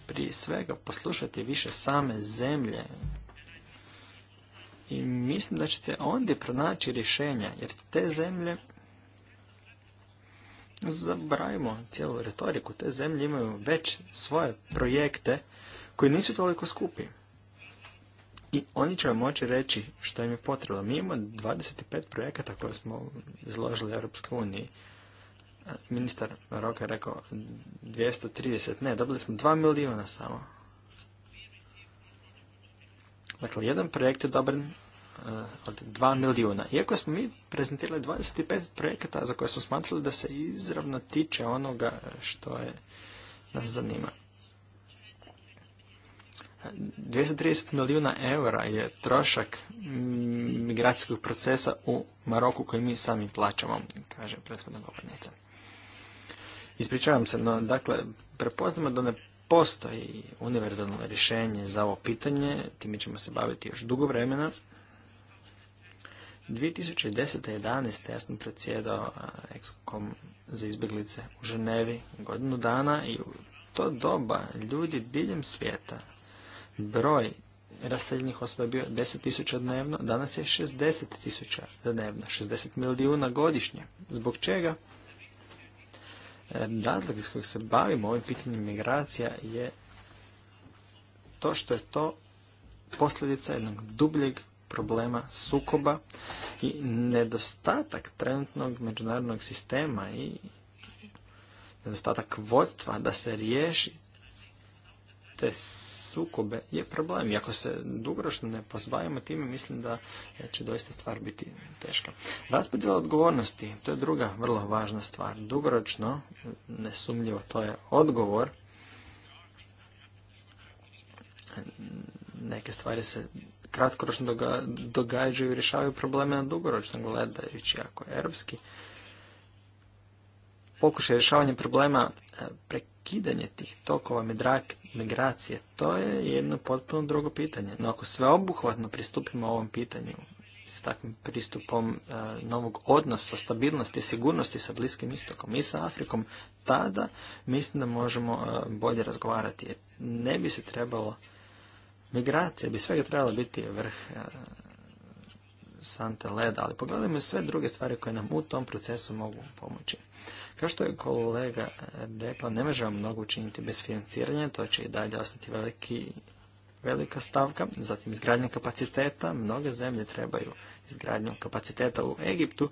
prije svega poslušati više same zemlje i mislim da ćete ondje pronaći rješenja, jer te zemlje zabrajmo cijelu retoriku, te zemlje imaju već svoje projekte koji nisu toliko skupi. I oni će vam moći reći što im je potrebno. Mi imamo 25 projekata koje smo izložili Europskoj uniji. Ministar Roka je rekao 230, ne, dobili smo 2 milijuna samo. Dakle, jedan projekt je dobar od 2 milijuna. Iako smo mi prezentirali 25 projekata za koje smo smatrali da se izravno tiče onoga što je nas zanima. 230 milijuna eura je trošak migracijskog procesa u Maroku koji mi sami plaćamo, kaže prethodna govornica. Ispričavam se, no dakle, prepoznamo da ne postoji univerzalno rješenje za ovo pitanje, time ćemo se baviti još dugo vremena. 2010. i 2011. ja sam predsjedao ekskom za izbjeglice u Ženevi godinu dana i u to doba ljudi diljem svijeta broj raseljenih osoba je bio 10.000 dnevno, danas je 60.000 dnevno, 60 milijuna godišnje. Zbog čega? E, razlog iz kojeg se bavimo ovim pitanjem migracija je to što je to posljedica jednog dubljeg problema sukoba i nedostatak trenutnog međunarodnog sistema i nedostatak vodstva da se riješi te sukobe je problem. I ako se dugoročno ne pozbavimo time, mislim da će doista stvar biti teška. Raspodjela odgovornosti, to je druga vrlo važna stvar. Dugoročno, nesumljivo, to je odgovor. Neke stvari se kratkoročno događaju i rješavaju probleme na dugoročno gledajući. Ako je europski pokušaj rješavanja problema e, ukidanje tih tokova migracije, to je jedno potpuno drugo pitanje. No ako sveobuhvatno pristupimo ovom pitanju, s takvim pristupom e, novog odnosa, stabilnosti i sigurnosti sa Bliskim istokom i sa Afrikom, tada mislim da možemo e, bolje razgovarati. ne bi se trebalo, migracija bi svega trebala biti vrh e, sante leda, ali pogledajmo sve druge stvari koje nam u tom procesu mogu pomoći. Kao što je kolega rekla, ne možemo mnogo učiniti bez financiranja, to će i dalje ostati veliki, velika stavka. Zatim izgradnja kapaciteta, mnoge zemlje trebaju izgradnju kapaciteta u Egiptu.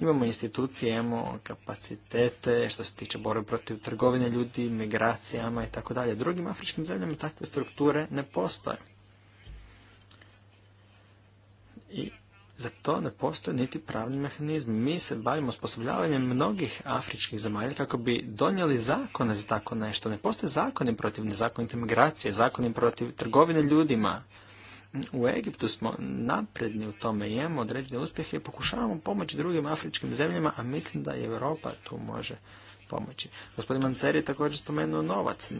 Imamo institucije, imamo kapacitete što se tiče borbe protiv trgovine ljudi, migracijama i tako dalje. Drugim afričkim zemljama takve strukture ne postoje. I za to ne postoje niti pravni mehanizmi. Mi se bavimo osposobljavanjem mnogih afričkih zemalja kako bi donijeli zakone za tako nešto. Ne postoje zakoni protiv nezakonite migracije, zakoni protiv trgovine ljudima. U Egiptu smo napredni u tome, imamo određene uspjehe i pokušavamo pomoći drugim afričkim zemljama, a mislim da i Europa tu može pomoći. Gospodin Mancer je također spomenuo novac.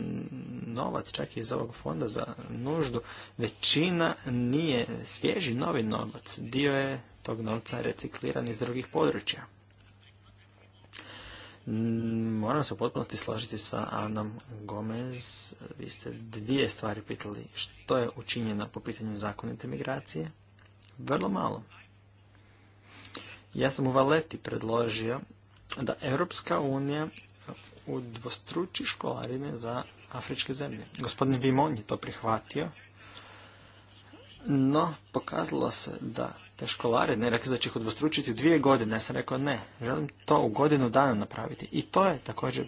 Novac čak i iz ovog fonda za nuždu. Većina nije svježi novi novac. Dio je tog novca recikliran iz drugih područja. Moram se u potpunosti složiti sa Anom Gomez. Vi ste dvije stvari pitali. Što je učinjeno po pitanju zakonite migracije? Vrlo malo. Ja sam u Valeti predložio da Europska unija udvostruči školarine za afričke zemlje. Gospodin Vimon je to prihvatio, no pokazalo se da te školarine, rekli da će ih udvostručiti dvije godine, ja sam rekao ne, želim to u godinu dana napraviti. I to je također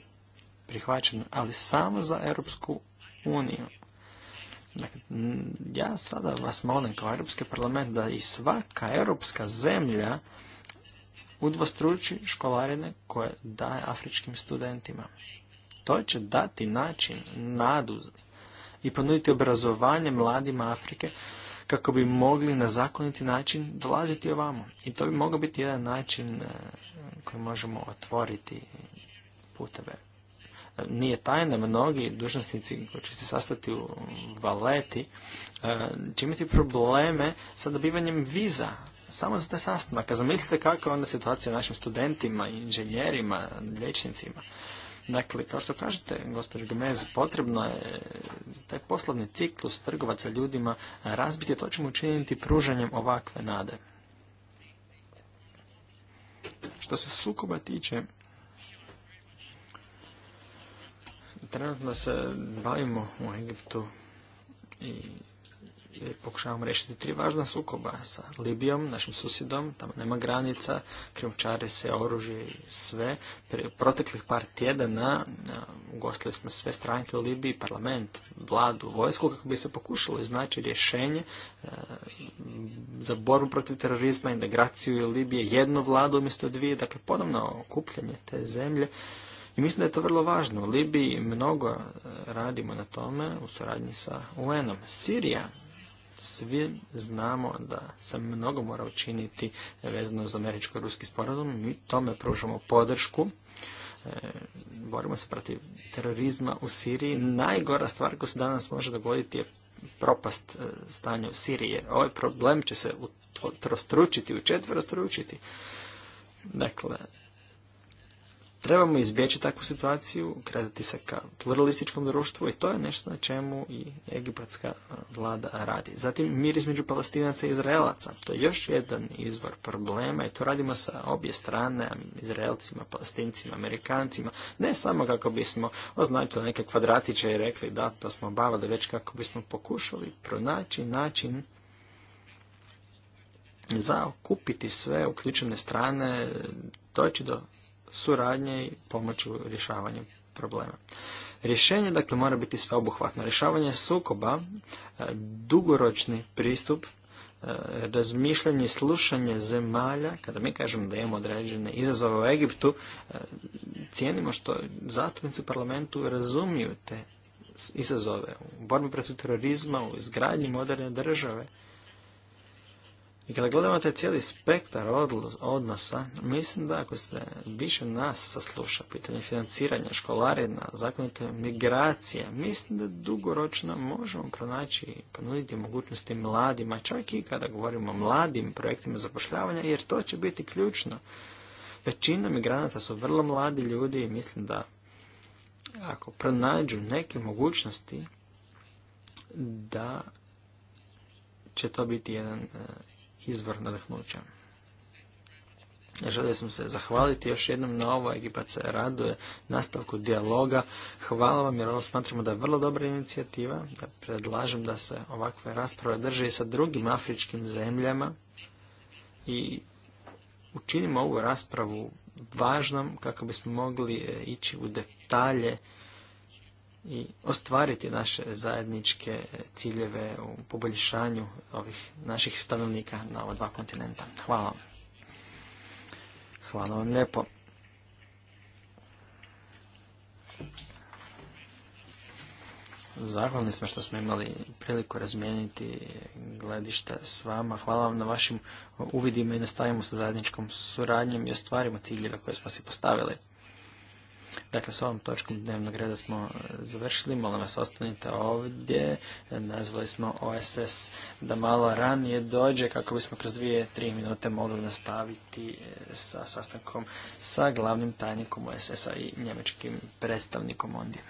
prihvaćeno, ali samo za Europsku uniju. Dakle, ja sada vas molim kao Europski parlament da i svaka europska zemlja udvostruči školarine koje daje afričkim studentima. To će dati način, nadu i ponuditi obrazovanje mladima Afrike kako bi mogli na zakoniti način dolaziti ovamo. I to bi mogao biti jedan način e, koji možemo otvoriti puteve. E, nije tajna, mnogi dužnosnici koji će se sastati u valeti e, će imati probleme sa dobivanjem viza samo za te sastanaka. Zamislite kakva je onda situacija našim studentima, inženjerima, liječnicima. Dakle, kao što kažete, gospođo Gomez, potrebno je e, taj poslovni ciklus trgovaca ljudima razbiti, to ćemo učiniti pružanjem ovakve nade. Što se sukoba tiče, trenutno se bavimo u Egiptu i pokušavamo rešiti tri važna sukoba sa Libijom, našim susjedom, tamo nema granica, krijumčare se oružje i sve. proteklih par tjedana ugostili smo sve stranke u Libiji, parlament, vladu, vojsku, kako bi se pokušalo iznaći rješenje za borbu protiv terorizma, integraciju Libije, jednu vladu umjesto dvije, dakle ponovno okupljanje te zemlje. I mislim da je to vrlo važno. U Libiji mnogo radimo na tome u suradnji sa UN-om. Sirija svi znamo da se mnogo mora učiniti vezano za američko-ruski sporazum. Mi tome pružamo podršku. E, borimo se protiv terorizma u Siriji. Najgora stvar koja se danas može dogoditi je propast e, stanja u Siriji. Ovaj problem će se utrostručiti, učetvrostručiti. Dakle, Trebamo izbjeći takvu situaciju, kretati se ka pluralističkom društvu i to je nešto na čemu i egipatska vlada radi. Zatim mir između palestinaca i izraelaca. To je još jedan izvor problema i to radimo sa obje strane, izraelcima, palestincima, amerikancima. Ne samo kako bismo označili neke kvadratiće i rekli da to smo bavili, već kako bismo pokušali pronaći način zaokupiti sve uključene strane, doći do suradnje i pomoć u rješavanju problema. Rješenje dakle mora biti sveobuhvatno. Rješavanje sukoba, e, dugoročni pristup, e, razmišljanje i slušanje zemalja, kada mi kažemo da imamo određene izazove u Egiptu, e, cijenimo što zastupnici u parlamentu razumiju te izazove u borbi protiv terorizma, u izgradnji moderne države i kada gledamo taj cijeli spektar odnosa, mislim da ako se više nas sasluša pitanje financiranja, školarina, zakonite migracije, mislim da dugoročno možemo pronaći ponuditi mogućnosti mladima, čak i kada govorimo o mladim projektima zapošljavanja, jer to će biti ključno. Većina migranata su vrlo mladi ljudi i mislim da ako pronađu neke mogućnosti da će to biti jedan eh, izvor nadahnuća. Želio sam se zahvaliti još jednom na ovo, Egipat se raduje nastavku dijaloga. Hvala vam jer ovo smatramo da je vrlo dobra inicijativa. Da predlažem da se ovakve rasprave drže i sa drugim afričkim zemljama i učinimo ovu raspravu važnom kako bismo mogli e, ići u detalje i ostvariti naše zajedničke ciljeve u poboljšanju ovih naših stanovnika na ova dva kontinenta. Hvala. Hvala vam lijepo. Zahvalni smo što smo imali priliku razmijeniti gledišta s vama. Hvala vam na vašim uvidima i nastavimo sa zajedničkom suradnjom i ostvarimo ciljeve koje smo si postavili. Dakle, s ovom točkom dnevnog reda smo završili. Molim vas, ostanite ovdje. Nazvali smo OSS da malo ranije dođe kako bismo kroz dvije, tri minute mogli nastaviti e, sa sastankom sa glavnim tajnikom OSS-a i njemačkim predstavnikom ondje.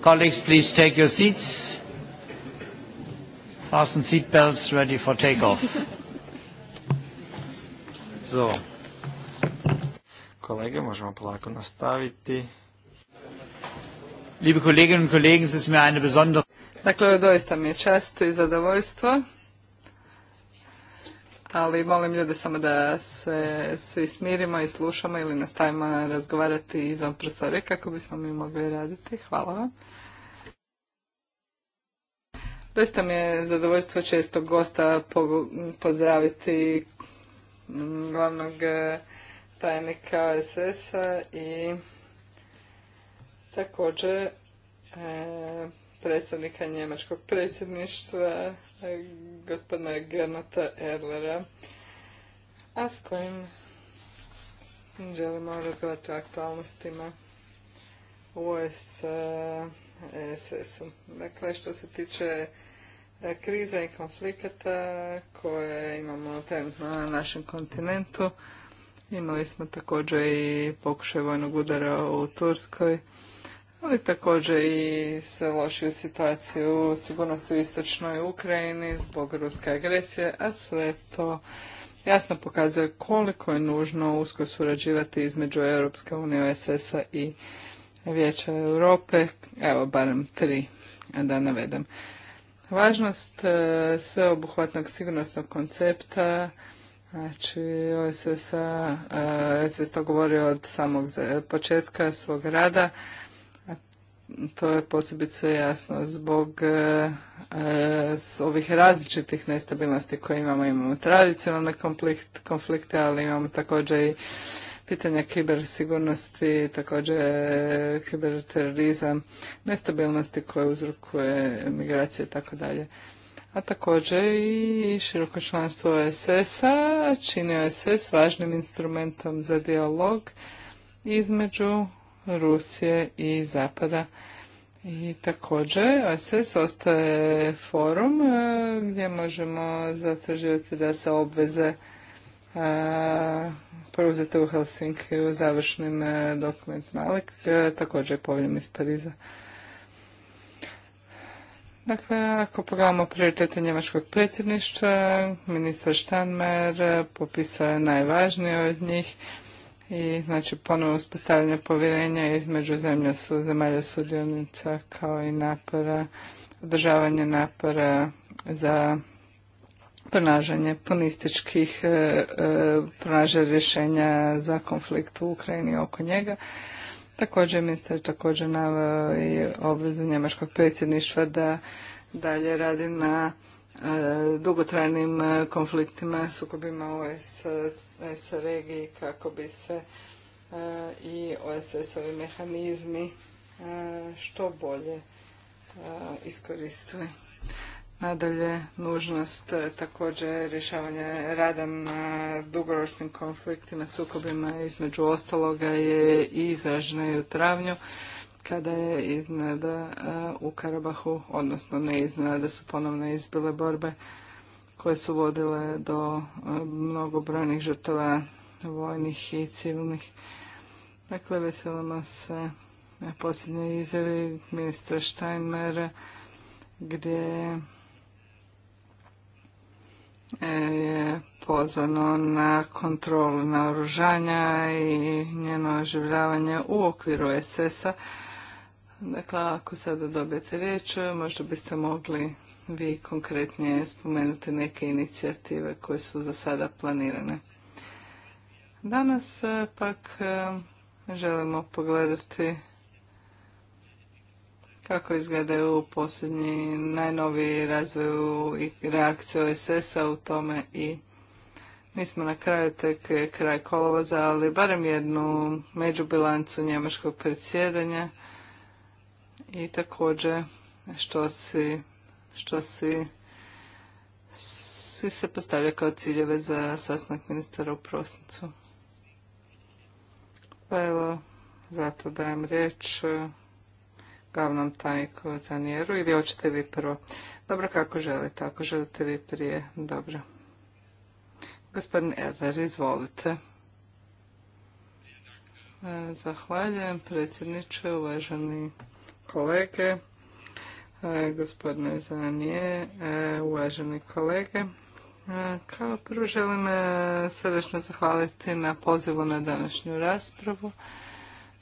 Colleagues, please take your seats. Fasten seatbelts ready for takeoff. Kolege, možemo polako nastaviti. Dakle, doista mi je čast i zadovoljstvo ali molim ljude samo da se svi smirimo i slušamo ili nastavimo razgovarati izvan prostorije kako bismo mi mogli raditi. Hvala vam. Doista mi je zadovoljstvo često gosta pozdraviti mm, glavnog e, tajnika OSS-a i također e, predstavnika njemačkog predsjedništva gospodina Gernota Erlera, a s kojim želimo razgovarati o aktualnostima u OSS-u. Dakle, što se tiče e, krize i konflikata koje imamo trenutno na našem kontinentu, imali smo također i pokušaj vojnog udara u Turskoj, ali također i sve lošiju situaciju u sigurnosti u istočnoj Ukrajini zbog ruske agresije, a sve to jasno pokazuje koliko je nužno usko surađivati između Europske unije, OSS-a i Vijeća Europe, evo barem tri da navedem. Važnost e, sveobuhvatnog sigurnosnog koncepta, znači OSS-a, OSS e, to govori od samog početka svog rada, to je posebice jasno zbog e, e ovih različitih nestabilnosti koje imamo. Imamo tradicionalne konflikt, konflikte, ali imamo također i pitanja sigurnosti, također e, kiberterorizam, nestabilnosti koje uzrokuje migracije i tako dalje. A također i široko članstvo OSS-a čini OSS važnim instrumentom za dijalog između Rusije i Zapada. I također oss ostaje forum e, gdje možemo zatraživati da se obveze e, preuzete u Helsinki u završnim e, dokumentima, ali također povijem iz Pariza. Dakle, ako pogledamo prioritete njemačkog predsjedništva, ministar Štanmer popisao je najvažnije od njih i znači ponovno uspostavljanje povjerenja između zemlja su zemalja sudionica kao i napora, održavanje napora za pronažanje punističkih, e, e rješenja za konflikt u Ukrajini oko njega. Također ministar je također naveo i obvezu njemačkog predsjedništva da dalje radi na E, dugotrajnim e, konfliktima, sukobima u OSS regiji kako bi se e, i OSS-ovi mehanizmi što bolje iskoristili. Nadalje, nužnost također rješavanja rada na dugoročnim konfliktima, sukobima između ostaloga je i izražena i u travnju kada je iznenada e, u Karabahu, odnosno ne iznenada su ponovno izbile borbe koje su vodile do e, mnogobrojnih žrtava vojnih i civilnih. Dakle, veselimo se na posljednjoj izjavi ministra Steinmera gdje je e, pozvano na kontrolu naoružanja i njeno oživljavanje u okviru SS-a Dakle, ako sada dobijete riječ, možda biste mogli vi konkretnije spomenuti neke inicijative koje su za sada planirane. Danas e, pak e, želimo pogledati kako izgledaju posljednji najnoviji razvoj i reakcije OSS-a u tome i mi smo na kraju tek e, kraj kolovoza, ali barem jednu međubilancu njemačkog predsjedanja i također što si, što si, si se postavlja kao ciljeve za sastanak ministara u prosincu. Pa evo, zato dajem riječ e, glavnom tajniku za njeru ili hoćete vi prvo? Dobro, kako želite, ako želite vi prije, dobro. Gospodin Erler, izvolite. E, zahvaljujem predsjedniče, uvaženi kolege, e, gospodine Zanije, e, uvaženi kolege. E, kao prvo želim srdečno zahvaliti na pozivu na današnju raspravu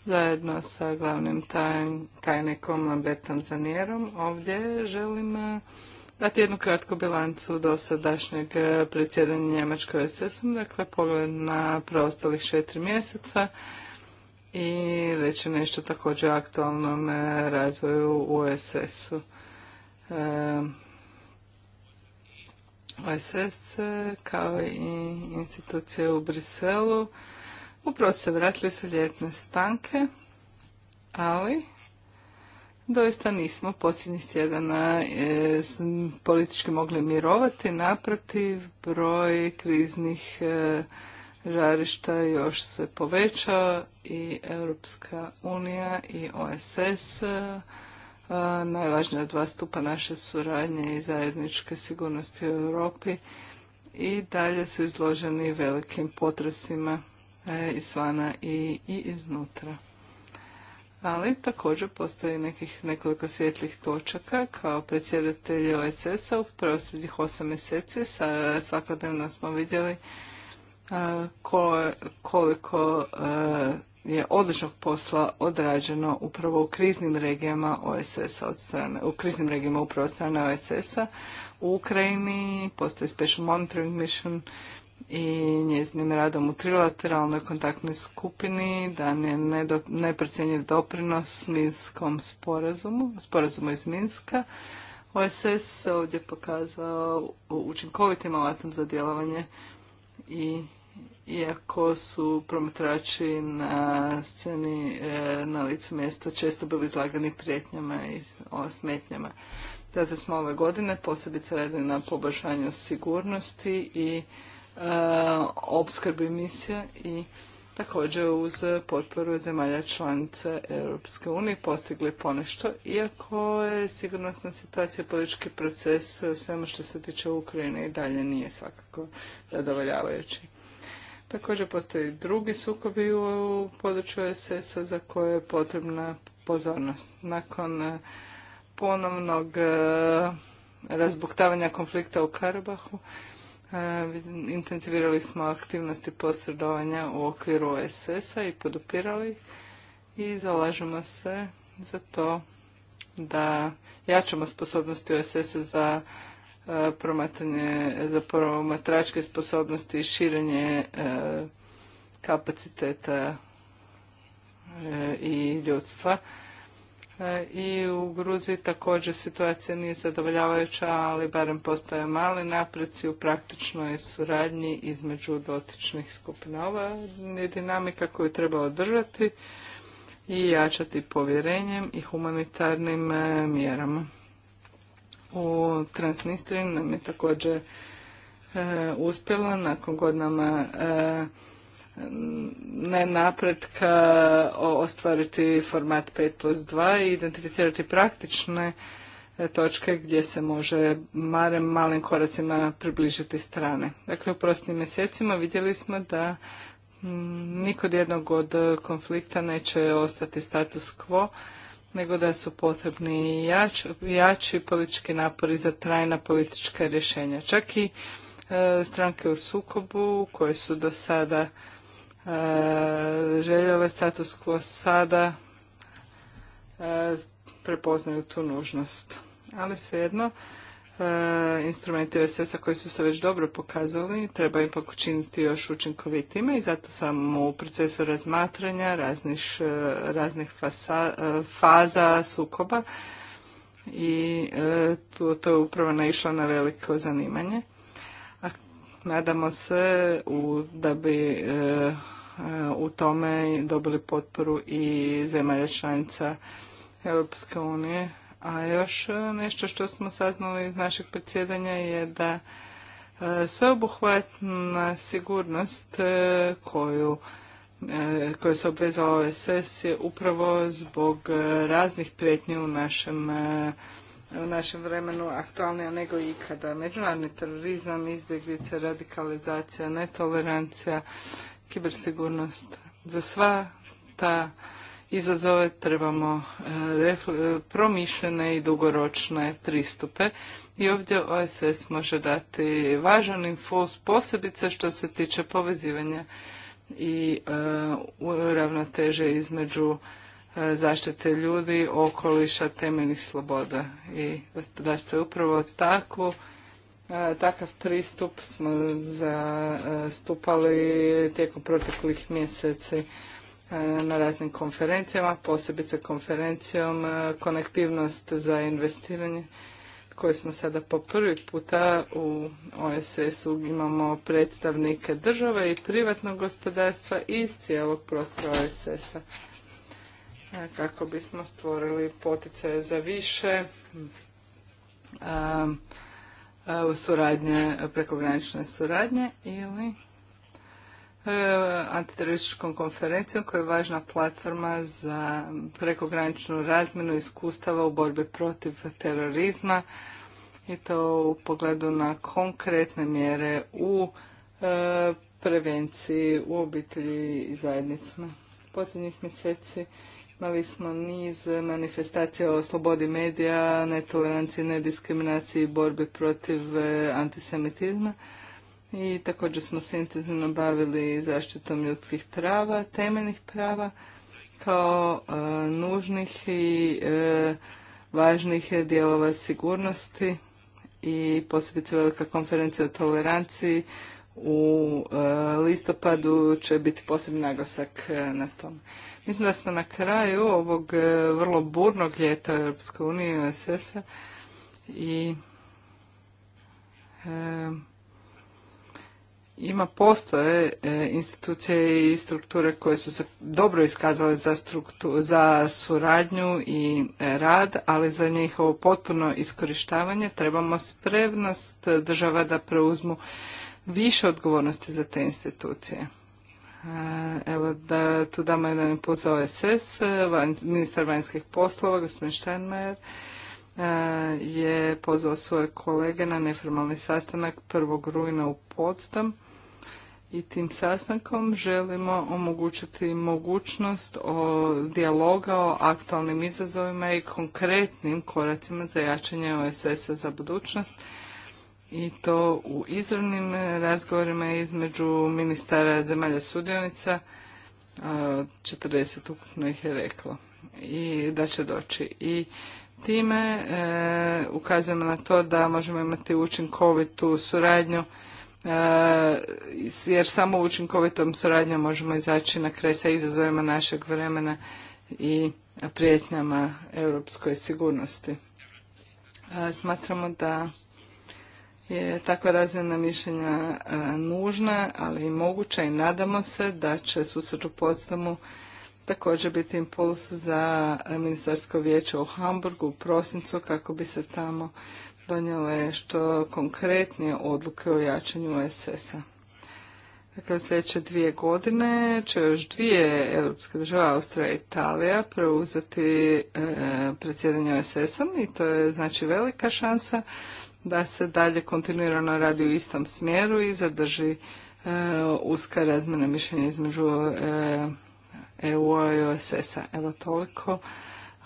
zajedno sa glavnim tajnikom Lambertom Zanijerom. Ovdje želim dati jednu kratku bilancu dosadašnjeg predsjedanja Njemačkoj SS-om, dakle pogled na preostalih četiri mjeseca i reći nešto također o aktualnom e, razvoju u OSS-u. E, OSS e, kao i institucije u Briselu upravo se vratili sa ljetne stanke, ali doista nismo posljednjih tjedana politički mogli mirovati, naprotiv broj kriznih žarišta još se poveća i Europska unija i OSS e, najvažnija dva stupa naše suradnje i zajedničke sigurnosti u Europi i dalje su izloženi velikim potresima e, izvana i, i iznutra. Ali također postoji nekih nekoliko svjetlih točaka. Kao predsjedatelji OSS-a u prosljednjih osam mjeseci svakodnevno smo vidjeli ko, koliko je odličnog posla odrađeno upravo u kriznim regijama OSS-a od strane, u kriznim regijama upravo od strane OSS-a u Ukrajini, postoji Special Monitoring Mission i njezinim radom u trilateralnoj kontaktnoj skupini dan je neprocjenjiv doprinos Minskom sporazumu, sporazumu iz Minska. OSS se ovdje pokazao učinkovitim alatom za djelovanje i iako su promatrači na sceni e, na licu mjesta često bili izlagani prijetnjama i smetnjama. Zato smo ove godine posebice radili na poboljšanju sigurnosti i e, opskrbi misija i također uz potporu zemalja članica Europske unije postigli ponešto, iako je sigurnosna situacija politički proces svema ono što se tiče Ukrajine i dalje nije svakako zadovoljavajući. Također postoji drugi sukobi u području SS-a za koje je potrebna pozornost. Nakon e, ponovnog e, razbuktavanja konflikta u Karabahu e, intenzivirali smo aktivnosti posredovanja u okviru SS-a i podupirali i zalažemo se za to da jačamo sposobnosti OSS-a za promatranje, zapravo promatračke sposobnosti i širenje e, kapaciteta e, i ljudstva. E, I u Gruziji također situacija nije zadovoljavajuća, ali barem postoje mali napreci u praktičnoj suradnji između dotičnih skupina. Ova je dinamika koju treba održati i jačati povjerenjem i humanitarnim mjerama u Transnistriji nam je također e, uspjela nakon godinama e, napretka ostvariti format 5 plus 2 i identificirati praktične e, točke gdje se može marem malim koracima približiti strane. Dakle, u prostim mjesecima vidjeli smo da mm, nikod jednog od konflikta neće ostati status quo, nego da su potrebni jač, jači politički napori za trajna politička rješenja. Čak i e, stranke u sukobu koje su do sada e, željele status quo sada e, prepoznaju tu nužnost. Ali svejedno, E, instrumenti vss a koji su se već dobro pokazali, treba im učiniti još učinkovitima i zato sam u procesu razmatranja raznih, e, e, faza sukoba i to, to je upravo naišlo na veliko zanimanje. nadamo se da bi u tome dobili potporu i zemalja članica Europske unije a još e, nešto što smo saznali iz našeg predsjedanja je da e, sveobuhvatna sigurnost e, koju koje se obvezala OSS je upravo zbog raznih prijetnji u našem, u našem vremenu aktualnija nego ikada. Međunarodni terorizam, izbjeglice, radikalizacija, netolerancija, kibersigurnost. Za sva ta izazove trebamo e, e, promišljene i dugoročne pristupe i ovdje OSS može dati važan infos posebice što se tiče povezivanja i e, ravnoteže između zaštite ljudi, okoliša, temeljnih sloboda i ste Upravo takvu Takav pristup smo zastupali tijekom proteklih mjeseci E, na raznim konferencijama, posebice konferencijom e, Konektivnost za investiranje koju smo sada po prvi puta u OSS-u imamo predstavnike države i privatnog gospodarstva iz cijelog prostora OSS-a e, kako bismo stvorili poticaje za više suradnje, prekogranične suradnje ili E, antiterorističkom konferencijom koja je važna platforma za prekograničnu razmjenu iskustava u borbi protiv terorizma i to u pogledu na konkretne mjere u e, prevenciji u obitelji i zajednicama. Posljednjih mjeseci imali smo niz manifestacija o slobodi medija, netoleranciji, nediskriminaciji i borbi protiv e, antisemitizma i također smo se intenzivno bavili zaštitom ljudskih prava, temeljnih prava kao e, nužnih i e, važnih dijelova sigurnosti i posebice velika konferencija o toleranciji u e, listopadu će biti posebni naglasak e, na tom. Mislim da smo na kraju ovog e, vrlo burnog ljeta u Europskoj i OSS-a i ima postoje e, institucije i strukture koje su se dobro iskazale za, struktu, za suradnju i e, rad, ali za njihovo potpuno iskorištavanje trebamo spremnost država da preuzmu više odgovornosti za te institucije. E, evo da tu damo jedan impuls za OSS, ministar vanjskih poslova, gospodin Steinmeier, je pozvao svoje kolege na neformalni sastanak 1. rujna u Potsdam i tim sastankom želimo omogućiti mogućnost o dijaloga o aktualnim izazovima i konkretnim koracima za jačanje OSS-a za budućnost i to u izravnim e, razgovorima između ministara zemalja sudionica, 40 e, ukupno ih je reklo i da će doći. I time e, ukazujemo na to da možemo imati učinkovitu suradnju E, jer samo učinkovitom suradnjom možemo izaći na kraj sa izazovima našeg vremena i prijetnjama europskoj sigurnosti. E, smatramo da je takva razmjena mišljenja e, nužna, ali i moguća i nadamo se da će susret u Potsdamu također biti impuls za ministarsko vijeće u Hamburgu u prosincu kako bi se tamo donijela je što konkretnije odluke o jačanju oss a Dakle, u sljedeće dvije godine će još dvije europske države, Austrija i Italija, preuzeti e, predsjedanje OSS-om i to je znači velika šansa da se dalje kontinuirano radi u istom smjeru i zadrži e, uska razmjena mišljenja između eu EU i OSS-a. Evo toliko.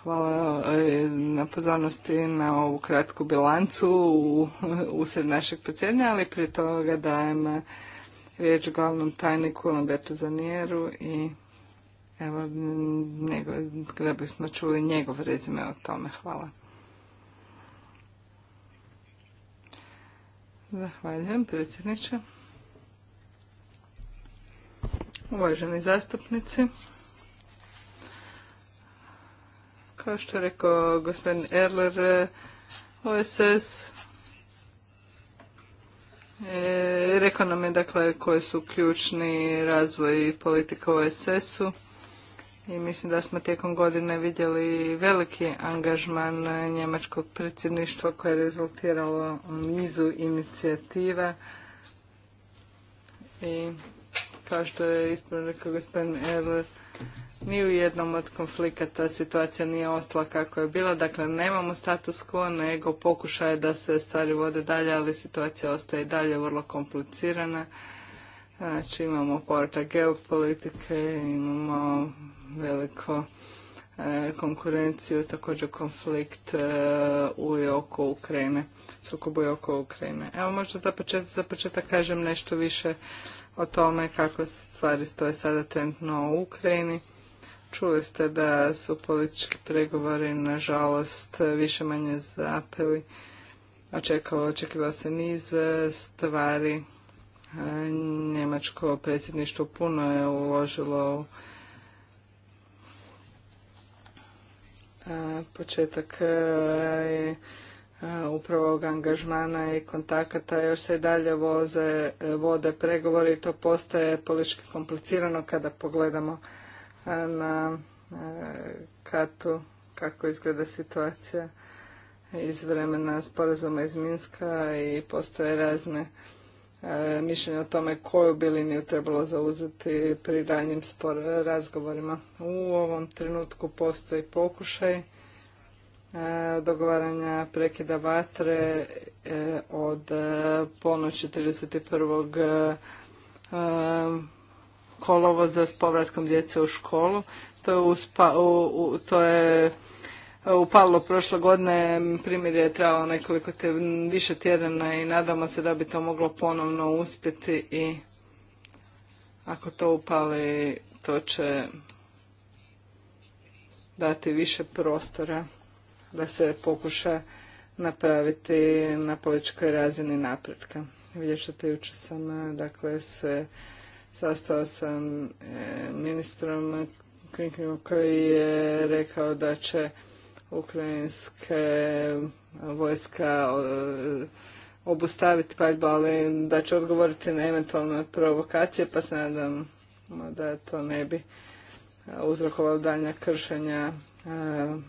Hvala e, na pozornosti na ovu kratku bilancu usred našeg predsjednja, ali prije toga dajem e, riječ glavnom tajniku Lambertu Zanijeru i evo njegov, kada bismo čuli njegov rezime o tome. Hvala. Zahvaljujem predsjedniče. Uvaženi zastupnici. Kao što je rekao gospodin Erler, OSS e, rekao nam je dakle koji su ključni razvoj politika OSS-u i mislim da smo tijekom godine vidjeli veliki angažman njemačkog predsjedništva koje je rezultiralo u nizu inicijativa i kao što je ispravno rekao gospodin Erler, ni u jednom od konflikata situacija nije ostala kako je bila, dakle nemamo status quo, nego pokušaje da se stvari vode dalje, ali situacija ostaje i dalje vrlo komplicirana. Znači imamo porta geopolitike, imamo veliko e, konkurenciju, također konflikt e, u i oko Ukrajine, sukobu i oko Ukrajine. Evo možda za početak, za početak kažem nešto više o tome kako stvari stoje sada trenutno u Ukrajini. Čuli ste da su politički pregovori, nažalost, više manje zapeli. Očekivalo očekivao se niz e, stvari. E, Njemačko predsjedništvo puno je uložilo u e, početak je E, upravo angažmana i kontakata još se i dalje voze, e, vode pregovori i to postaje politički komplicirano kada pogledamo e, na katu kako izgleda situacija iz vremena sporazuma iz Minska i postoje razne mišljenje o tome koju bi liniju trebalo zauzeti pri ranjim razgovorima. U ovom trenutku postoji pokušaj E, dogovaranja prekida vatre e, od e, ponoći 31. kolovoza s povratkom djece u školu. To je, upalo prošle godine, primjer je trebalo nekoliko više tjedana i nadamo se da bi to moglo ponovno uspjeti i ako to upali, to će dati više prostora da se pokuša napraviti na političkoj razini napretka. Vidjet ćete, jučer sam e, dakle, se sastao sa e, ministrom koji je rekao da će ukrajinske vojska obustaviti paljbu, ali da će odgovoriti na eventualne provokacije, pa se nadam da to ne bi uzrokovalo daljnja kršenja e,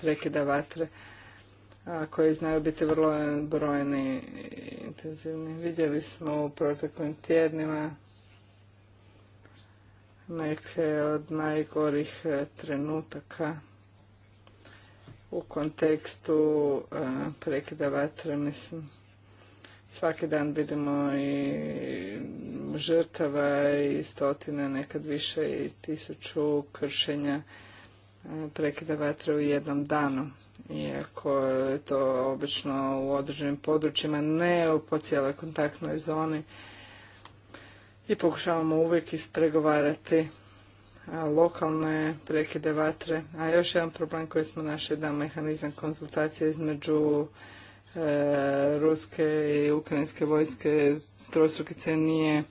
prekida vatre koje znaju biti vrlo brojni i intenzivni. Vidjeli smo u proteklim tjednima neke od najgorih e, trenutaka u kontekstu e, prekida vatre, mislim. Svaki dan vidimo i žrtava i stotine, nekad više i tisuću kršenja prekida vatre u jednom danu, iako je to obično u određenim područjima, ne po cijeloj kontaktnoj zoni. I pokušavamo uvijek ispregovarati lokalne prekide vatre. A još jedan problem koji smo našli da mehanizam konsultacije između e, ruske i ukrajinske vojske trostrukice nije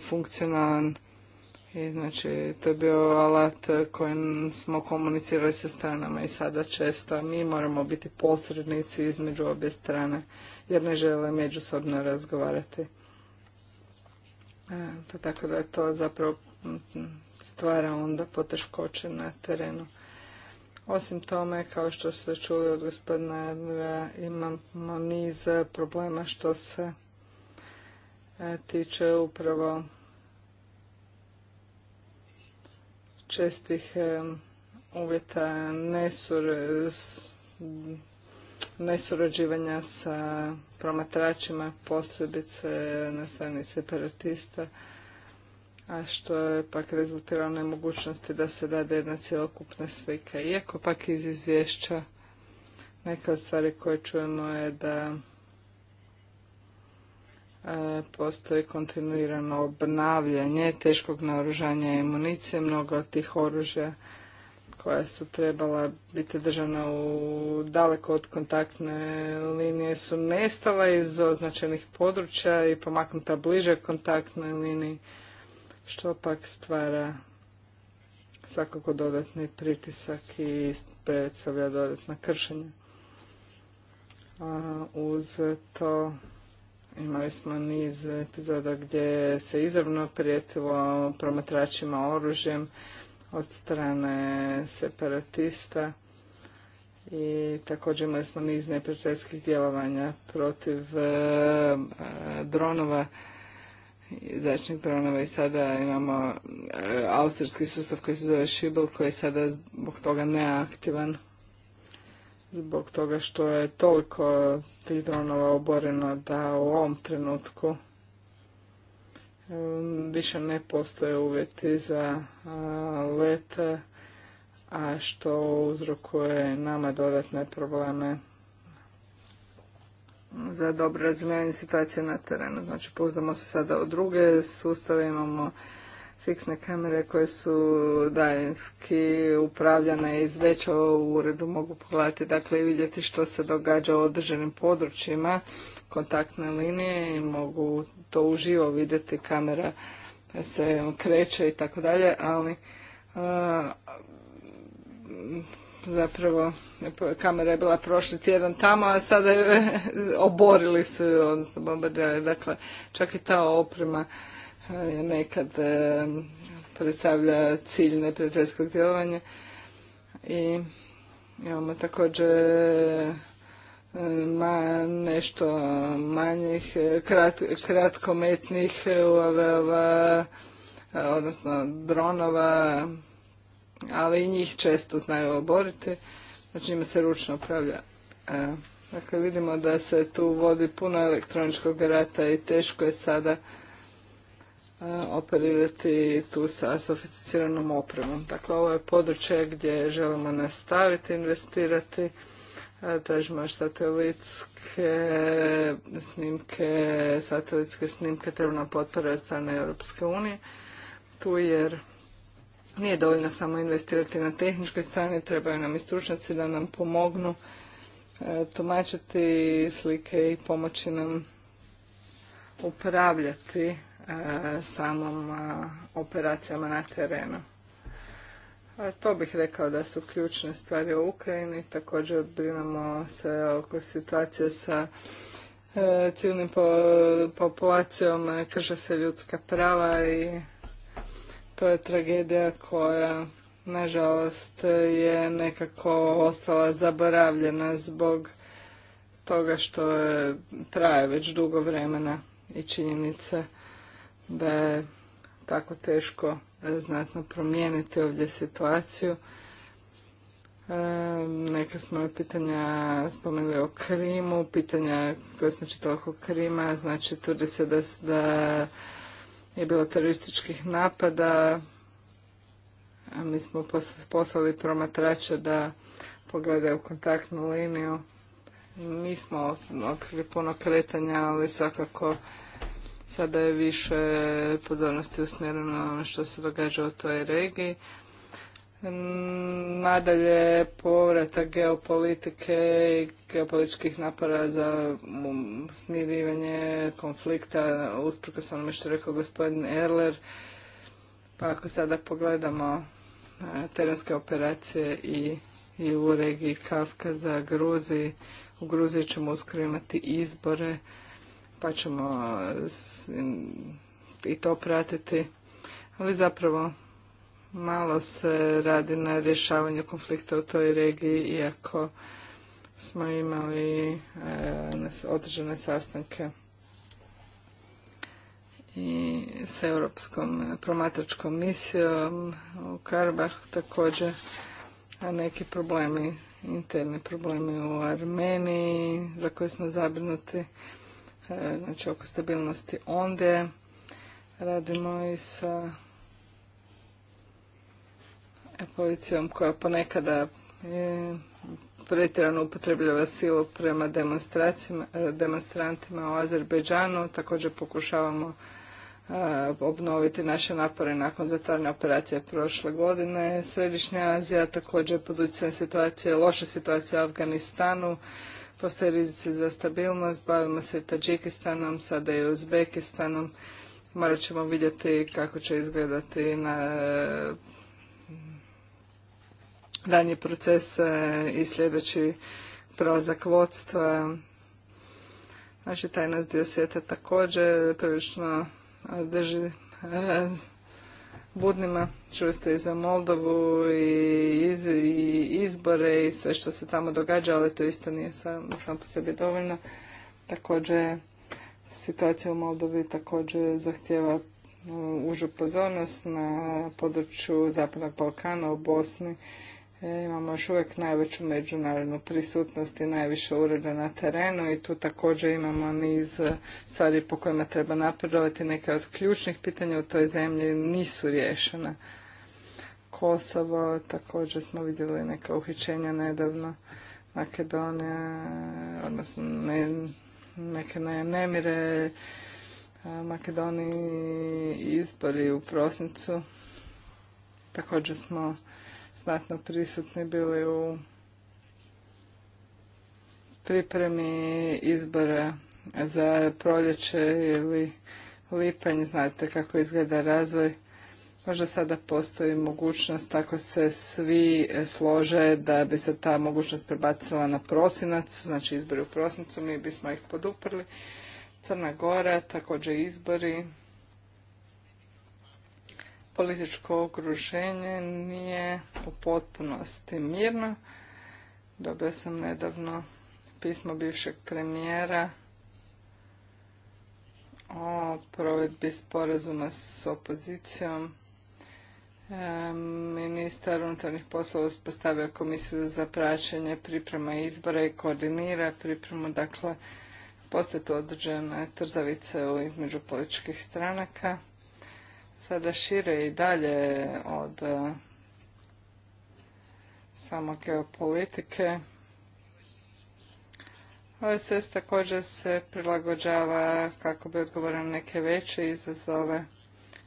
funkcionalan i znači to je bio alat kojim smo komunicirali sa stranama i sada često mi moramo biti posrednici između obje strane jer ne žele međusobno razgovarati. Pa tako da je to zapravo stvara onda poteškoće na terenu. Osim tome, kao što ste čuli od gospodina imamo niz problema što se e, tiče upravo čestih uvjeta nesurađivanja sa promatračima, posebice na strani separatista, a što je pak rezultiralo nemogućnosti da se dade jedna cjelokupna slika. Iako pak iz izvješća neka od stvari koje čujemo je da postoji kontinuirano obnavljanje teškog naoružanja i municije, mnogo od tih oružja koja su trebala biti držana u daleko od kontaktne linije su nestala iz označenih područja i pomaknuta bliže kontaktnoj liniji, što pak stvara svakako dodatni pritisak i predstavlja dodatna kršenja. Uz to Imali smo niz epizoda gdje se izravno prijetilo promatračima oružjem od strane separatista i također imali smo niz neprijateljskih djelovanja protiv e, dronova zračnih dronova i sada imamo e, austrijski sustav koji se zove Šibel koji je sada zbog toga neaktivan zbog toga što je toliko tih dronova oboreno da u ovom trenutku više ne postoje uvjeti za lete a što uzrokuje nama dodatne probleme za dobro razumijevanje situacije na terenu. Znači, pozdamo se sada u druge sustave, imamo fiksne kamere koje su daljinski upravljane iz veća u uredu mogu pogledati dakle i vidjeti što se događa u određenim područjima kontaktne linije i mogu to uživo vidjeti kamera se kreće i tako dalje ali zapravo kamera je bila prošli tjedan tamo, a sada je, oborili su odnosno bombardirali. Dakle, čak i ta oprema nekad e, predstavlja cilj neprijateljskog djelovanja i imamo također e, ma, nešto manjih, krat, kratkometnih uav e, odnosno dronova, ali i njih često znaju oboriti, znači njima se ručno upravlja. Dakle, vidimo da se tu vodi puno elektroničkog rata i teško je sada operirati tu sa sofisticiranom opremom. Dakle, ovo je područje gdje želimo nastaviti investirati. E, tražimo još satelitske snimke, satelitske snimke trebna potpore od strane Europske unije. Tu jer nije dovoljno samo investirati na tehničkoj strani, trebaju nam i stručnjaci da nam pomognu e, tumačiti slike i pomoći nam upravljati Eh, samom eh, operacijama na terenu. to bih rekao da su ključne stvari u Ukrajini. Također brinemo se oko situacije sa eh, ciljnim populacijom, krše se ljudska prava i to je tragedija koja nažalost je nekako ostala zaboravljena zbog toga što traje već dugo vremena i činjenice da je tako teško e, znatno promijeniti ovdje situaciju. E, neka smo pitanja spomenuli o Krimu, pitanja koje smo čitali oko Krima, znači tvrdi se da, je bilo terorističkih napada, a mi smo poslali promatrače da pogledaju kontaktnu liniju. Nismo otkrili puno kretanja, ali svakako Sada je više pozornosti usmjereno na ono što se događa u toj regiji. Mm, nadalje, povratak geopolitike i geopolitičkih napora za mm, smirivanje konflikta, usprkos onome što rekao gospodin Erler. Pa ako sada pogledamo e, terenske operacije i, i u regiji za Gruziji, u Gruziji ćemo uskoro imati izbore pa ćemo e, i to pratiti. Ali zapravo malo se radi na rješavanju konflikta u toj regiji, iako smo imali e, određene sastanke i s Europskom promatračkom misijom u Karbah također, a neki problemi, interni problemi u Armeniji za koje smo zabrinuti E, znači oko stabilnosti onde. Radimo i sa policijom koja ponekada pretjerano upotrebljava silu prema e, demonstrantima u Azerbejdžanu. Također pokušavamo e, obnoviti naše napore nakon zatvarne operacije prošle godine. Središnja Azija također pod situacije, loše situacije u Afganistanu postoje rizici za stabilnost, bavimo se Tadžikistanom, sada i Uzbekistanom. Morat ćemo vidjeti kako će izgledati na e, danji proces e, i sljedeći prelazak vodstva. Znači, taj nas dio svijeta također prilično drži e, budnima. Čuli ste i za Moldovu i izbore i sve što se tamo događa, ali to isto nije sam, sam po sebi dovoljno. Također, situacija u Moldovi također zahtjeva um, užu pozornost na području Zapadnog Balkana u Bosni E, imamo još uvijek najveću međunarodnu prisutnost i najviše ureda na terenu i tu također imamo niz e, stvari po kojima treba napredovati. Neke od ključnih pitanja u toj zemlji nisu riješena. Kosovo, također smo vidjeli neka uhićenja nedavno. Makedonija, odnosno neke nemire, Makedoniji izbori u prosincu. Također smo znatno prisutni bili u pripremi izbora za proljeće ili lipanj, znate kako izgleda razvoj. Možda sada postoji mogućnost ako se svi slože da bi se ta mogućnost prebacila na prosinac, znači izbori u prosincu, mi bismo ih poduprli. Crna Gora, također izbori, političko okruženje nije u potpunosti mirno. Dobio sam nedavno pismo bivšeg premijera o provedbi sporazuma s opozicijom. E, ministar unutarnjih poslova uspostavio komisiju za praćenje priprema izbora i koordinira pripremu, dakle, postoje tu određene trzavice između političkih stranaka sada šire i dalje od e, samo geopolitike. OSS također se prilagođava kako bi odgovorili neke veće izazove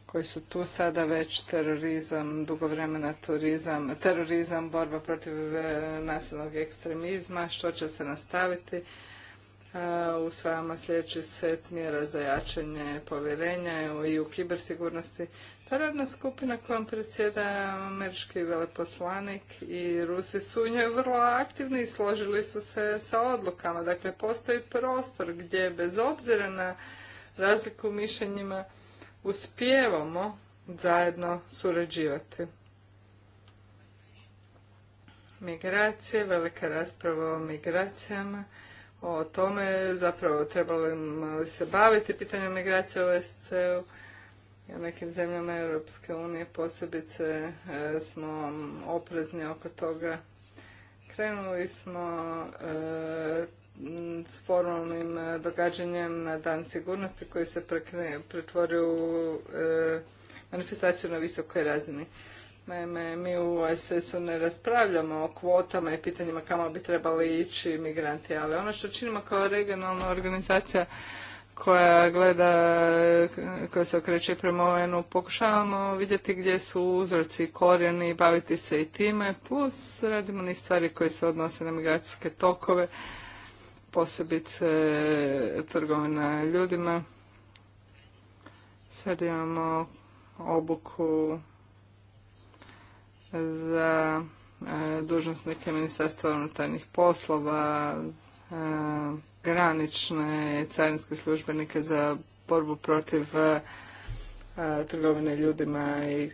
koji su tu sada već terorizam, dugo vremena turizam, terorizam, borba protiv e, nasilnog ekstremizma, što će se nastaviti E, usvajamo sljedeći set mjera za jačanje povjerenja i u kibersigurnosti. Ta radna skupina kojom predsjeda američki veleposlanik i Rusi su u njoj vrlo aktivni i složili su se sa odlukama. Dakle, postoji prostor gdje bez obzira na razliku u mišljenjima uspijevamo zajedno surađivati. Migracije, velika rasprava o migracijama o tome, zapravo trebalo li se baviti pitanjem migracije u sc i U nekim zemljama Europske unije posebice e, smo oprezni oko toga. Krenuli smo e, s formalnim e, događanjem na Dan sigurnosti koji se pretvorio u manifestaciju na visokoj razini. Naime, mi u OSS-u ne raspravljamo o kvotama i pitanjima kamo bi trebali ići migranti, ali ono što činimo kao regionalna organizacija koja gleda, koja se okreće prema ONU, pokušavamo vidjeti gdje su uzroci i korijeni, baviti se i time, plus radimo ni stvari koje se odnose na migracijske tokove, posebice trgovina ljudima. Sad imamo obuku za e, dužnosnike Ministarstva unutarnjih poslova, e, granične carinske službenike za borbu protiv e, trgovine ljudima i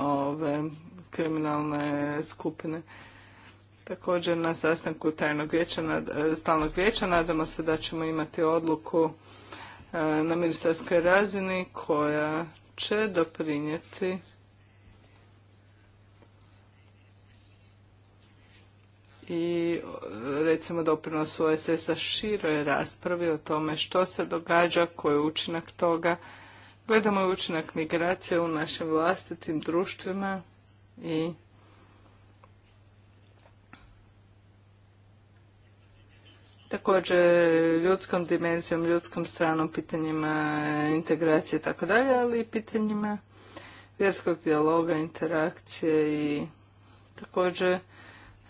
ove kriminalne skupine. Također na sastanku tajnog vijeća, stalnog vijeća nadamo se da ćemo imati odluku na ministarskoj razini koja će doprinijeti i recimo doprinos OSS-a široj raspravi o tome što se događa, koji je učinak toga. Gledamo i učinak migracije u našim vlastitim društvima i također ljudskom dimenzijom, ljudskom stranom, pitanjima integracije i tako dalje, ali i pitanjima vjerskog dijaloga, interakcije i također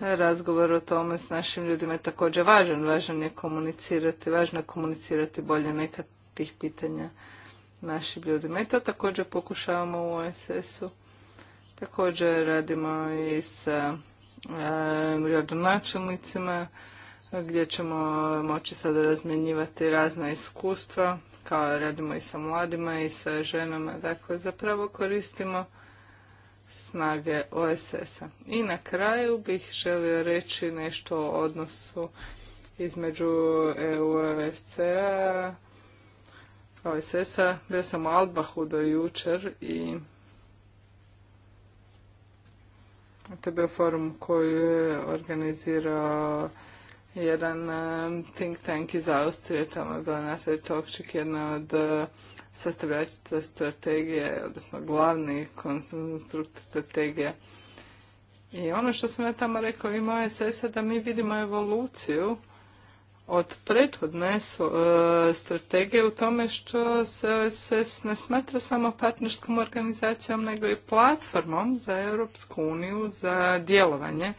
razgovor o tome s našim ljudima je također važan. Važan je komunicirati, važno je komunicirati bolje neka tih pitanja našim ljudima. I to također pokušavamo u OSS-u. Također radimo i sa gradonačelnicima gdje ćemo moći sada razmjenjivati razna iskustva, kao radimo i sa mladima i sa ženama. Dakle, zapravo koristimo snage OSS-a. I na kraju bih želio reći nešto o odnosu između EU-OSC-a, OSS-a. Bio sam u Albahu do jučer i to je bio forum koji je organizirao jedan e, think tank iz Austrije, tamo je bila Natalie Tokčik, jedna od e, sastavljačica strategije, odnosno glavni konstrukt strategije. I ono što sam ja tamo rekao i moje sese da mi vidimo evoluciju od prethodne e, strategije u tome što se OSS ne smatra samo partnerskom organizacijom, nego i platformom za Europsku uniju za djelovanje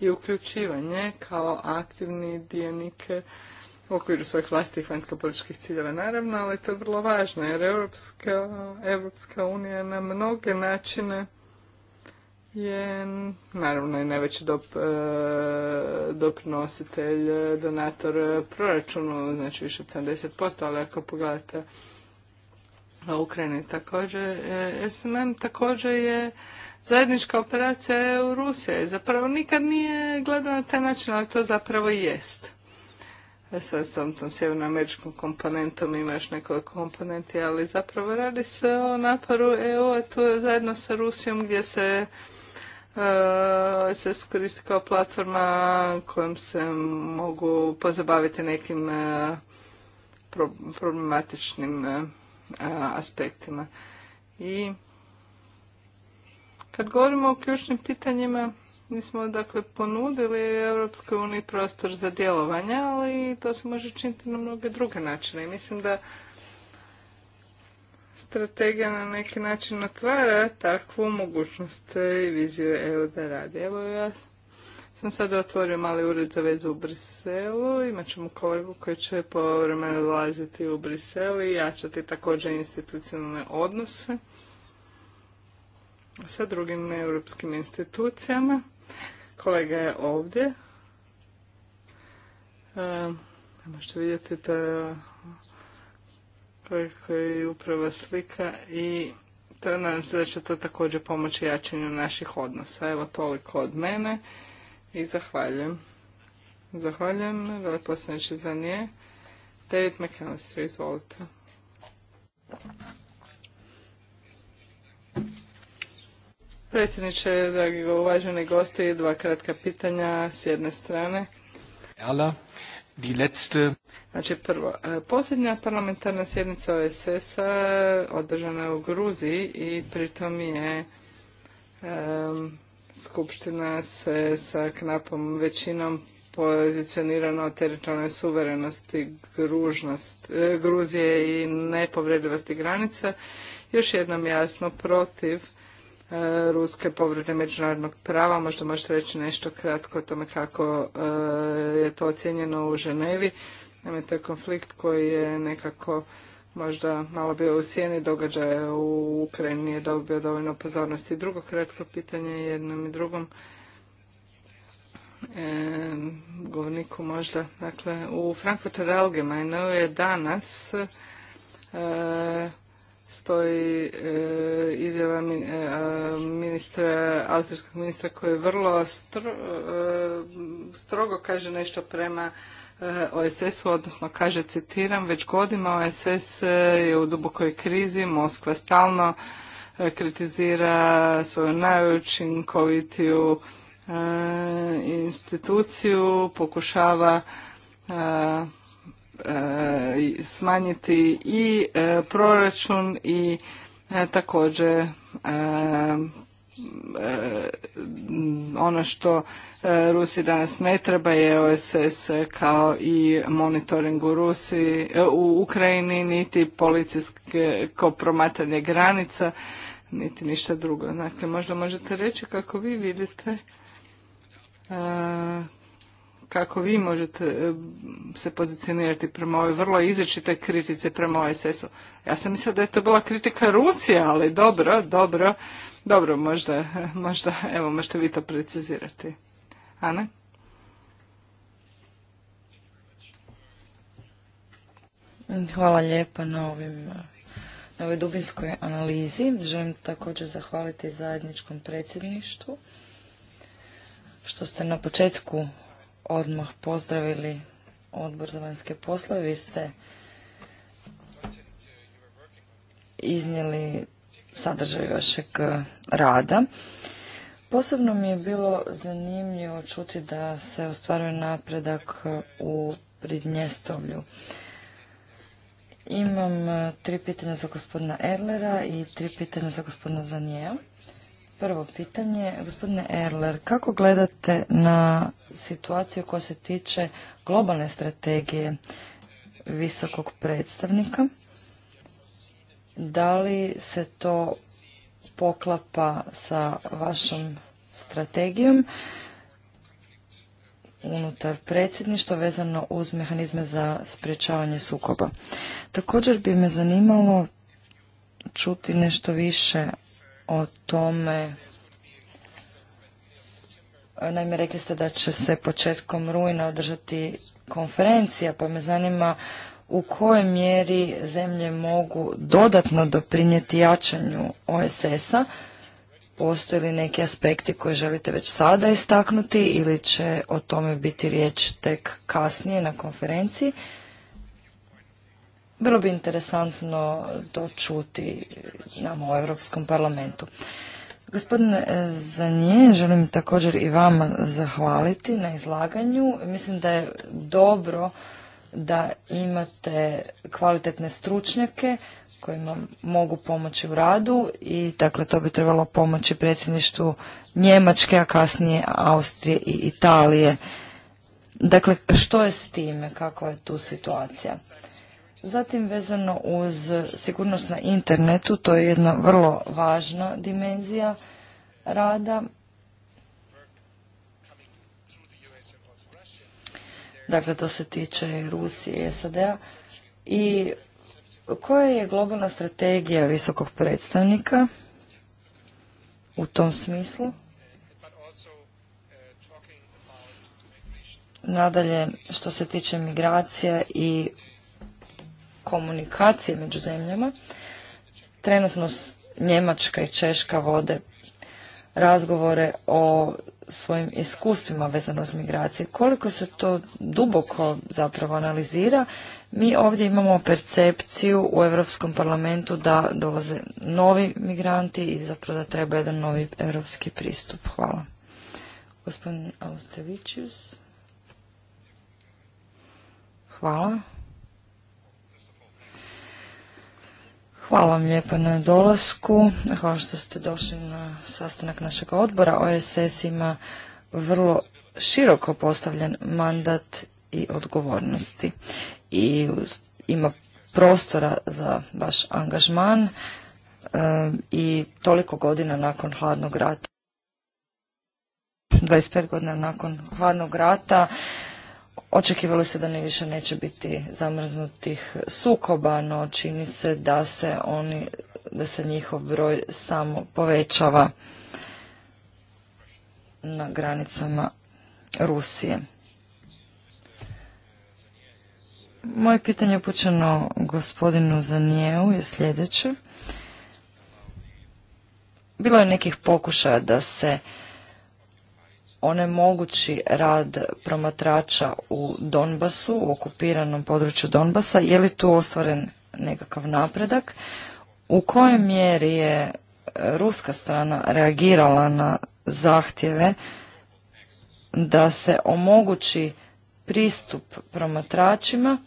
i uključivanje kao aktivni dionik u okviru svojih vlastitih političkih ciljeva, naravno, ali to je vrlo važno jer Europska, Europska unija na mnoge načine je naravno i najveći dop, e, doprinositelj, e, donator proračunu, znači više od 70%, ali ako pogledate Ukrajini također, e, SMN SMM također je zajednička operacija EU-Rusija i zapravo nikad nije gledana na taj način, ali to zapravo jest. E sad s tom, sjevernoameričkom komponentom ima još nekoliko komponenti, ali zapravo radi se o naporu EU-a tu je zajedno sa Rusijom gdje se e, se koristi kao platforma kojom se mogu pozabaviti nekim e, problematičnim e, aspektima. I kad govorimo o ključnim pitanjima, mi smo dakle ponudili Europskoj uniji prostor za djelovanje, ali to se može činiti na mnoge druge načine. I mislim da strategija na neki način otvara takvu mogućnost i viziju EU da radi. Evo ja sam sada otvorio mali ured za vezu u Briselu, imat ćemo kolegu koji će povremeno dolaziti u Briselu i jačati također institucionalne odnose sa drugim europskim institucijama. Kolega je ovdje. E, možete vidjeti da koji je upravo slika i to, nadam se da će to također pomoći jačanju naših odnosa. Evo toliko od mene i zahvaljujem. Zahvaljujem, veleposlaniče za nje. David McAllister, izvolite. Predsjedniče, dragi uvaženi gosti, dva kratka pitanja s jedne strane. Hvala. Znači prvo, e, posljednja parlamentarna sjednica OSS-a održana je u Gruziji i pritom je skupština se sa knapom većinom pozicionirana o teritorijalnoj suverenosti gružnost, e, Gruzije i nepovredivosti granica. Još jednom jasno protiv E, ruske povrede međunarodnog prava. Možda možete reći nešto kratko o tome kako e, je to ocjenjeno u Ženevi. Naime, to je konflikt koji je nekako možda malo bio u sjeni događaja u Ukrajini, nije dobio dovoljno pozornosti. Drugo kratko pitanje jednom i drugom e, govorniku možda. Dakle, u Frankfurter Allgemeinu je danas stoji e, izjava e, ministra, austrijskog ministra koji vrlo e, strogo kaže nešto prema OSS-u, odnosno kaže, citiram, već godima OSS je u dubokoj krizi, Moskva stalno kritizira svoju najučinkovitiju instituciju, pokušava E, smanjiti i e, proračun i e, također ono što Rusi danas ne treba je OSS kao i monitoring u Rusiji, u Ukrajini, niti policijske promatranje granica, niti ništa drugo. Dakle, možda možete reći kako vi vidite kako vi možete e, se pozicionirati prema ovoj vrlo izrečite kritice prema oss Ja sam mislila da je to bila kritika Rusije, ali dobro, dobro, dobro, možda, možda, evo, možete vi to precizirati. Ana? Hvala lijepa na ovim na ovoj dubinskoj analizi. Želim također zahvaliti zajedničkom predsjedništvu što ste na početku odmah pozdravili odbor za vanjske poslove. Vi ste iznijeli sadržaj vašeg rada. Posebno mi je bilo zanimljivo čuti da se ostvaruje napredak u Pridnjestovlju. Imam tri pitanja za gospodina Erlera i tri pitanja za gospodina Zanijeva. Prvo pitanje, gospodine Erler, kako gledate na situaciju koja se tiče globalne strategije visokog predstavnika? Da li se to poklapa sa vašom strategijom unutar predsjedništva vezano uz mehanizme za sprječavanje sukoba? Također bi me zanimalo čuti nešto više o tome Naime, rekli ste da će se početkom rujna održati konferencija, pa me zanima u kojoj mjeri zemlje mogu dodatno doprinijeti jačanju OSS-a. Postoje li neki aspekti koje želite već sada istaknuti ili će o tome biti riječ tek kasnije na konferenciji? Bilo bi interesantno to čuti nam u Europskom parlamentu. Gospodine Zanje, želim također i vama zahvaliti na izlaganju. Mislim da je dobro da imate kvalitetne stručnjake kojima mogu pomoći u radu i dakle to bi trebalo pomoći predsjedništvu Njemačke, a kasnije Austrije i Italije. Dakle, što je s time, kakva je tu situacija? Zatim vezano uz sigurnost na internetu, to je jedna vrlo važna dimenzija rada. Dakle, to se tiče Rusije i SAD-a. I koja je globalna strategija visokog predstavnika u tom smislu? Nadalje, što se tiče migracija i komunikacije među zemljama. Trenutno Njemačka i Češka vode razgovore o svojim iskustvima vezano uz migracije. Koliko se to duboko zapravo analizira, mi ovdje imamo percepciju u Europskom parlamentu da dolaze novi migranti i zapravo da treba jedan novi europski pristup. Hvala. Gospodin Austrevičius. Hvala. Hvala vam lijepa na dolasku. Hvala što ste došli na sastanak našeg odbora. OSS ima vrlo široko postavljen mandat i odgovornosti i ima prostora za vaš angažman um, i toliko godina nakon hladnog rata 25 godina nakon hladnog rata Očekivalo se da ne više neće biti zamrznutih sukoba, no čini se da se oni, da se njihov broj samo povećava na granicama Rusije. Moje pitanje upućeno gospodinu Zanijevu je sljedeće. Bilo je nekih pokušaja da se onemogući rad promatrača u Donbasu, u okupiranom području Donbasa, je li tu ostvaren nekakav napredak? U kojoj mjeri je e, ruska strana reagirala na zahtjeve da se omogući pristup promatračima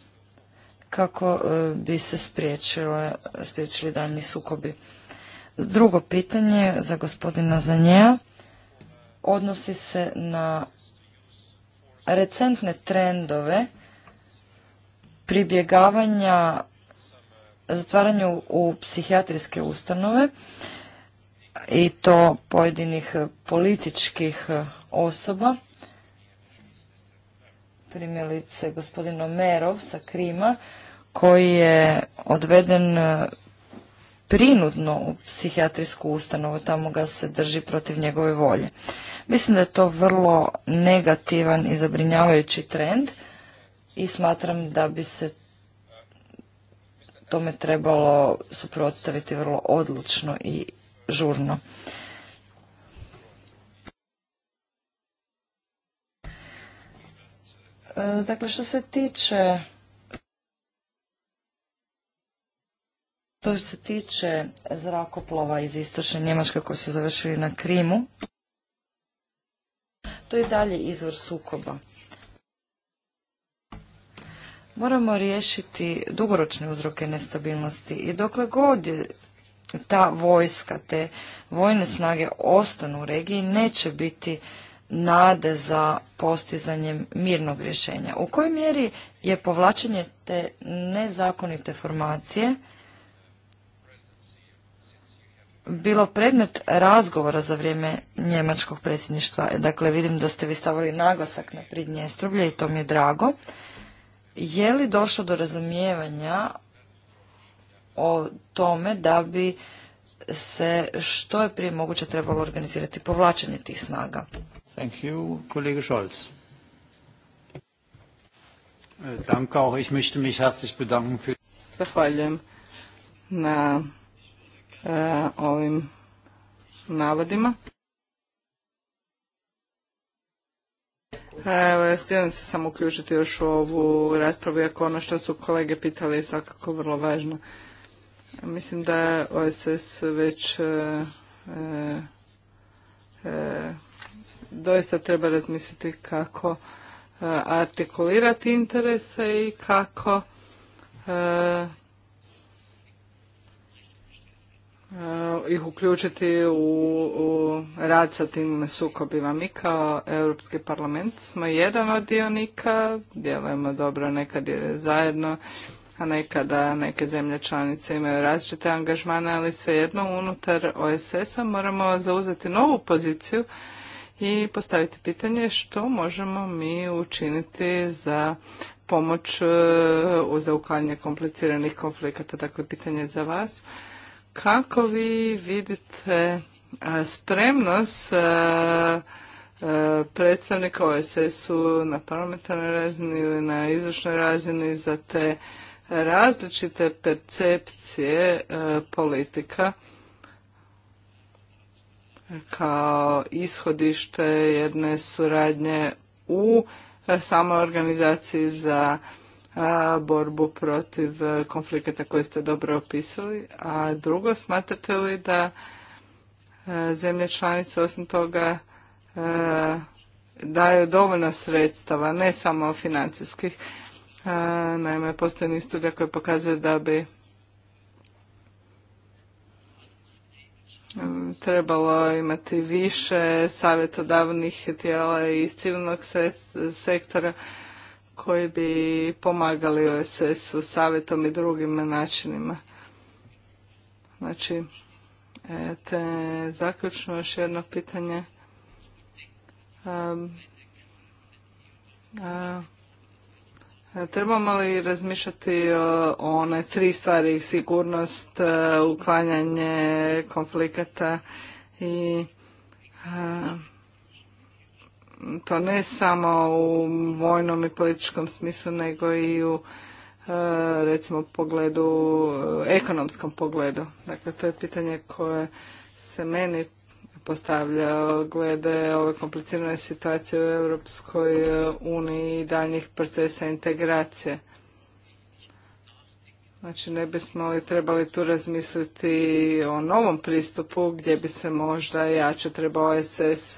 kako e, bi se spriječili daljnji sukobi. Drugo pitanje za gospodina Zanjeja odnosi se na recentne trendove pribjegavanja zatvaranju u psihijatrijske ustanove i to pojedinih političkih osoba. Primjelice gospodin Omerov sa Krima koji je odveden prinudno u psihijatrijsku ustanovu, tamo ga se drži protiv njegove volje. Mislim da je to vrlo negativan i zabrinjavajući trend i smatram da bi se tome trebalo suprotstaviti vrlo odlučno i žurno. E, dakle, što se tiče To se tiče zrakoplova iz istočne Njemačke koji su završili na Krimu, to je dalje izvor sukoba. Moramo riješiti dugoročne uzroke nestabilnosti i dokle god ta vojska, te vojne snage ostanu u regiji, neće biti nade za postizanjem mirnog rješenja. U kojoj mjeri je povlačenje te nezakonite formacije bilo predmet razgovora za vrijeme njemačkog predsjedništva. Dakle, vidim da ste vi stavili naglasak na Pridnjestrublje i to mi je drago. Je li došlo do razumijevanja o tome da bi se što je prije moguće trebalo organizirati povlačenje tih snaga? Thank you, kolega Scholz. Danke auch, Zahvaljujem na Eh, ovim navodima. Evo, ja se samo uključiti još u ovu raspravu, iako ono što su kolege pitali je svakako vrlo važno. Mislim da OSS već eh, eh, doista treba razmisliti kako artikulirati interese i kako ih uključiti u, rad sa tim sukobima. Mi kao Europski parlament smo jedan od dionika, djelujemo dobro nekad je zajedno, a nekada neke zemlje članice imaju različite angažmane, ali svejedno unutar OSS-a moramo zauzeti novu poziciju i postaviti pitanje što možemo mi učiniti za pomoć e, za uklanjanje kompliciranih konflikata. Dakle, pitanje za vas kako vi vidite e, spremnost e, e, predstavnika OSS-u na parlamentarnoj razini ili na izvršnoj razini za te različite percepcije politika kao ishodište jedne suradnje u samoj organizaciji za borbu protiv e, konflikata koje ste dobro opisali? A drugo, smatrate li da e, zemlje članice osim toga e, daju dovoljno sredstava, ne samo financijskih. Naime, postoje ni studija koja pokazuje da bi trebalo imati više savjetodavnih tijela iz civilnog sektora koji bi pomagali OSS-u savjetom i drugim načinima. Znači, e, te zaključno još jedno pitanje. a, Trebamo li razmišljati o one tri stvari, sigurnost, e, uklanjanje konflikata i to ne samo u vojnom i političkom smislu, nego i u e, recimo pogledu, ekonomskom pogledu. Dakle, to je pitanje koje se meni postavlja glede ove komplicirane situacije u Europskoj uniji i daljnjih procesa integracije. Znači, ne bismo li trebali tu razmisliti o novom pristupu gdje bi se možda jače trebao SS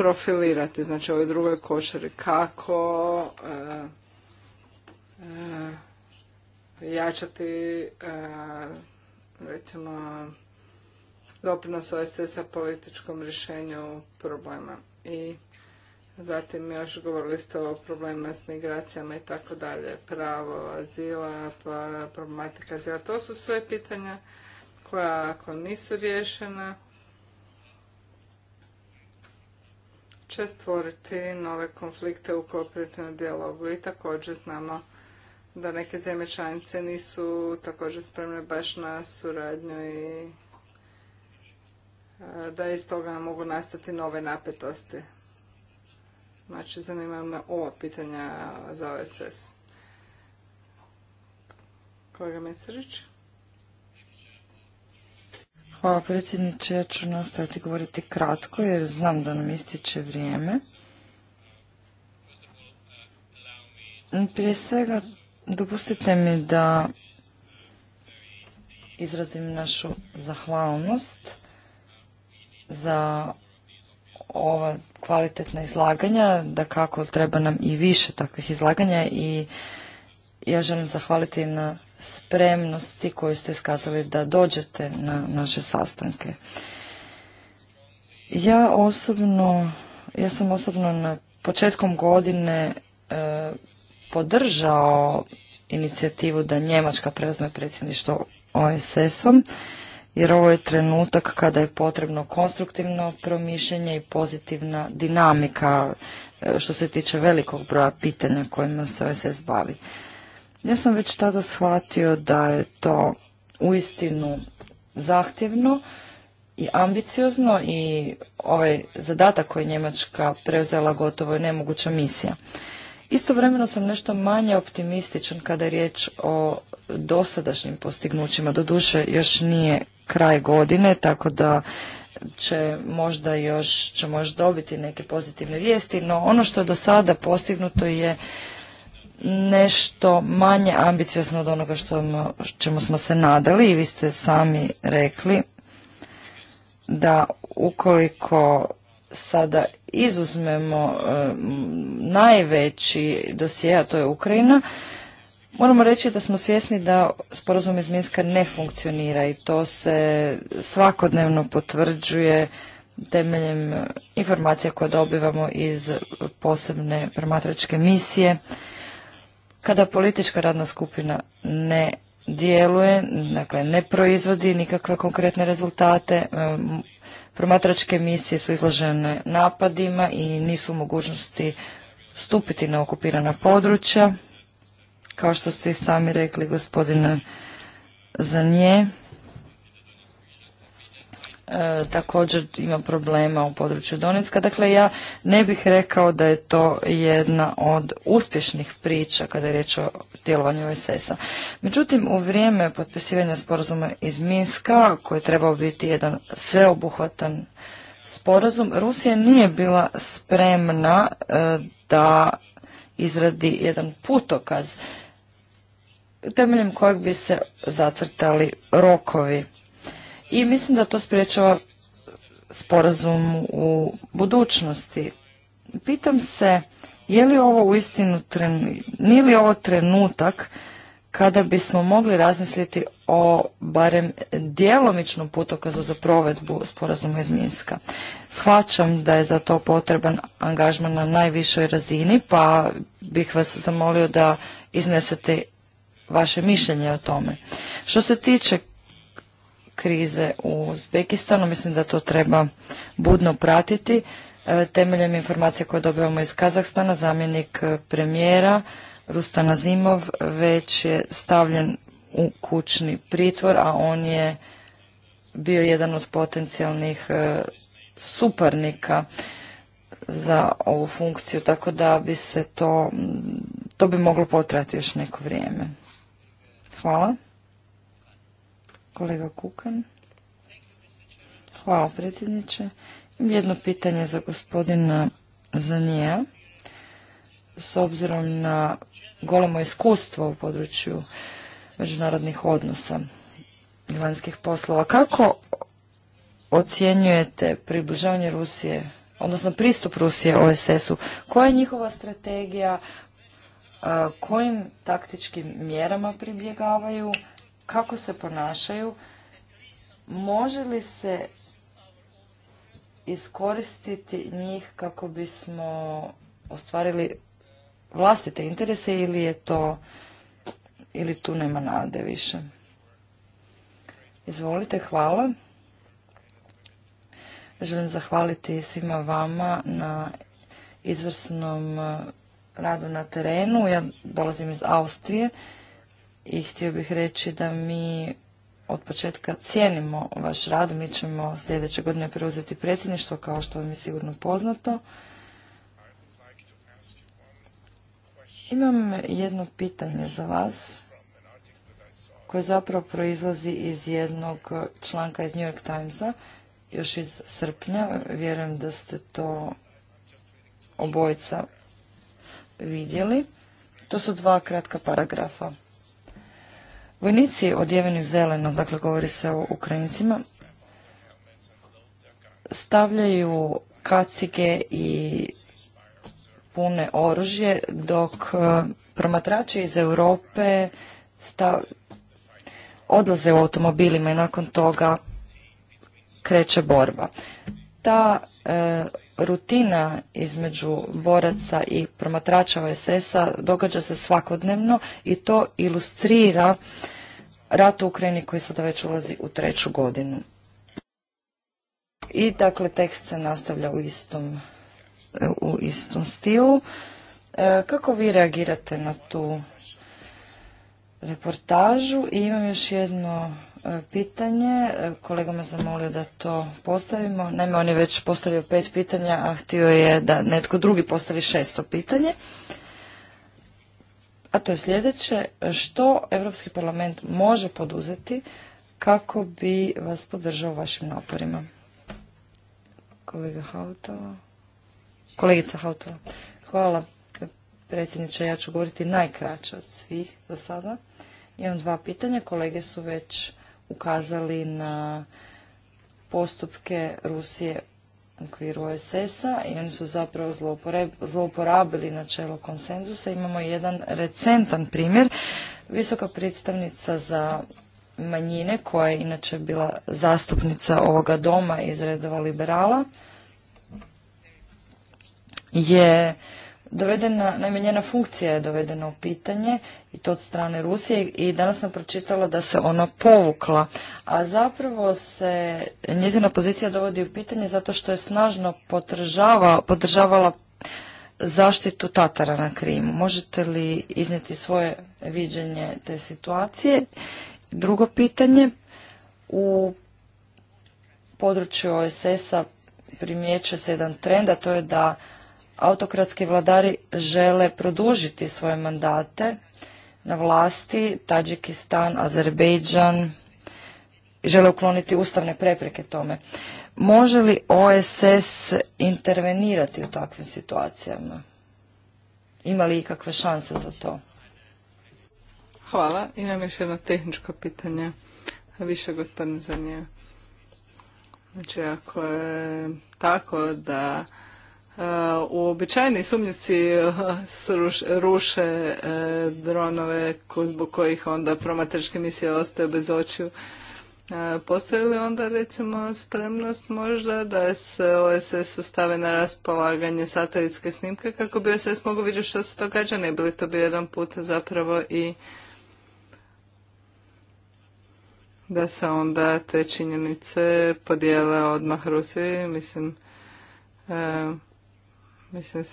profilirati, znači ovoj drugoj košari, kako e, e, jačati e, recimo doprinos oss sa političkom rješenju problema. I zatim još govorili ste o problemima s migracijama i tako dalje, pravo azila, pa problematika azila. To su sve pitanja koja ako nisu riješena, će stvoriti nove konflikte u kooperativnom dijalogu i također znamo da neke zemlje članice nisu također spremne baš na suradnju i e, da iz toga mogu nastati nove napetosti. Znači, zanimaju me ova pitanja za OSS. Kolega Mesarić. Hvala predsjedniče, ja ću nastaviti govoriti kratko jer znam da nam ističe vrijeme. Prije svega, dopustite mi da izrazim našu zahvalnost za ova kvalitetna izlaganja, da kako treba nam i više takvih izlaganja i ja želim zahvaliti na spremnosti koju ste iskazali da dođete na naše sastanke. Ja osobno, ja sam osobno na početkom godine e, podržao inicijativu da Njemačka preuzme predsjedništvo OSS-om, jer ovo je trenutak kada je potrebno konstruktivno promišljanje i pozitivna dinamika e, što se tiče velikog broja pitanja kojima se OSS bavi. Ja sam već tada shvatio da je to uistinu zahtjevno i ambiciozno i ovaj zadatak koji je Njemačka preuzela gotovo je nemoguća misija. Istovremeno sam nešto manje optimističan kada je riječ o dosadašnjim postignućima. Doduše još nije kraj godine, tako da će možda još ćemo još dobiti neke pozitivne vijesti, no ono što je do sada postignuto je nešto manje ambiciozno od onoga što, čemu smo se nadali i vi ste sami rekli da ukoliko sada izuzmemo eh, najveći dosije, a to je Ukrajina, moramo reći da smo svjesni da sporazum iz Minska ne funkcionira i to se svakodnevno potvrđuje temeljem informacija koje dobivamo iz posebne promatračke misije kada politička radna skupina ne djeluje, dakle ne proizvodi nikakve konkretne rezultate, e, promatračke misije su izložene napadima i nisu u mogućnosti stupiti na okupirana područja, kao što ste i sami rekli gospodine za nje. E, također ima problema u području Donetska. Dakle, ja ne bih rekao da je to jedna od uspješnih priča kada je riječ o djelovanju OSS-a. Međutim, u vrijeme potpisivanja sporazuma iz Minska, koji je trebao biti jedan sveobuhvatan sporazum, Rusija nije bila spremna e, da izradi jedan putokaz temeljem kojeg bi se zacrtali rokovi i mislim da to spriječava sporazum u budućnosti. Pitam se je li ovo uistinu nije li ovo trenutak kada bismo mogli razmisliti o barem djelomičnom putokazu za provedbu sporazuma iz Minska. Shvaćam da je za to potreban angažman na najvišoj razini, pa bih vas zamolio da iznesete vaše mišljenje o tome. Što se tiče krize u Uzbekistanu. Mislim da to treba budno pratiti. E, temeljem informacije koje dobivamo iz Kazahstana, zamjenik e, premijera Rustan Azimov već je stavljen u kućni pritvor, a on je bio jedan od potencijalnih e, suparnika za ovu funkciju, tako da bi se to, to bi moglo potrati još neko vrijeme. Hvala. Kolega Kukan. Hvala predsjedniče. Jedno pitanje za gospodina Zanija. S obzirom na golemo iskustvo u području međunarodnih odnosa i vanjskih poslova, kako ocjenjujete približavanje Rusije, odnosno pristup Rusije OSS-u? Koja je njihova strategija? Kojim taktičkim mjerama pribjegavaju? kako se ponašaju, može li se iskoristiti njih kako bismo ostvarili vlastite interese ili je to ili tu nema nade više. Izvolite, hvala. Želim zahvaliti svima vama na izvrsnom eh, radu na terenu. Ja dolazim iz Austrije i htio bih reći da mi od početka cijenimo vaš rad. Mi ćemo sljedeće godine preuzeti predsjedništvo, kao što vam je sigurno poznato. Imam jedno pitanje za vas, koje zapravo proizlazi iz jednog članka iz New York Timesa, još iz srpnja. Vjerujem da ste to obojica vidjeli. To su dva kratka paragrafa. Vojnici odjeveni zeleno, dakle govori se o Ukrajincima, stavljaju kacige i pune oružje, dok e, promatrači iz Europe odlaze u automobilima i nakon toga kreće borba. Ta e, rutina između boraca i promatrača OSS-a događa se svakodnevno i to ilustrira rat u Ukrajini koji sada već ulazi u treću godinu. I dakle tekst se nastavlja u istom, u istom stilu. E, kako vi reagirate na tu reportažu i imam još jedno e, pitanje. E, kolega me zamolio da to postavimo. Naime, on je već postavio pet pitanja, a htio je da netko drugi postavi šesto pitanje. A to je sljedeće. Što Europski parlament može poduzeti kako bi vas podržao vašim naporima? Kolega Hautala. Kolegica Hautala. Hvala predsjedniče, ja ću govoriti najkraće od svih do sada. Imam dva pitanja. Kolege su već ukazali na postupke Rusije u okviru OSS-a i oni su zapravo zlouporabili načelo konsenzusa. Imamo jedan recentan primjer. Visoka predstavnica za manjine, koja je inače bila zastupnica ovoga doma iz redova liberala, je dovedena, naime njena funkcija je dovedena u pitanje i to od strane Rusije i danas sam pročitala da se ona povukla, a zapravo se njezina pozicija dovodi u pitanje zato što je snažno podržavala zaštitu Tatara na Krimu. Možete li iznijeti svoje viđenje te situacije? Drugo pitanje, u području OSS-a primjećuje se jedan trend, a to je da autokratski vladari žele produžiti svoje mandate na vlasti, Tadžikistan, Azerbejdžan, žele ukloniti ustavne prepreke tome. Može li OSS intervenirati u takvim situacijama? Ima li ikakve šanse za to? Hvala. Imam još jedno tehničko pitanje. Više gospodin Znači, ako je tako da Uh, uobičajeni sumnjici uh, ruše uh, dronove zbog kojih onda promatračke misije ostaju bez očiju. Postoji li onda recimo spremnost možda da se OSS ustave na raspolaganje satelitske snimke kako bi OSS mogu vidjeti što se događa, ne bi li to bi jedan put zapravo i da se onda te činjenice podijele odmah Rusiji, mislim Mislim,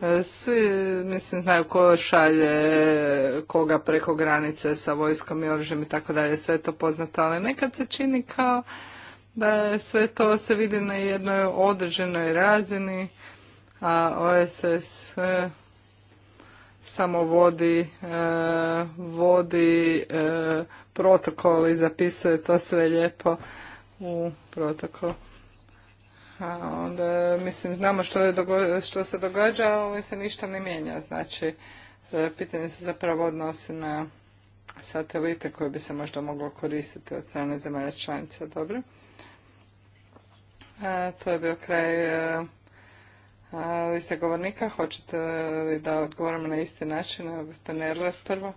e, svi mislim, znaju ko šalje koga preko granice sa vojskom i oružjem i tako dalje, sve to poznato, ali nekad se čini kao da je sve to se vidi na jednoj određenoj razini, a OSS e, samo vodi, e, vodi e, protokol i zapisuje to sve lijepo u protokol a onda mislim znamo što, što se događa, ali se ništa ne mijenja. Znači, e, pitanje se zapravo odnosi na satelite koje bi se možda moglo koristiti od strane zemalja članica. Dobro. A, e, to je bio kraj a, e, a, liste govornika. Hoćete li da odgovorimo na isti način? Evo, gospodin Erler prvo.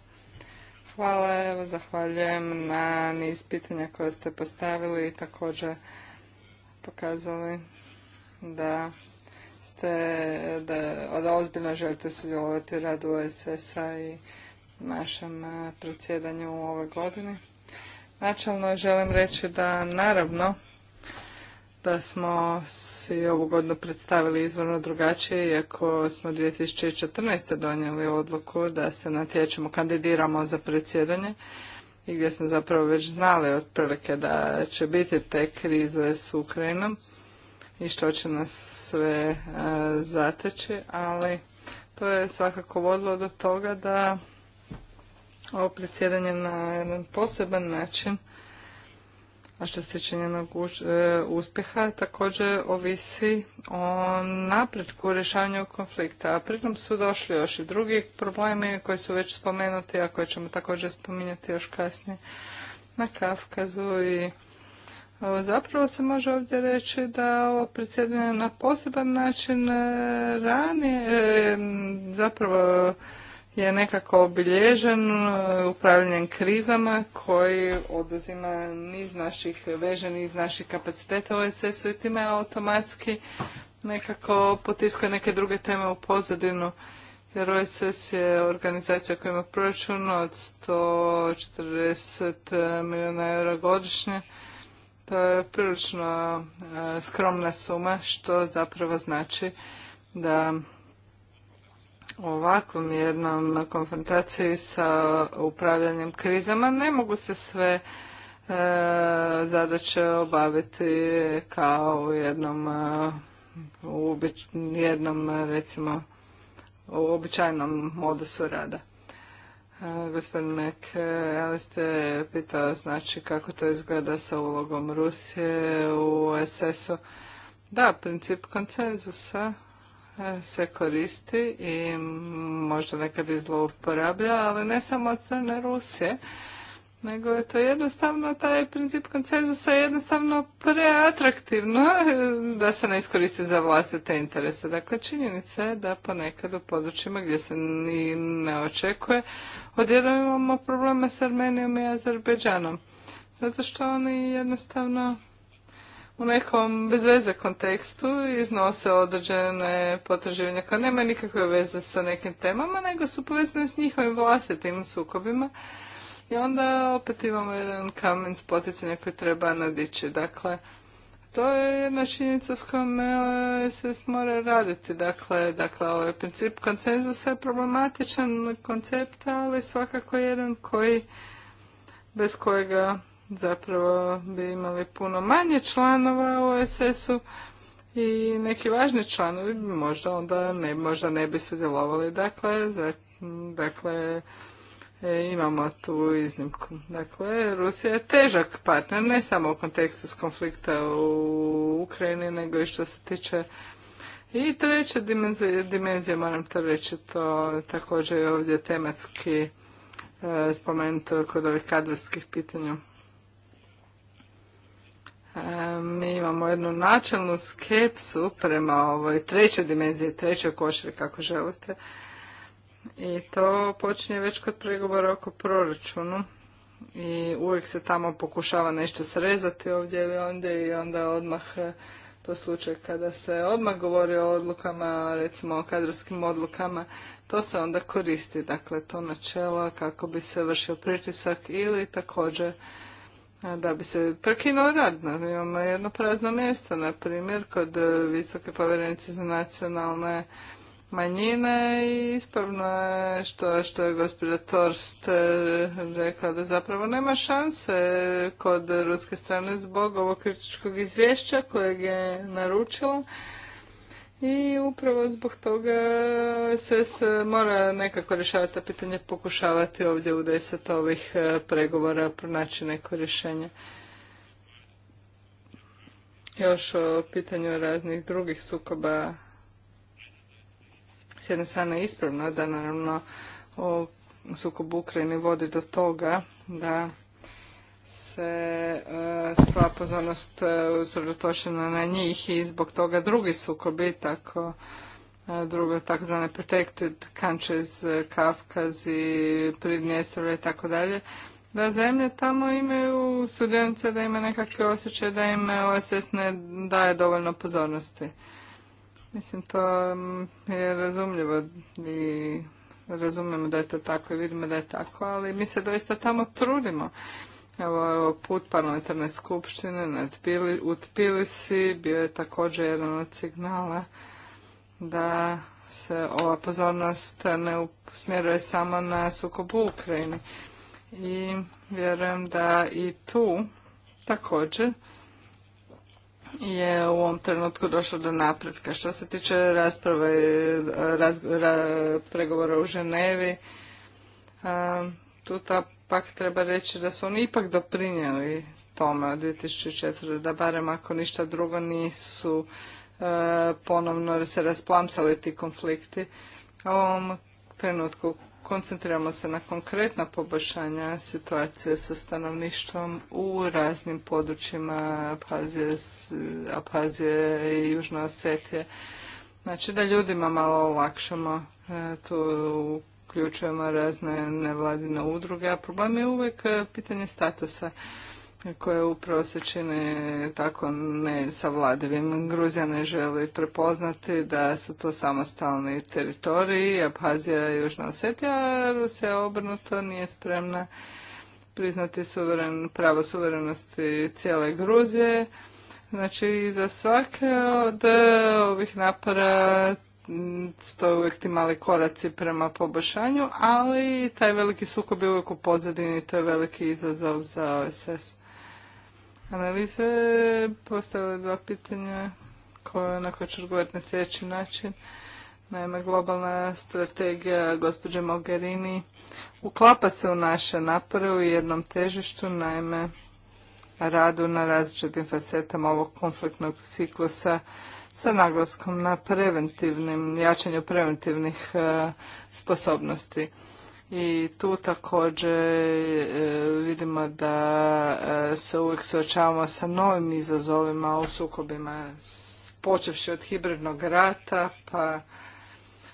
Hvala, evo, zahvaljujem na niz pitanja koje ste postavili i također pokazali da ste, da, ozbiljno želite sudjelovati u radu OSS-a i našem e, predsjedanju u ovoj godini. Načalno želim reći da naravno da smo si ovu godinu predstavili izvorno drugačije, iako smo 2014. donijeli odluku da se natječemo, kandidiramo za predsjedanje i gdje smo zapravo već znali od otprilike da će biti te krize s Ukrajinom i što će nas sve e, zateći, ali to je svakako vodilo do toga da ovo predsjedanje na jedan poseban način a što se tiče njenog e, uspjeha također ovisi o napretku u rješavanju konflikta. A pritom su došli još i drugi problemi koji su već spomenuti, a koje ćemo također spominjati još kasnije na Kafkazu i e, Zapravo se može ovdje reći da ovo predsjedanje na poseban način e, rani, zapravo je nekako obilježen uh, upravljanjem krizama koji oduzima niz naših veže, niz naših kapaciteta OSS-u i time automatski nekako potiskuje neke druge teme u pozadinu. Jer OSS je organizacija koja ima proračun od 140 uh, milijuna eura godišnje. To je prilično uh, skromna suma što zapravo znači da ovakvom jednom konfrontaciji sa upravljanjem krizama ne mogu se sve e, zadaće obaviti kao u jednom e, u jednom recimo uobičajenom modusu rada. E, gospodin Mek, e, ali ste pitao znači kako to izgleda sa ulogom Rusije u SS-u. Da, princip konsenzusa se koristi i možda nekad i zlouporablja, ali ne samo od Crne Rusije, nego je to jednostavno taj princip konsenzusa je jednostavno preatraktivno da se ne iskoristi za vlastite interese. Dakle, činjenica je da ponekad u područjima gdje se ni ne očekuje, odjedno imamo probleme s Armenijom i Azerbeđanom. Zato što oni jednostavno u nekom bezveze kontekstu iznose određene potraživanja koja nema nikakve veze sa nekim temama, nego su povezane s njihovim vlastitim sukobima. I onda opet imamo jedan kamen spoticanja koji treba nadići. Dakle, to je jedna činjenica s kojom e, se mora raditi. Dakle, dakle, ovaj princip konsenzusa je problematičan koncept, ali svakako jedan koji bez kojega zapravo bi imali puno manje članova u OSS-u i neki važni članovi možda onda ne, možda ne bi sudjelovali. Dakle, dakle e, imamo tu iznimku. Dakle, Rusija je težak partner, ne samo u kontekstu s konflikta u Ukrajini, nego i što se tiče i treće dimenzije. moram to reći, to također je ovdje tematski e, spomenuto kod ovih kadrovskih pitanja mi imamo jednu načelnu skepsu prema ovoj trećoj dimenziji, trećoj košri kako želite. I to počinje već kod pregovora oko proračunu. I uvijek se tamo pokušava nešto srezati ovdje ili ondje i onda odmah e, to slučaj kada se odmah govori o odlukama, recimo o kadrovskim odlukama, to se onda koristi, dakle to načelo kako bi se vršio pritisak ili također da bi se prekinuo rad. Imamo jedno prazno mjesto, na primjer, kod e, visoke povjerenice za nacionalne manjine i ispravno je što, je gospođa Torst e, rekla da zapravo nema šanse kod ruske strane zbog ovog kritičkog izvješća kojeg je naručila i upravo zbog toga se mora nekako rješavati ta pitanje, pokušavati ovdje u deset ovih e, pregovora pronaći neko rješenje. Još o pitanju raznih drugih sukoba. S jedne strane ispravno da naravno o sukobu Ukrajini vodi do toga da se e, sva pozornost e, usredotočena na njih i zbog toga drugi sukobi, tako e, drugo takozvane protected countries, Kafkaz i Pridnjestrovje i tako dalje, da zemlje tamo imaju sudionice da ima nekakve osjećaje da im OSS ne daje dovoljno pozornosti. Mislim, to mm, je razumljivo i razumijemo da je to tako i vidimo da je tako, ali mi se doista tamo trudimo. Evo put parlamentarne skupštine na u Tbilisi bio je također jedan od signala da se ova pozornost ne usmjeruje samo na sukobu u Ukrajini. I vjerujem da i tu također je u ovom trenutku došlo do napretka. Što se tiče rasprave pregovora u Ženevi, tu ta pak treba reći da su oni ipak doprinijeli tome od 2004. da barem ako ništa drugo nisu e, ponovno se rasplamsali ti konflikti. U ovom trenutku koncentriramo se na konkretna poboljšanja situacije sa stanovništvom u raznim područjima Abhazije, Abhazije i Južne Osetije. Znači da ljudima malo olakšamo e, tu uključujemo razne nevladine udruge, a problem je uvijek e, pitanje statusa koje upravo se čine tako nesavladivim. Gruzija ne želi prepoznati da su to samostalni teritoriji, Abhazija i Južna Osetija, Rusija obrnuto nije spremna priznati suveren, pravo suverenosti cijele Gruzije. Znači, za svake od e, ovih napora stoje uvijek ti mali koraci prema poboljšanju, ali taj veliki sukob je uvijek u pozadini i to je veliki izazov za OSS. Analize postavila dva pitanja koje, na koje ću odgovoriti na sljedeći način. Naime, globalna strategija gospođe Mogherini uklapa se u naše napore u jednom težištu, naime radu na različitim facetama ovog konfliktnog ciklusa sa naglaskom na preventivnim, jačanju preventivnih e, sposobnosti. I tu također e, vidimo da e, se uvijek suočavamo sa novim izazovima u sukobima, počevši od hibridnog rata, pa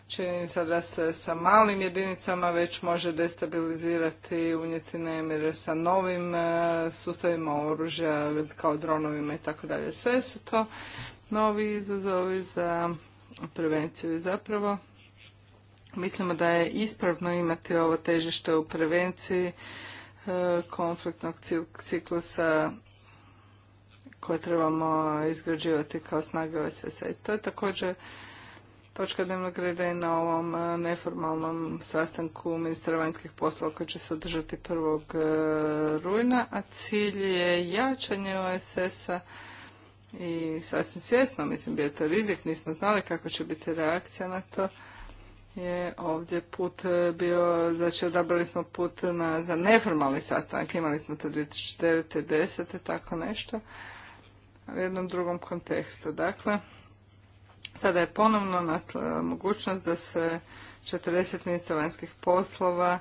čini se da se sa malim jedinicama već može destabilizirati, unijeti nemir sa novim sustavima oružja kao dronovima i tako dalje. Sve su to novi izazovi za prevenciju. i Zapravo, mislimo da je ispravno imati ovo težište u prevenciji e, konfliktnog ciklusa koje trebamo izgrađivati kao snage OSS-a. I to je također točka dnevnog reda i na ovom e, neformalnom sastanku ministra vanjskih poslova koji će se održati 1. E, rujna, a cilj je jačanje OSS-a i sasvim svjesno, mislim, bio je to rizik, nismo znali kako će biti reakcija na to. Je ovdje put e, bio, znači odabrali smo put na, za neformalni sastanak, imali smo to 2009. 10. tako nešto, u jednom drugom kontekstu. Dakle, sada je ponovno nastala mogućnost da se 40 ministra vanjskih poslova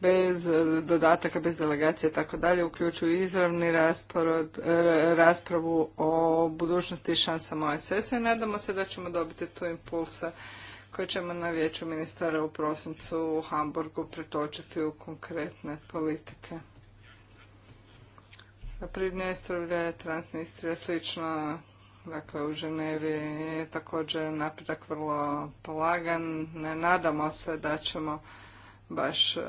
bez e, dodataka, bez delegacije i tako dalje, uključuju izravni raspored, e, raspravu o budućnosti i šansama OSS-a i nadamo se da ćemo dobiti tu impulsa koje ćemo na vijeću ministara u prosincu u Hamburgu pretočiti u konkretne politike. Pridnjestrovlje, Transnistrija slično, dakle u Ženevi je također napredak vrlo polagan. Ne nadamo se da ćemo baš e,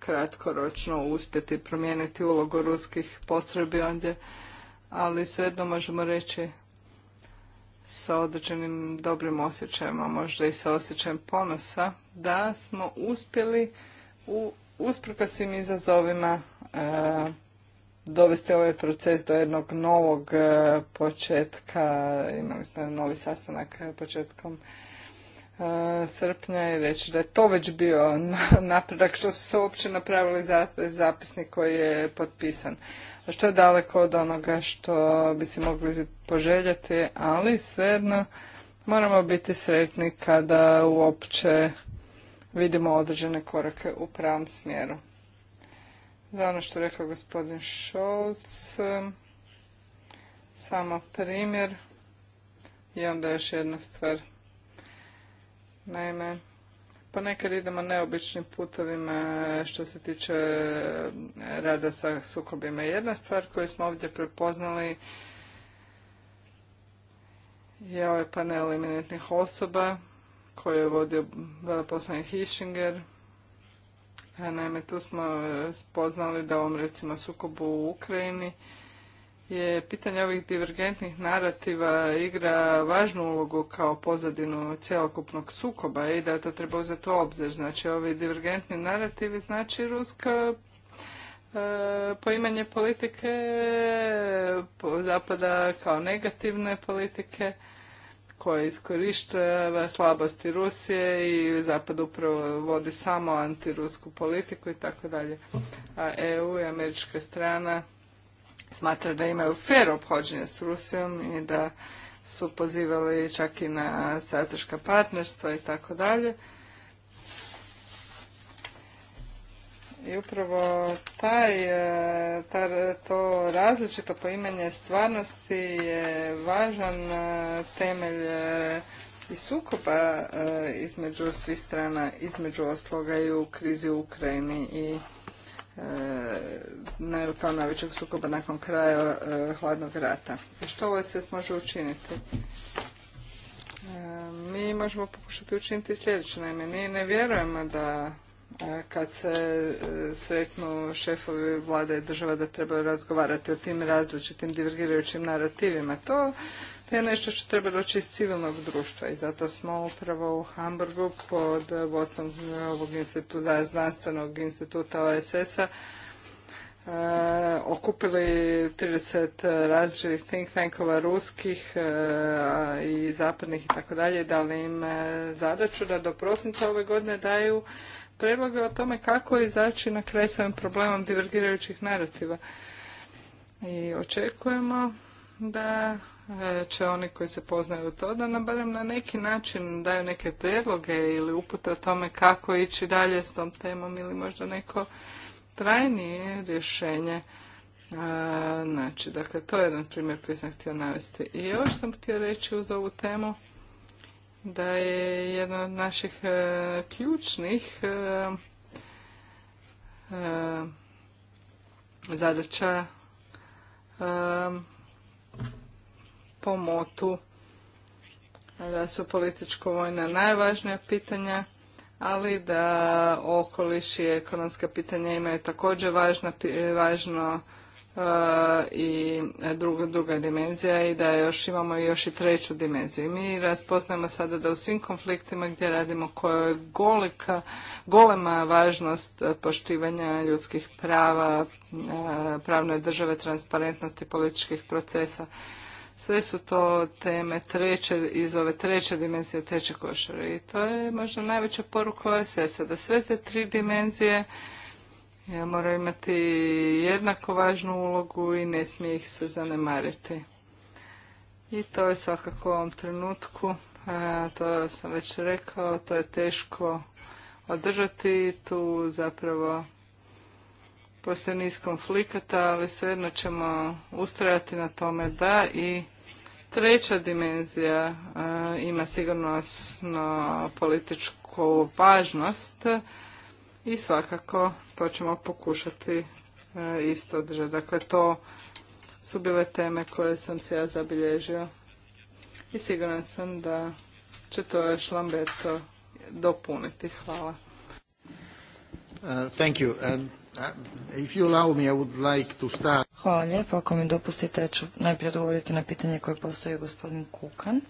kratkoročno uspjeti promijeniti ulogu ruskih postrojbi ondje, ali svejedno možemo reći sa određenim dobrim osjećajem, a možda i sa osjećajem ponosa, da smo uspjeli u usprkos svim izazovima e, dovesti ovaj proces do jednog novog e, početka. Imali smo novi sastanak e, početkom E, srpnja i reći da je to već bio napredak što su se uopće napravili zapisnik koji je potpisan. Što je daleko od onoga što bi se mogli poželjati, ali svejedno moramo biti sretni kada uopće vidimo određene korake u pravom smjeru. Za ono što rekao gospodin Šolc, samo primjer i onda još jedna stvar. Naime, ponekad idemo neobičnim putovima što se tiče e, rada sa sukobima. Jedna stvar koju smo ovdje prepoznali je ovaj panel eminentnih osoba koje je vodio veleposlanik Hishinger. E, naime, tu smo e, spoznali da ovom recimo sukobu u Ukrajini je pitanje ovih divergentnih narativa igra važnu ulogu kao pozadinu cjelokupnog sukoba i da to treba uzeti u obzir. Znači, ovi divergentni narativi znači ruska e, poimanje politike zapada kao negativne politike koje iskorištava slabosti Rusije i Zapad upravo vodi samo antirusku politiku i tako dalje. A EU i američka strana smatra da imaju fer obhođenje s Rusijom i da su pozivali čak i na strateška partnerstva i tako dalje. I upravo taj, e, tar, to različito poimanje stvarnosti je važan e, temelj e, i sukoba između svih strana, između osloga i u krizi u Ukrajini i e, kao najvećeg sukoba nakon kraja e, hladnog rata. Što što ovaj se može učiniti? E, mi možemo pokušati učiniti sljedeće. Naime, mi ne vjerujemo da e, kad se sretnu šefovi vlade i država da trebaju razgovarati o tim različitim divergirajućim narativima. To to je nešto što treba doći iz civilnog društva i zato smo upravo u Hamburgu pod vodstvom ovog instituta, znanstvenog instituta OSS-a eh, okupili 30 različitih think tankova ruskih eh, i zapadnih i tako dalje, dali im eh, zadaću da do prosinca ove godine daju predloge o tome kako izaći na kraj s ovim problemom divergirajućih narativa. I očekujemo da će oni koji se poznaju u to da nam barem na neki način daju neke prijedloge ili upute o tome kako ići dalje s tom temom ili možda neko trajnije rješenje. E, znači, dakle, to je jedan primjer koji sam htio navesti. I još sam htio reći uz ovu temu da je jedna od naših e, ključnih e, zadaća po motu da su političko-vojna najvažnija pitanja, ali da okoliš i ekonomska pitanja imaju također važna, važno e, i druga, druga dimenzija i da još imamo još i treću dimenziju. I mi raspoznajemo sada da u svim konfliktima gdje radimo koja je golika, golema važnost poštivanja ljudskih prava, e, pravne države, transparentnosti političkih procesa, sve su to teme treće, iz ove treće dimenzije, treće košare. I to je možda najveća poruka OSS-a, da sve te tri dimenzije moraju imati jednako važnu ulogu i ne smije ih se zanemariti. I to je svakako u ovom trenutku, to sam već rekao, to je teško održati tu zapravo Postoji niz konflikata, ali svejedno ćemo ustrajati na tome da i treća dimenzija e, ima sigurnosno političku važnost i svakako to ćemo pokušati e, isto održati. Dakle, to su bile teme koje sam se ja zabilježio i siguran sam da će to još Lamberto dopuniti. Hvala. Uh, thank you. Um, Uh, if you allow me, I would Hvala lijepo. Ako mi dopustite, ja ću najprije odgovoriti na pitanje koje postavio gospodin Kukan.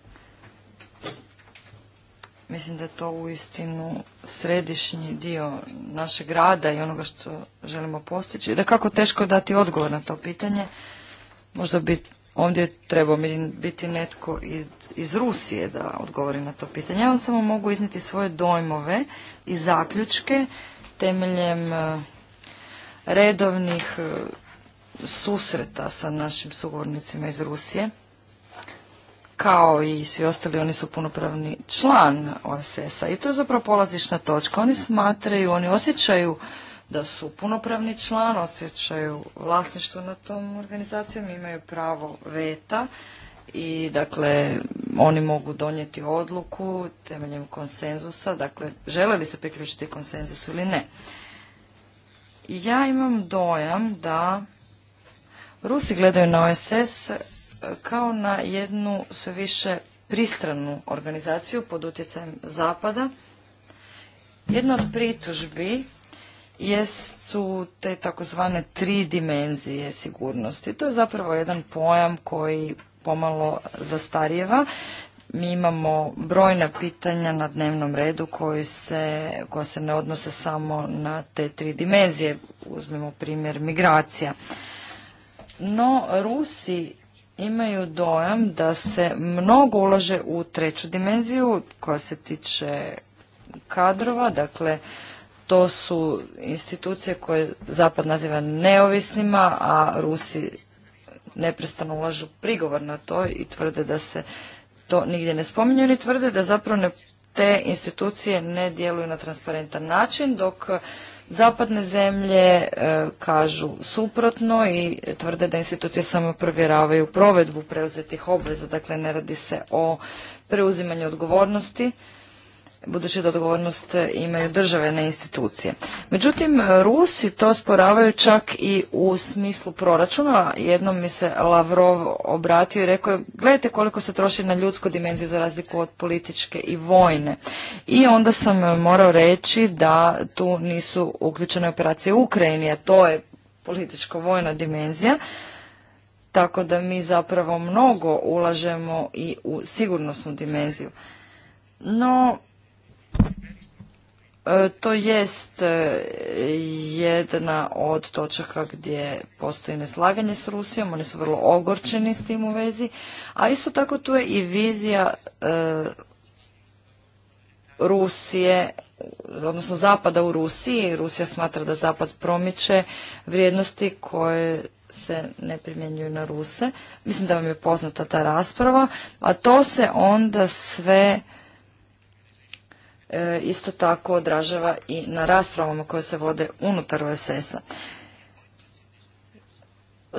Mislim da je to uistinu središnji dio našeg rada i onoga što želimo postići. Da kako teško je dati odgovor na to pitanje. Možda bi ovdje trebao biti netko iz Rusije da odgovori na to pitanje. Ja vam samo mogu izniti svoje dojmove i zaključke temeljem eh, redovnih e, susreta sa našim sugovornicima iz Rusije. Kao i svi ostali, oni su punopravni član OSS-a i to je zapravo polazišna točka. Oni smatraju, oni osjećaju da su punopravni član, osjećaju vlasništvo na tom organizacijom, imaju pravo veta i dakle oni mogu donijeti odluku temeljem konsenzusa, dakle žele li se priključiti konsenzusu ili ne. Ja imam dojam da Rusi gledaju na OSS eh, kao na jednu sve više pristranu organizaciju pod utjecajem Zapada. Jedna od pritužbi su te takozvane tri dimenzije sigurnosti. To je zapravo jedan pojam koji pomalo zastarijeva mi imamo brojna pitanja na dnevnom redu koji se, koja se ne odnose samo na te tri dimenzije. Uzmemo primjer migracija. No, Rusi imaju dojam da se mnogo ulaže u treću dimenziju koja se tiče kadrova, dakle to su institucije koje Zapad naziva neovisnima, a Rusi neprestano ulažu prigovor na to i tvrde da se to nigdje ne spominju ni tvrde da zapravo te institucije ne djeluju na transparentan način, dok zapadne zemlje e, kažu suprotno i tvrde da institucije samo provjeravaju provedbu preuzetih obveza, dakle ne radi se o preuzimanju odgovornosti budući da odgovornost imaju države institucije. Međutim, Rusi to sporavaju čak i u smislu proračuna. Jednom mi se Lavrov obratio i rekao, gledajte koliko se troši na ljudsku dimenziju za razliku od političke i vojne. I onda sam morao reći da tu nisu uključene operacije u Ukrajini, a to je političko-vojna dimenzija. Tako da mi zapravo mnogo ulažemo i u sigurnosnu dimenziju. No, E, to jest e, jedna od točaka gdje postoji neslaganje s Rusijom, oni su vrlo ogorčeni s tim u vezi, a isto tako tu je i vizija e, Rusije, odnosno Zapada u Rusiji. Rusija smatra da Zapad promiče vrijednosti koje se ne primjenjuju na Ruse. Mislim da vam je poznata ta rasprava, a to se onda sve E, isto tako odražava i na raspravama koje se vode unutar OSS-a.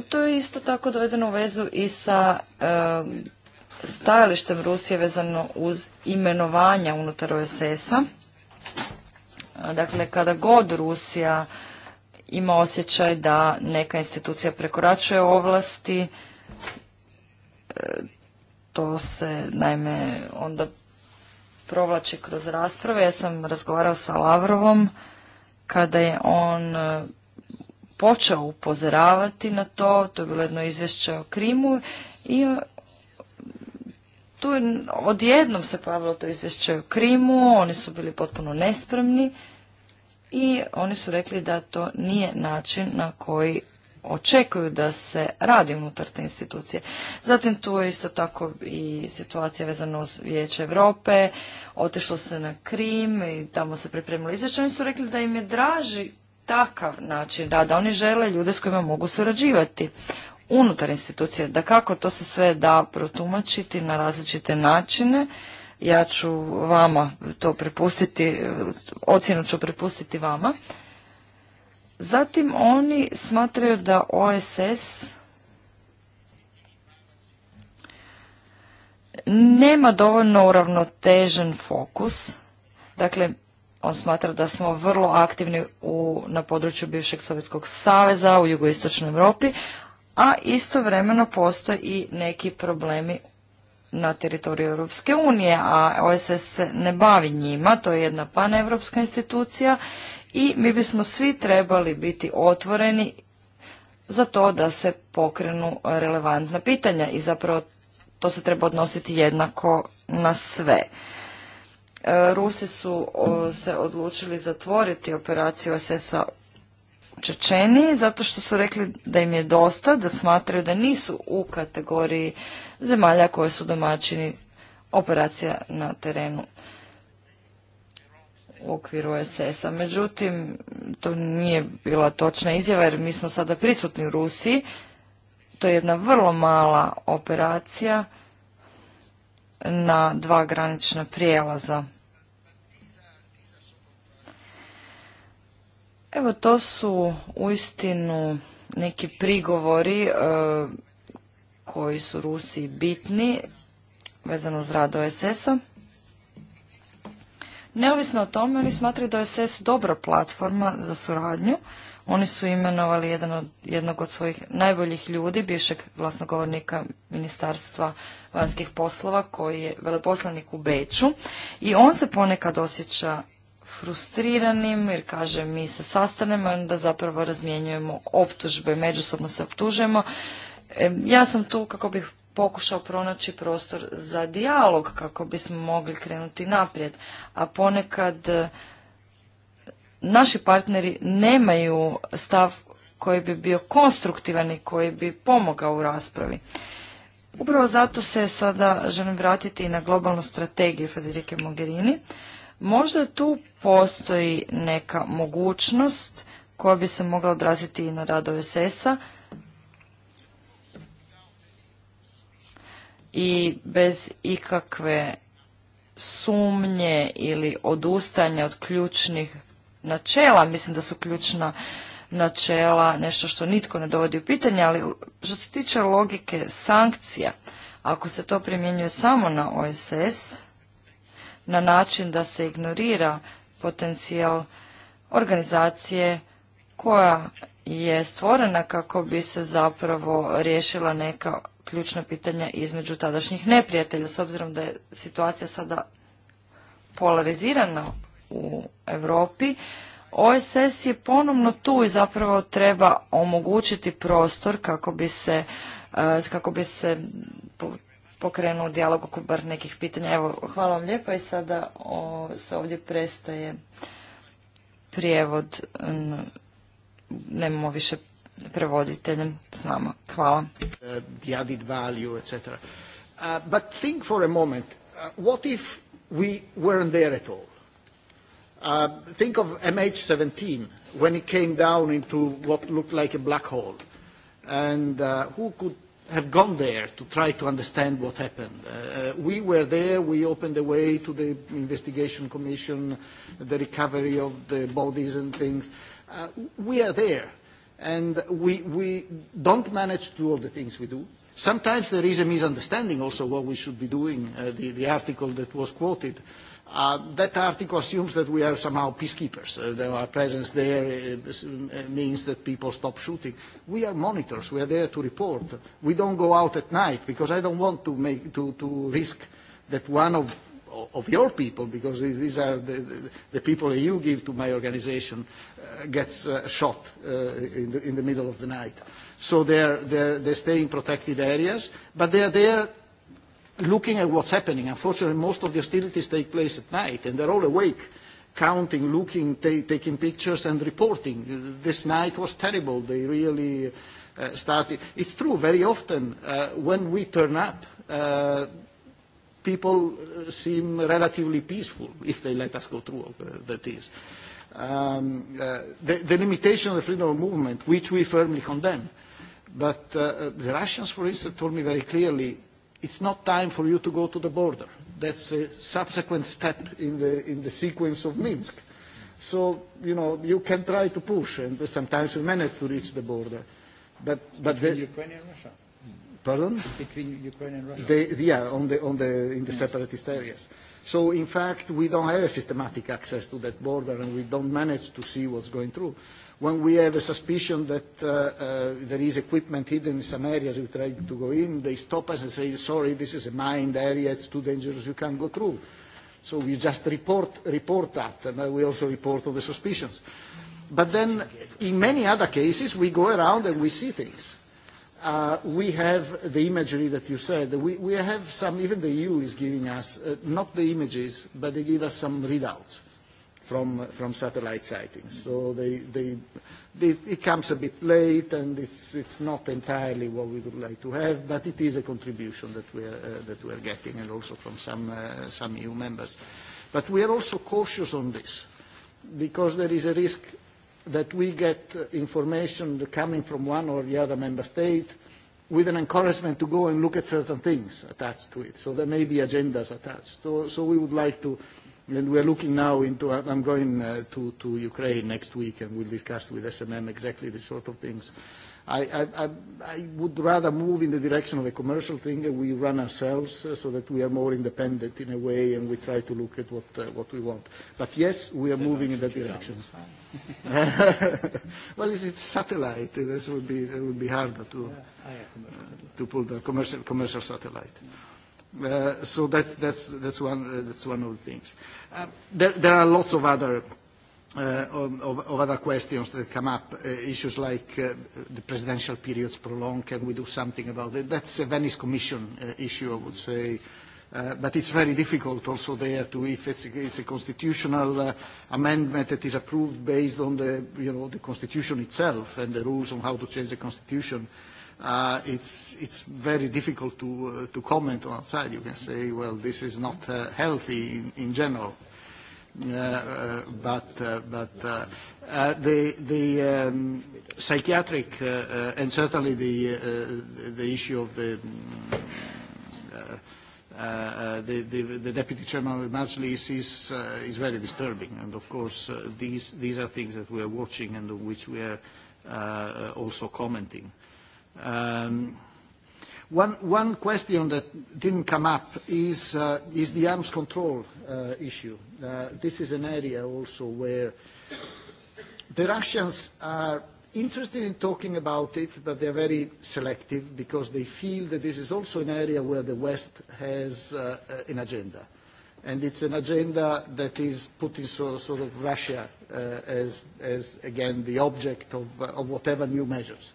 To je isto tako dovedeno u vezu i sa e, stajalištem Rusije vezano uz imenovanja unutar OSS-a. Dakle, kada god Rusija ima osjećaj da neka institucija prekoračuje ovlasti, e, to se naime onda provlači kroz rasprave. Ja sam razgovarao sa Lavrovom kada je on e, počeo upozoravati na to, to je bilo jedno izvješće o Krimu i e, tu je odjednom se pojavilo to izvješće o Krimu, oni su bili potpuno nespremni i oni su rekli da to nije način na koji očekuju da se radi unutar te institucije. Zatim tu je isto tako i situacija vezana uz Vijeće Europe, otišlo se na Krim i tamo se pripremilo izvješće. Oni su rekli da im je draži takav način rada. Oni žele ljude s kojima mogu surađivati unutar institucije. Da kako to se sve da protumačiti na različite načine, ja ću vama to prepustiti, ocjenu ću prepustiti vama. Zatim oni smatraju da OSS nema dovoljno uravnotežen fokus. Dakle, on smatra da smo vrlo aktivni u, na području bivšeg Sovjetskog saveza u jugoistočnoj Europi, a istovremeno postoje i neki problemi na teritoriju Europske unije, a OSS se ne bavi njima, to je jedna paneuropska institucija i mi bismo svi trebali biti otvoreni za to da se pokrenu relevantna pitanja i zapravo to se treba odnositi jednako na sve. E, Rusi su se odlučili zatvoriti operaciju SS-a zato što su rekli da im je dosta, da smatraju da nisu u kategoriji zemalja koje su domaćini operacija na terenu u okviru SS-a. Međutim, to nije bila točna izjava jer mi smo sada prisutni u Rusiji. To je jedna vrlo mala operacija na dva granična prijelaza. Evo to su uistinu neki prigovori e, koji su Rusiji bitni vezano uz rad OSS-a. Neovisno o tome, oni smatraju da je SES dobra platforma za suradnju. Oni su imenovali jedan od, jednog od svojih najboljih ljudi, bivšeg glasnogovornika Ministarstva vanjskih poslova, koji je veleposlanik u Beću. I on se ponekad osjeća frustriranim, jer kaže mi se sastanemo, onda zapravo razmjenjujemo optužbe, međusobno se optužujemo. ja sam tu kako bih pokušao pronaći prostor za dijalog kako bismo mogli krenuti naprijed. A ponekad e, naši partneri nemaju stav koji bi bio konstruktivan i koji bi pomogao u raspravi. Upravo zato se sada želim vratiti na globalnu strategiju Federike Mogherini. Možda tu postoji neka mogućnost koja bi se mogla odraziti i na rad OSS-a i bez ikakve sumnje ili odustanja od ključnih načela. Mislim da su ključna načela nešto što nitko ne dovodi u pitanje, ali što se tiče logike sankcija, ako se to primjenjuje samo na OSS, na način da se ignorira potencijal organizacije koja je stvorena kako bi se zapravo riješila neka ključna pitanja između tadašnjih neprijatelja, s obzirom da je situacija sada polarizirana u Europi. OSS je ponovno tu i zapravo treba omogućiti prostor kako bi se, e, kako bi se pokrenuo dijalog oko bar nekih pitanja. Evo, hvala vam lijepa i sada se ovdje prestaje prijevod. Nemamo više prevoditeljem s Hvala. Uh, the added value, etc. Uh, but think for a moment, uh, what if we weren't there at all? Uh, think of MH17 when it came down into what looked like a black hole. And uh, who could have gone there to try to understand what happened. Uh, uh we were there, we opened the way to the investigation commission, the recovery of the bodies and things. Uh, we are there and we, we don't manage to do all the things we do. Sometimes there is a misunderstanding also what we should be doing. Uh, the, the article that was quoted, uh, that article assumes that we are somehow peacekeepers. Uh, that our presence there uh, uh, means that people stop shooting. We are monitors. We are there to report. We don't go out at night because I don't want to, make, to, to risk that one of of your people, because these are the, the people you give to my organization, uh, gets uh, shot uh, in, the, in the middle of the night. So they're, they're, they stay in protected areas, but they are there looking at what's happening. Unfortunately, most of the hostilities take place at night, and they're all awake, counting, looking, taking pictures, and reporting. This night was terrible. They really uh, started. It's true, very often, uh, when we turn up, uh, people uh, seem relatively peaceful if they let us go through that is. Um, uh, the, the limitation of the freedom of movement, which we firmly condemn. But uh, uh, the Russians, for instance, told me very clearly, it's not time for you to go to the border. That's a subsequent step in the, in the sequence of Minsk. So, you know, you can try to push, and sometimes you manage to reach the border. But, but the, Ukraine Russia? Pardon? Between Ukraine and Russia. yeah, on the, on the, in the separatist areas. So, in fact, we don't have a systematic access to that border and we don't manage to see what's going through. When we have a suspicion that uh, uh, there is equipment hidden in some areas, we try to go in, they stop us and say, sorry, this is a mined area, it's too dangerous, you can't go through. So we just report, report that, and we also report all the suspicions. But then, in many other cases, we go around and we see things Uh, we have the imagery that you said. We, we have some, even the EU is giving us, uh, not the images, but they give us some readouts from, uh, from satellite sightings. So they, they, it comes a bit late and it's, it's not entirely what we would like to have, but it is a contribution that we are, uh, that we are getting and also from some, uh, some EU members. But we are also cautious on this because there is a risk that we get information coming from one or the other member state with an encouragement to go and look at certain things attached to it. So there may be agendas attached. So, so we would like to, and are looking now into, I'm going uh, to, to Ukraine next week and we'll discuss with SMM exactly these sort of things. I, I, I, I would rather move in the direction of a commercial thing that we run ourselves uh, so that we are more independent in a way and we try to look at what, uh, what we want. But yes, we are moving in that direction well, it's, it's satellite. This would be it would be harder to to pull the commercial commercial satellite. Uh, so that's that's that's one uh, that's one of the things. Uh, there, there are lots of other uh, of, of other questions that come up, uh, issues like uh, the presidential periods prolonged, can we do something about it? That's a Venice Commission uh, issue, I would say, Uh, but it's very difficult also there to, if it's, it's a constitutional uh, amendment that is approved based on the, you know, the constitution itself and the rules on how to change the constitution, uh, it's, it's very difficult to, uh, to comment on outside. You can say, well, this is not uh, healthy in, in general. Uh, but uh, but uh, uh, the the um, psychiatric uh, uh, and certainly the uh, the issue of the mm, Uh, uh, the, deputy chairman of Majlis is, uh, is very disturbing. And of course, these, are things that we are watching and on which we are also commenting. Um, one, question that didn't come up is, the arms control issue. this is an area also where the Russians are interested in talking about it, but they're very selective because they feel that this is also an area where the West has uh, uh an agenda. And it's an agenda that is putting sort, sort of Russia uh, as, as, again, the object of, uh, of whatever new measures.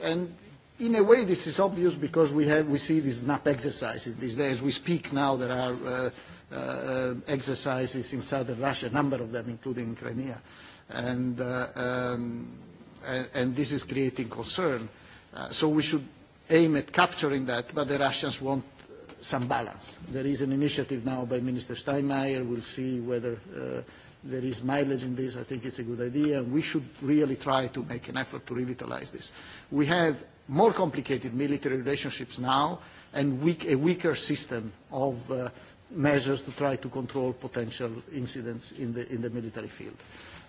And in a way, this is obvious because we, have, we see these NAP exercises these days. We speak now, there are uh, uh, exercises in southern Russia, a number of them, including in Crimea. And uh, um, and, this is creating concern. Uh, so we should aim at capturing that, but the Russians want uh, some balance. There is an initiative now by Minister Steinmeier. We'll see whether uh, there is mileage in this. I think it's a good idea. And we should really try to make an effort to revitalize this. We have more complicated military relationships now and weak, a weaker system of measures to try to control potential incidents in the, in the military field.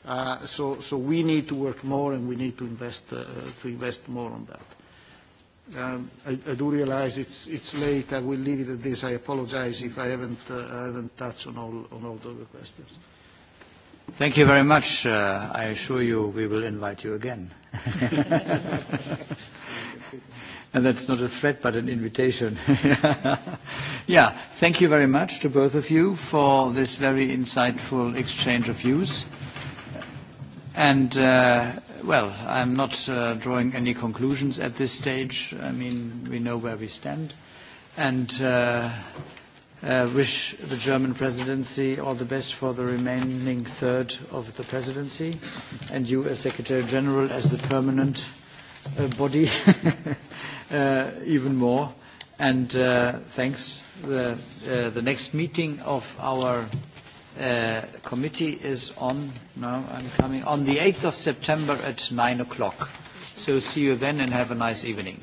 Uh, so, so we need to work more and we need to invest, uh, to invest more on that. Um, I, do realize it's, it's late. I will leave it at this. I apologize if I haven't, uh, haven't touched on all, on all the questions. Thank you very much. Uh, I assure you we will invite you again. and that's not a threat but an invitation. yeah, thank you very much to both of you for this very insightful exchange of views. And, uh, well, I'm not uh, drawing any conclusions at this stage. I mean, we know where we stand. And uh, uh, wish the German presidency all the best for the remaining third of the presidency. And you, as Secretary General, as the permanent uh, body, uh, even more. And uh, thanks. The, uh, the next meeting of our Uh, committee is on, now I'm coming, on the 8th of September at 9 o'clock. So see you then and have a nice evening.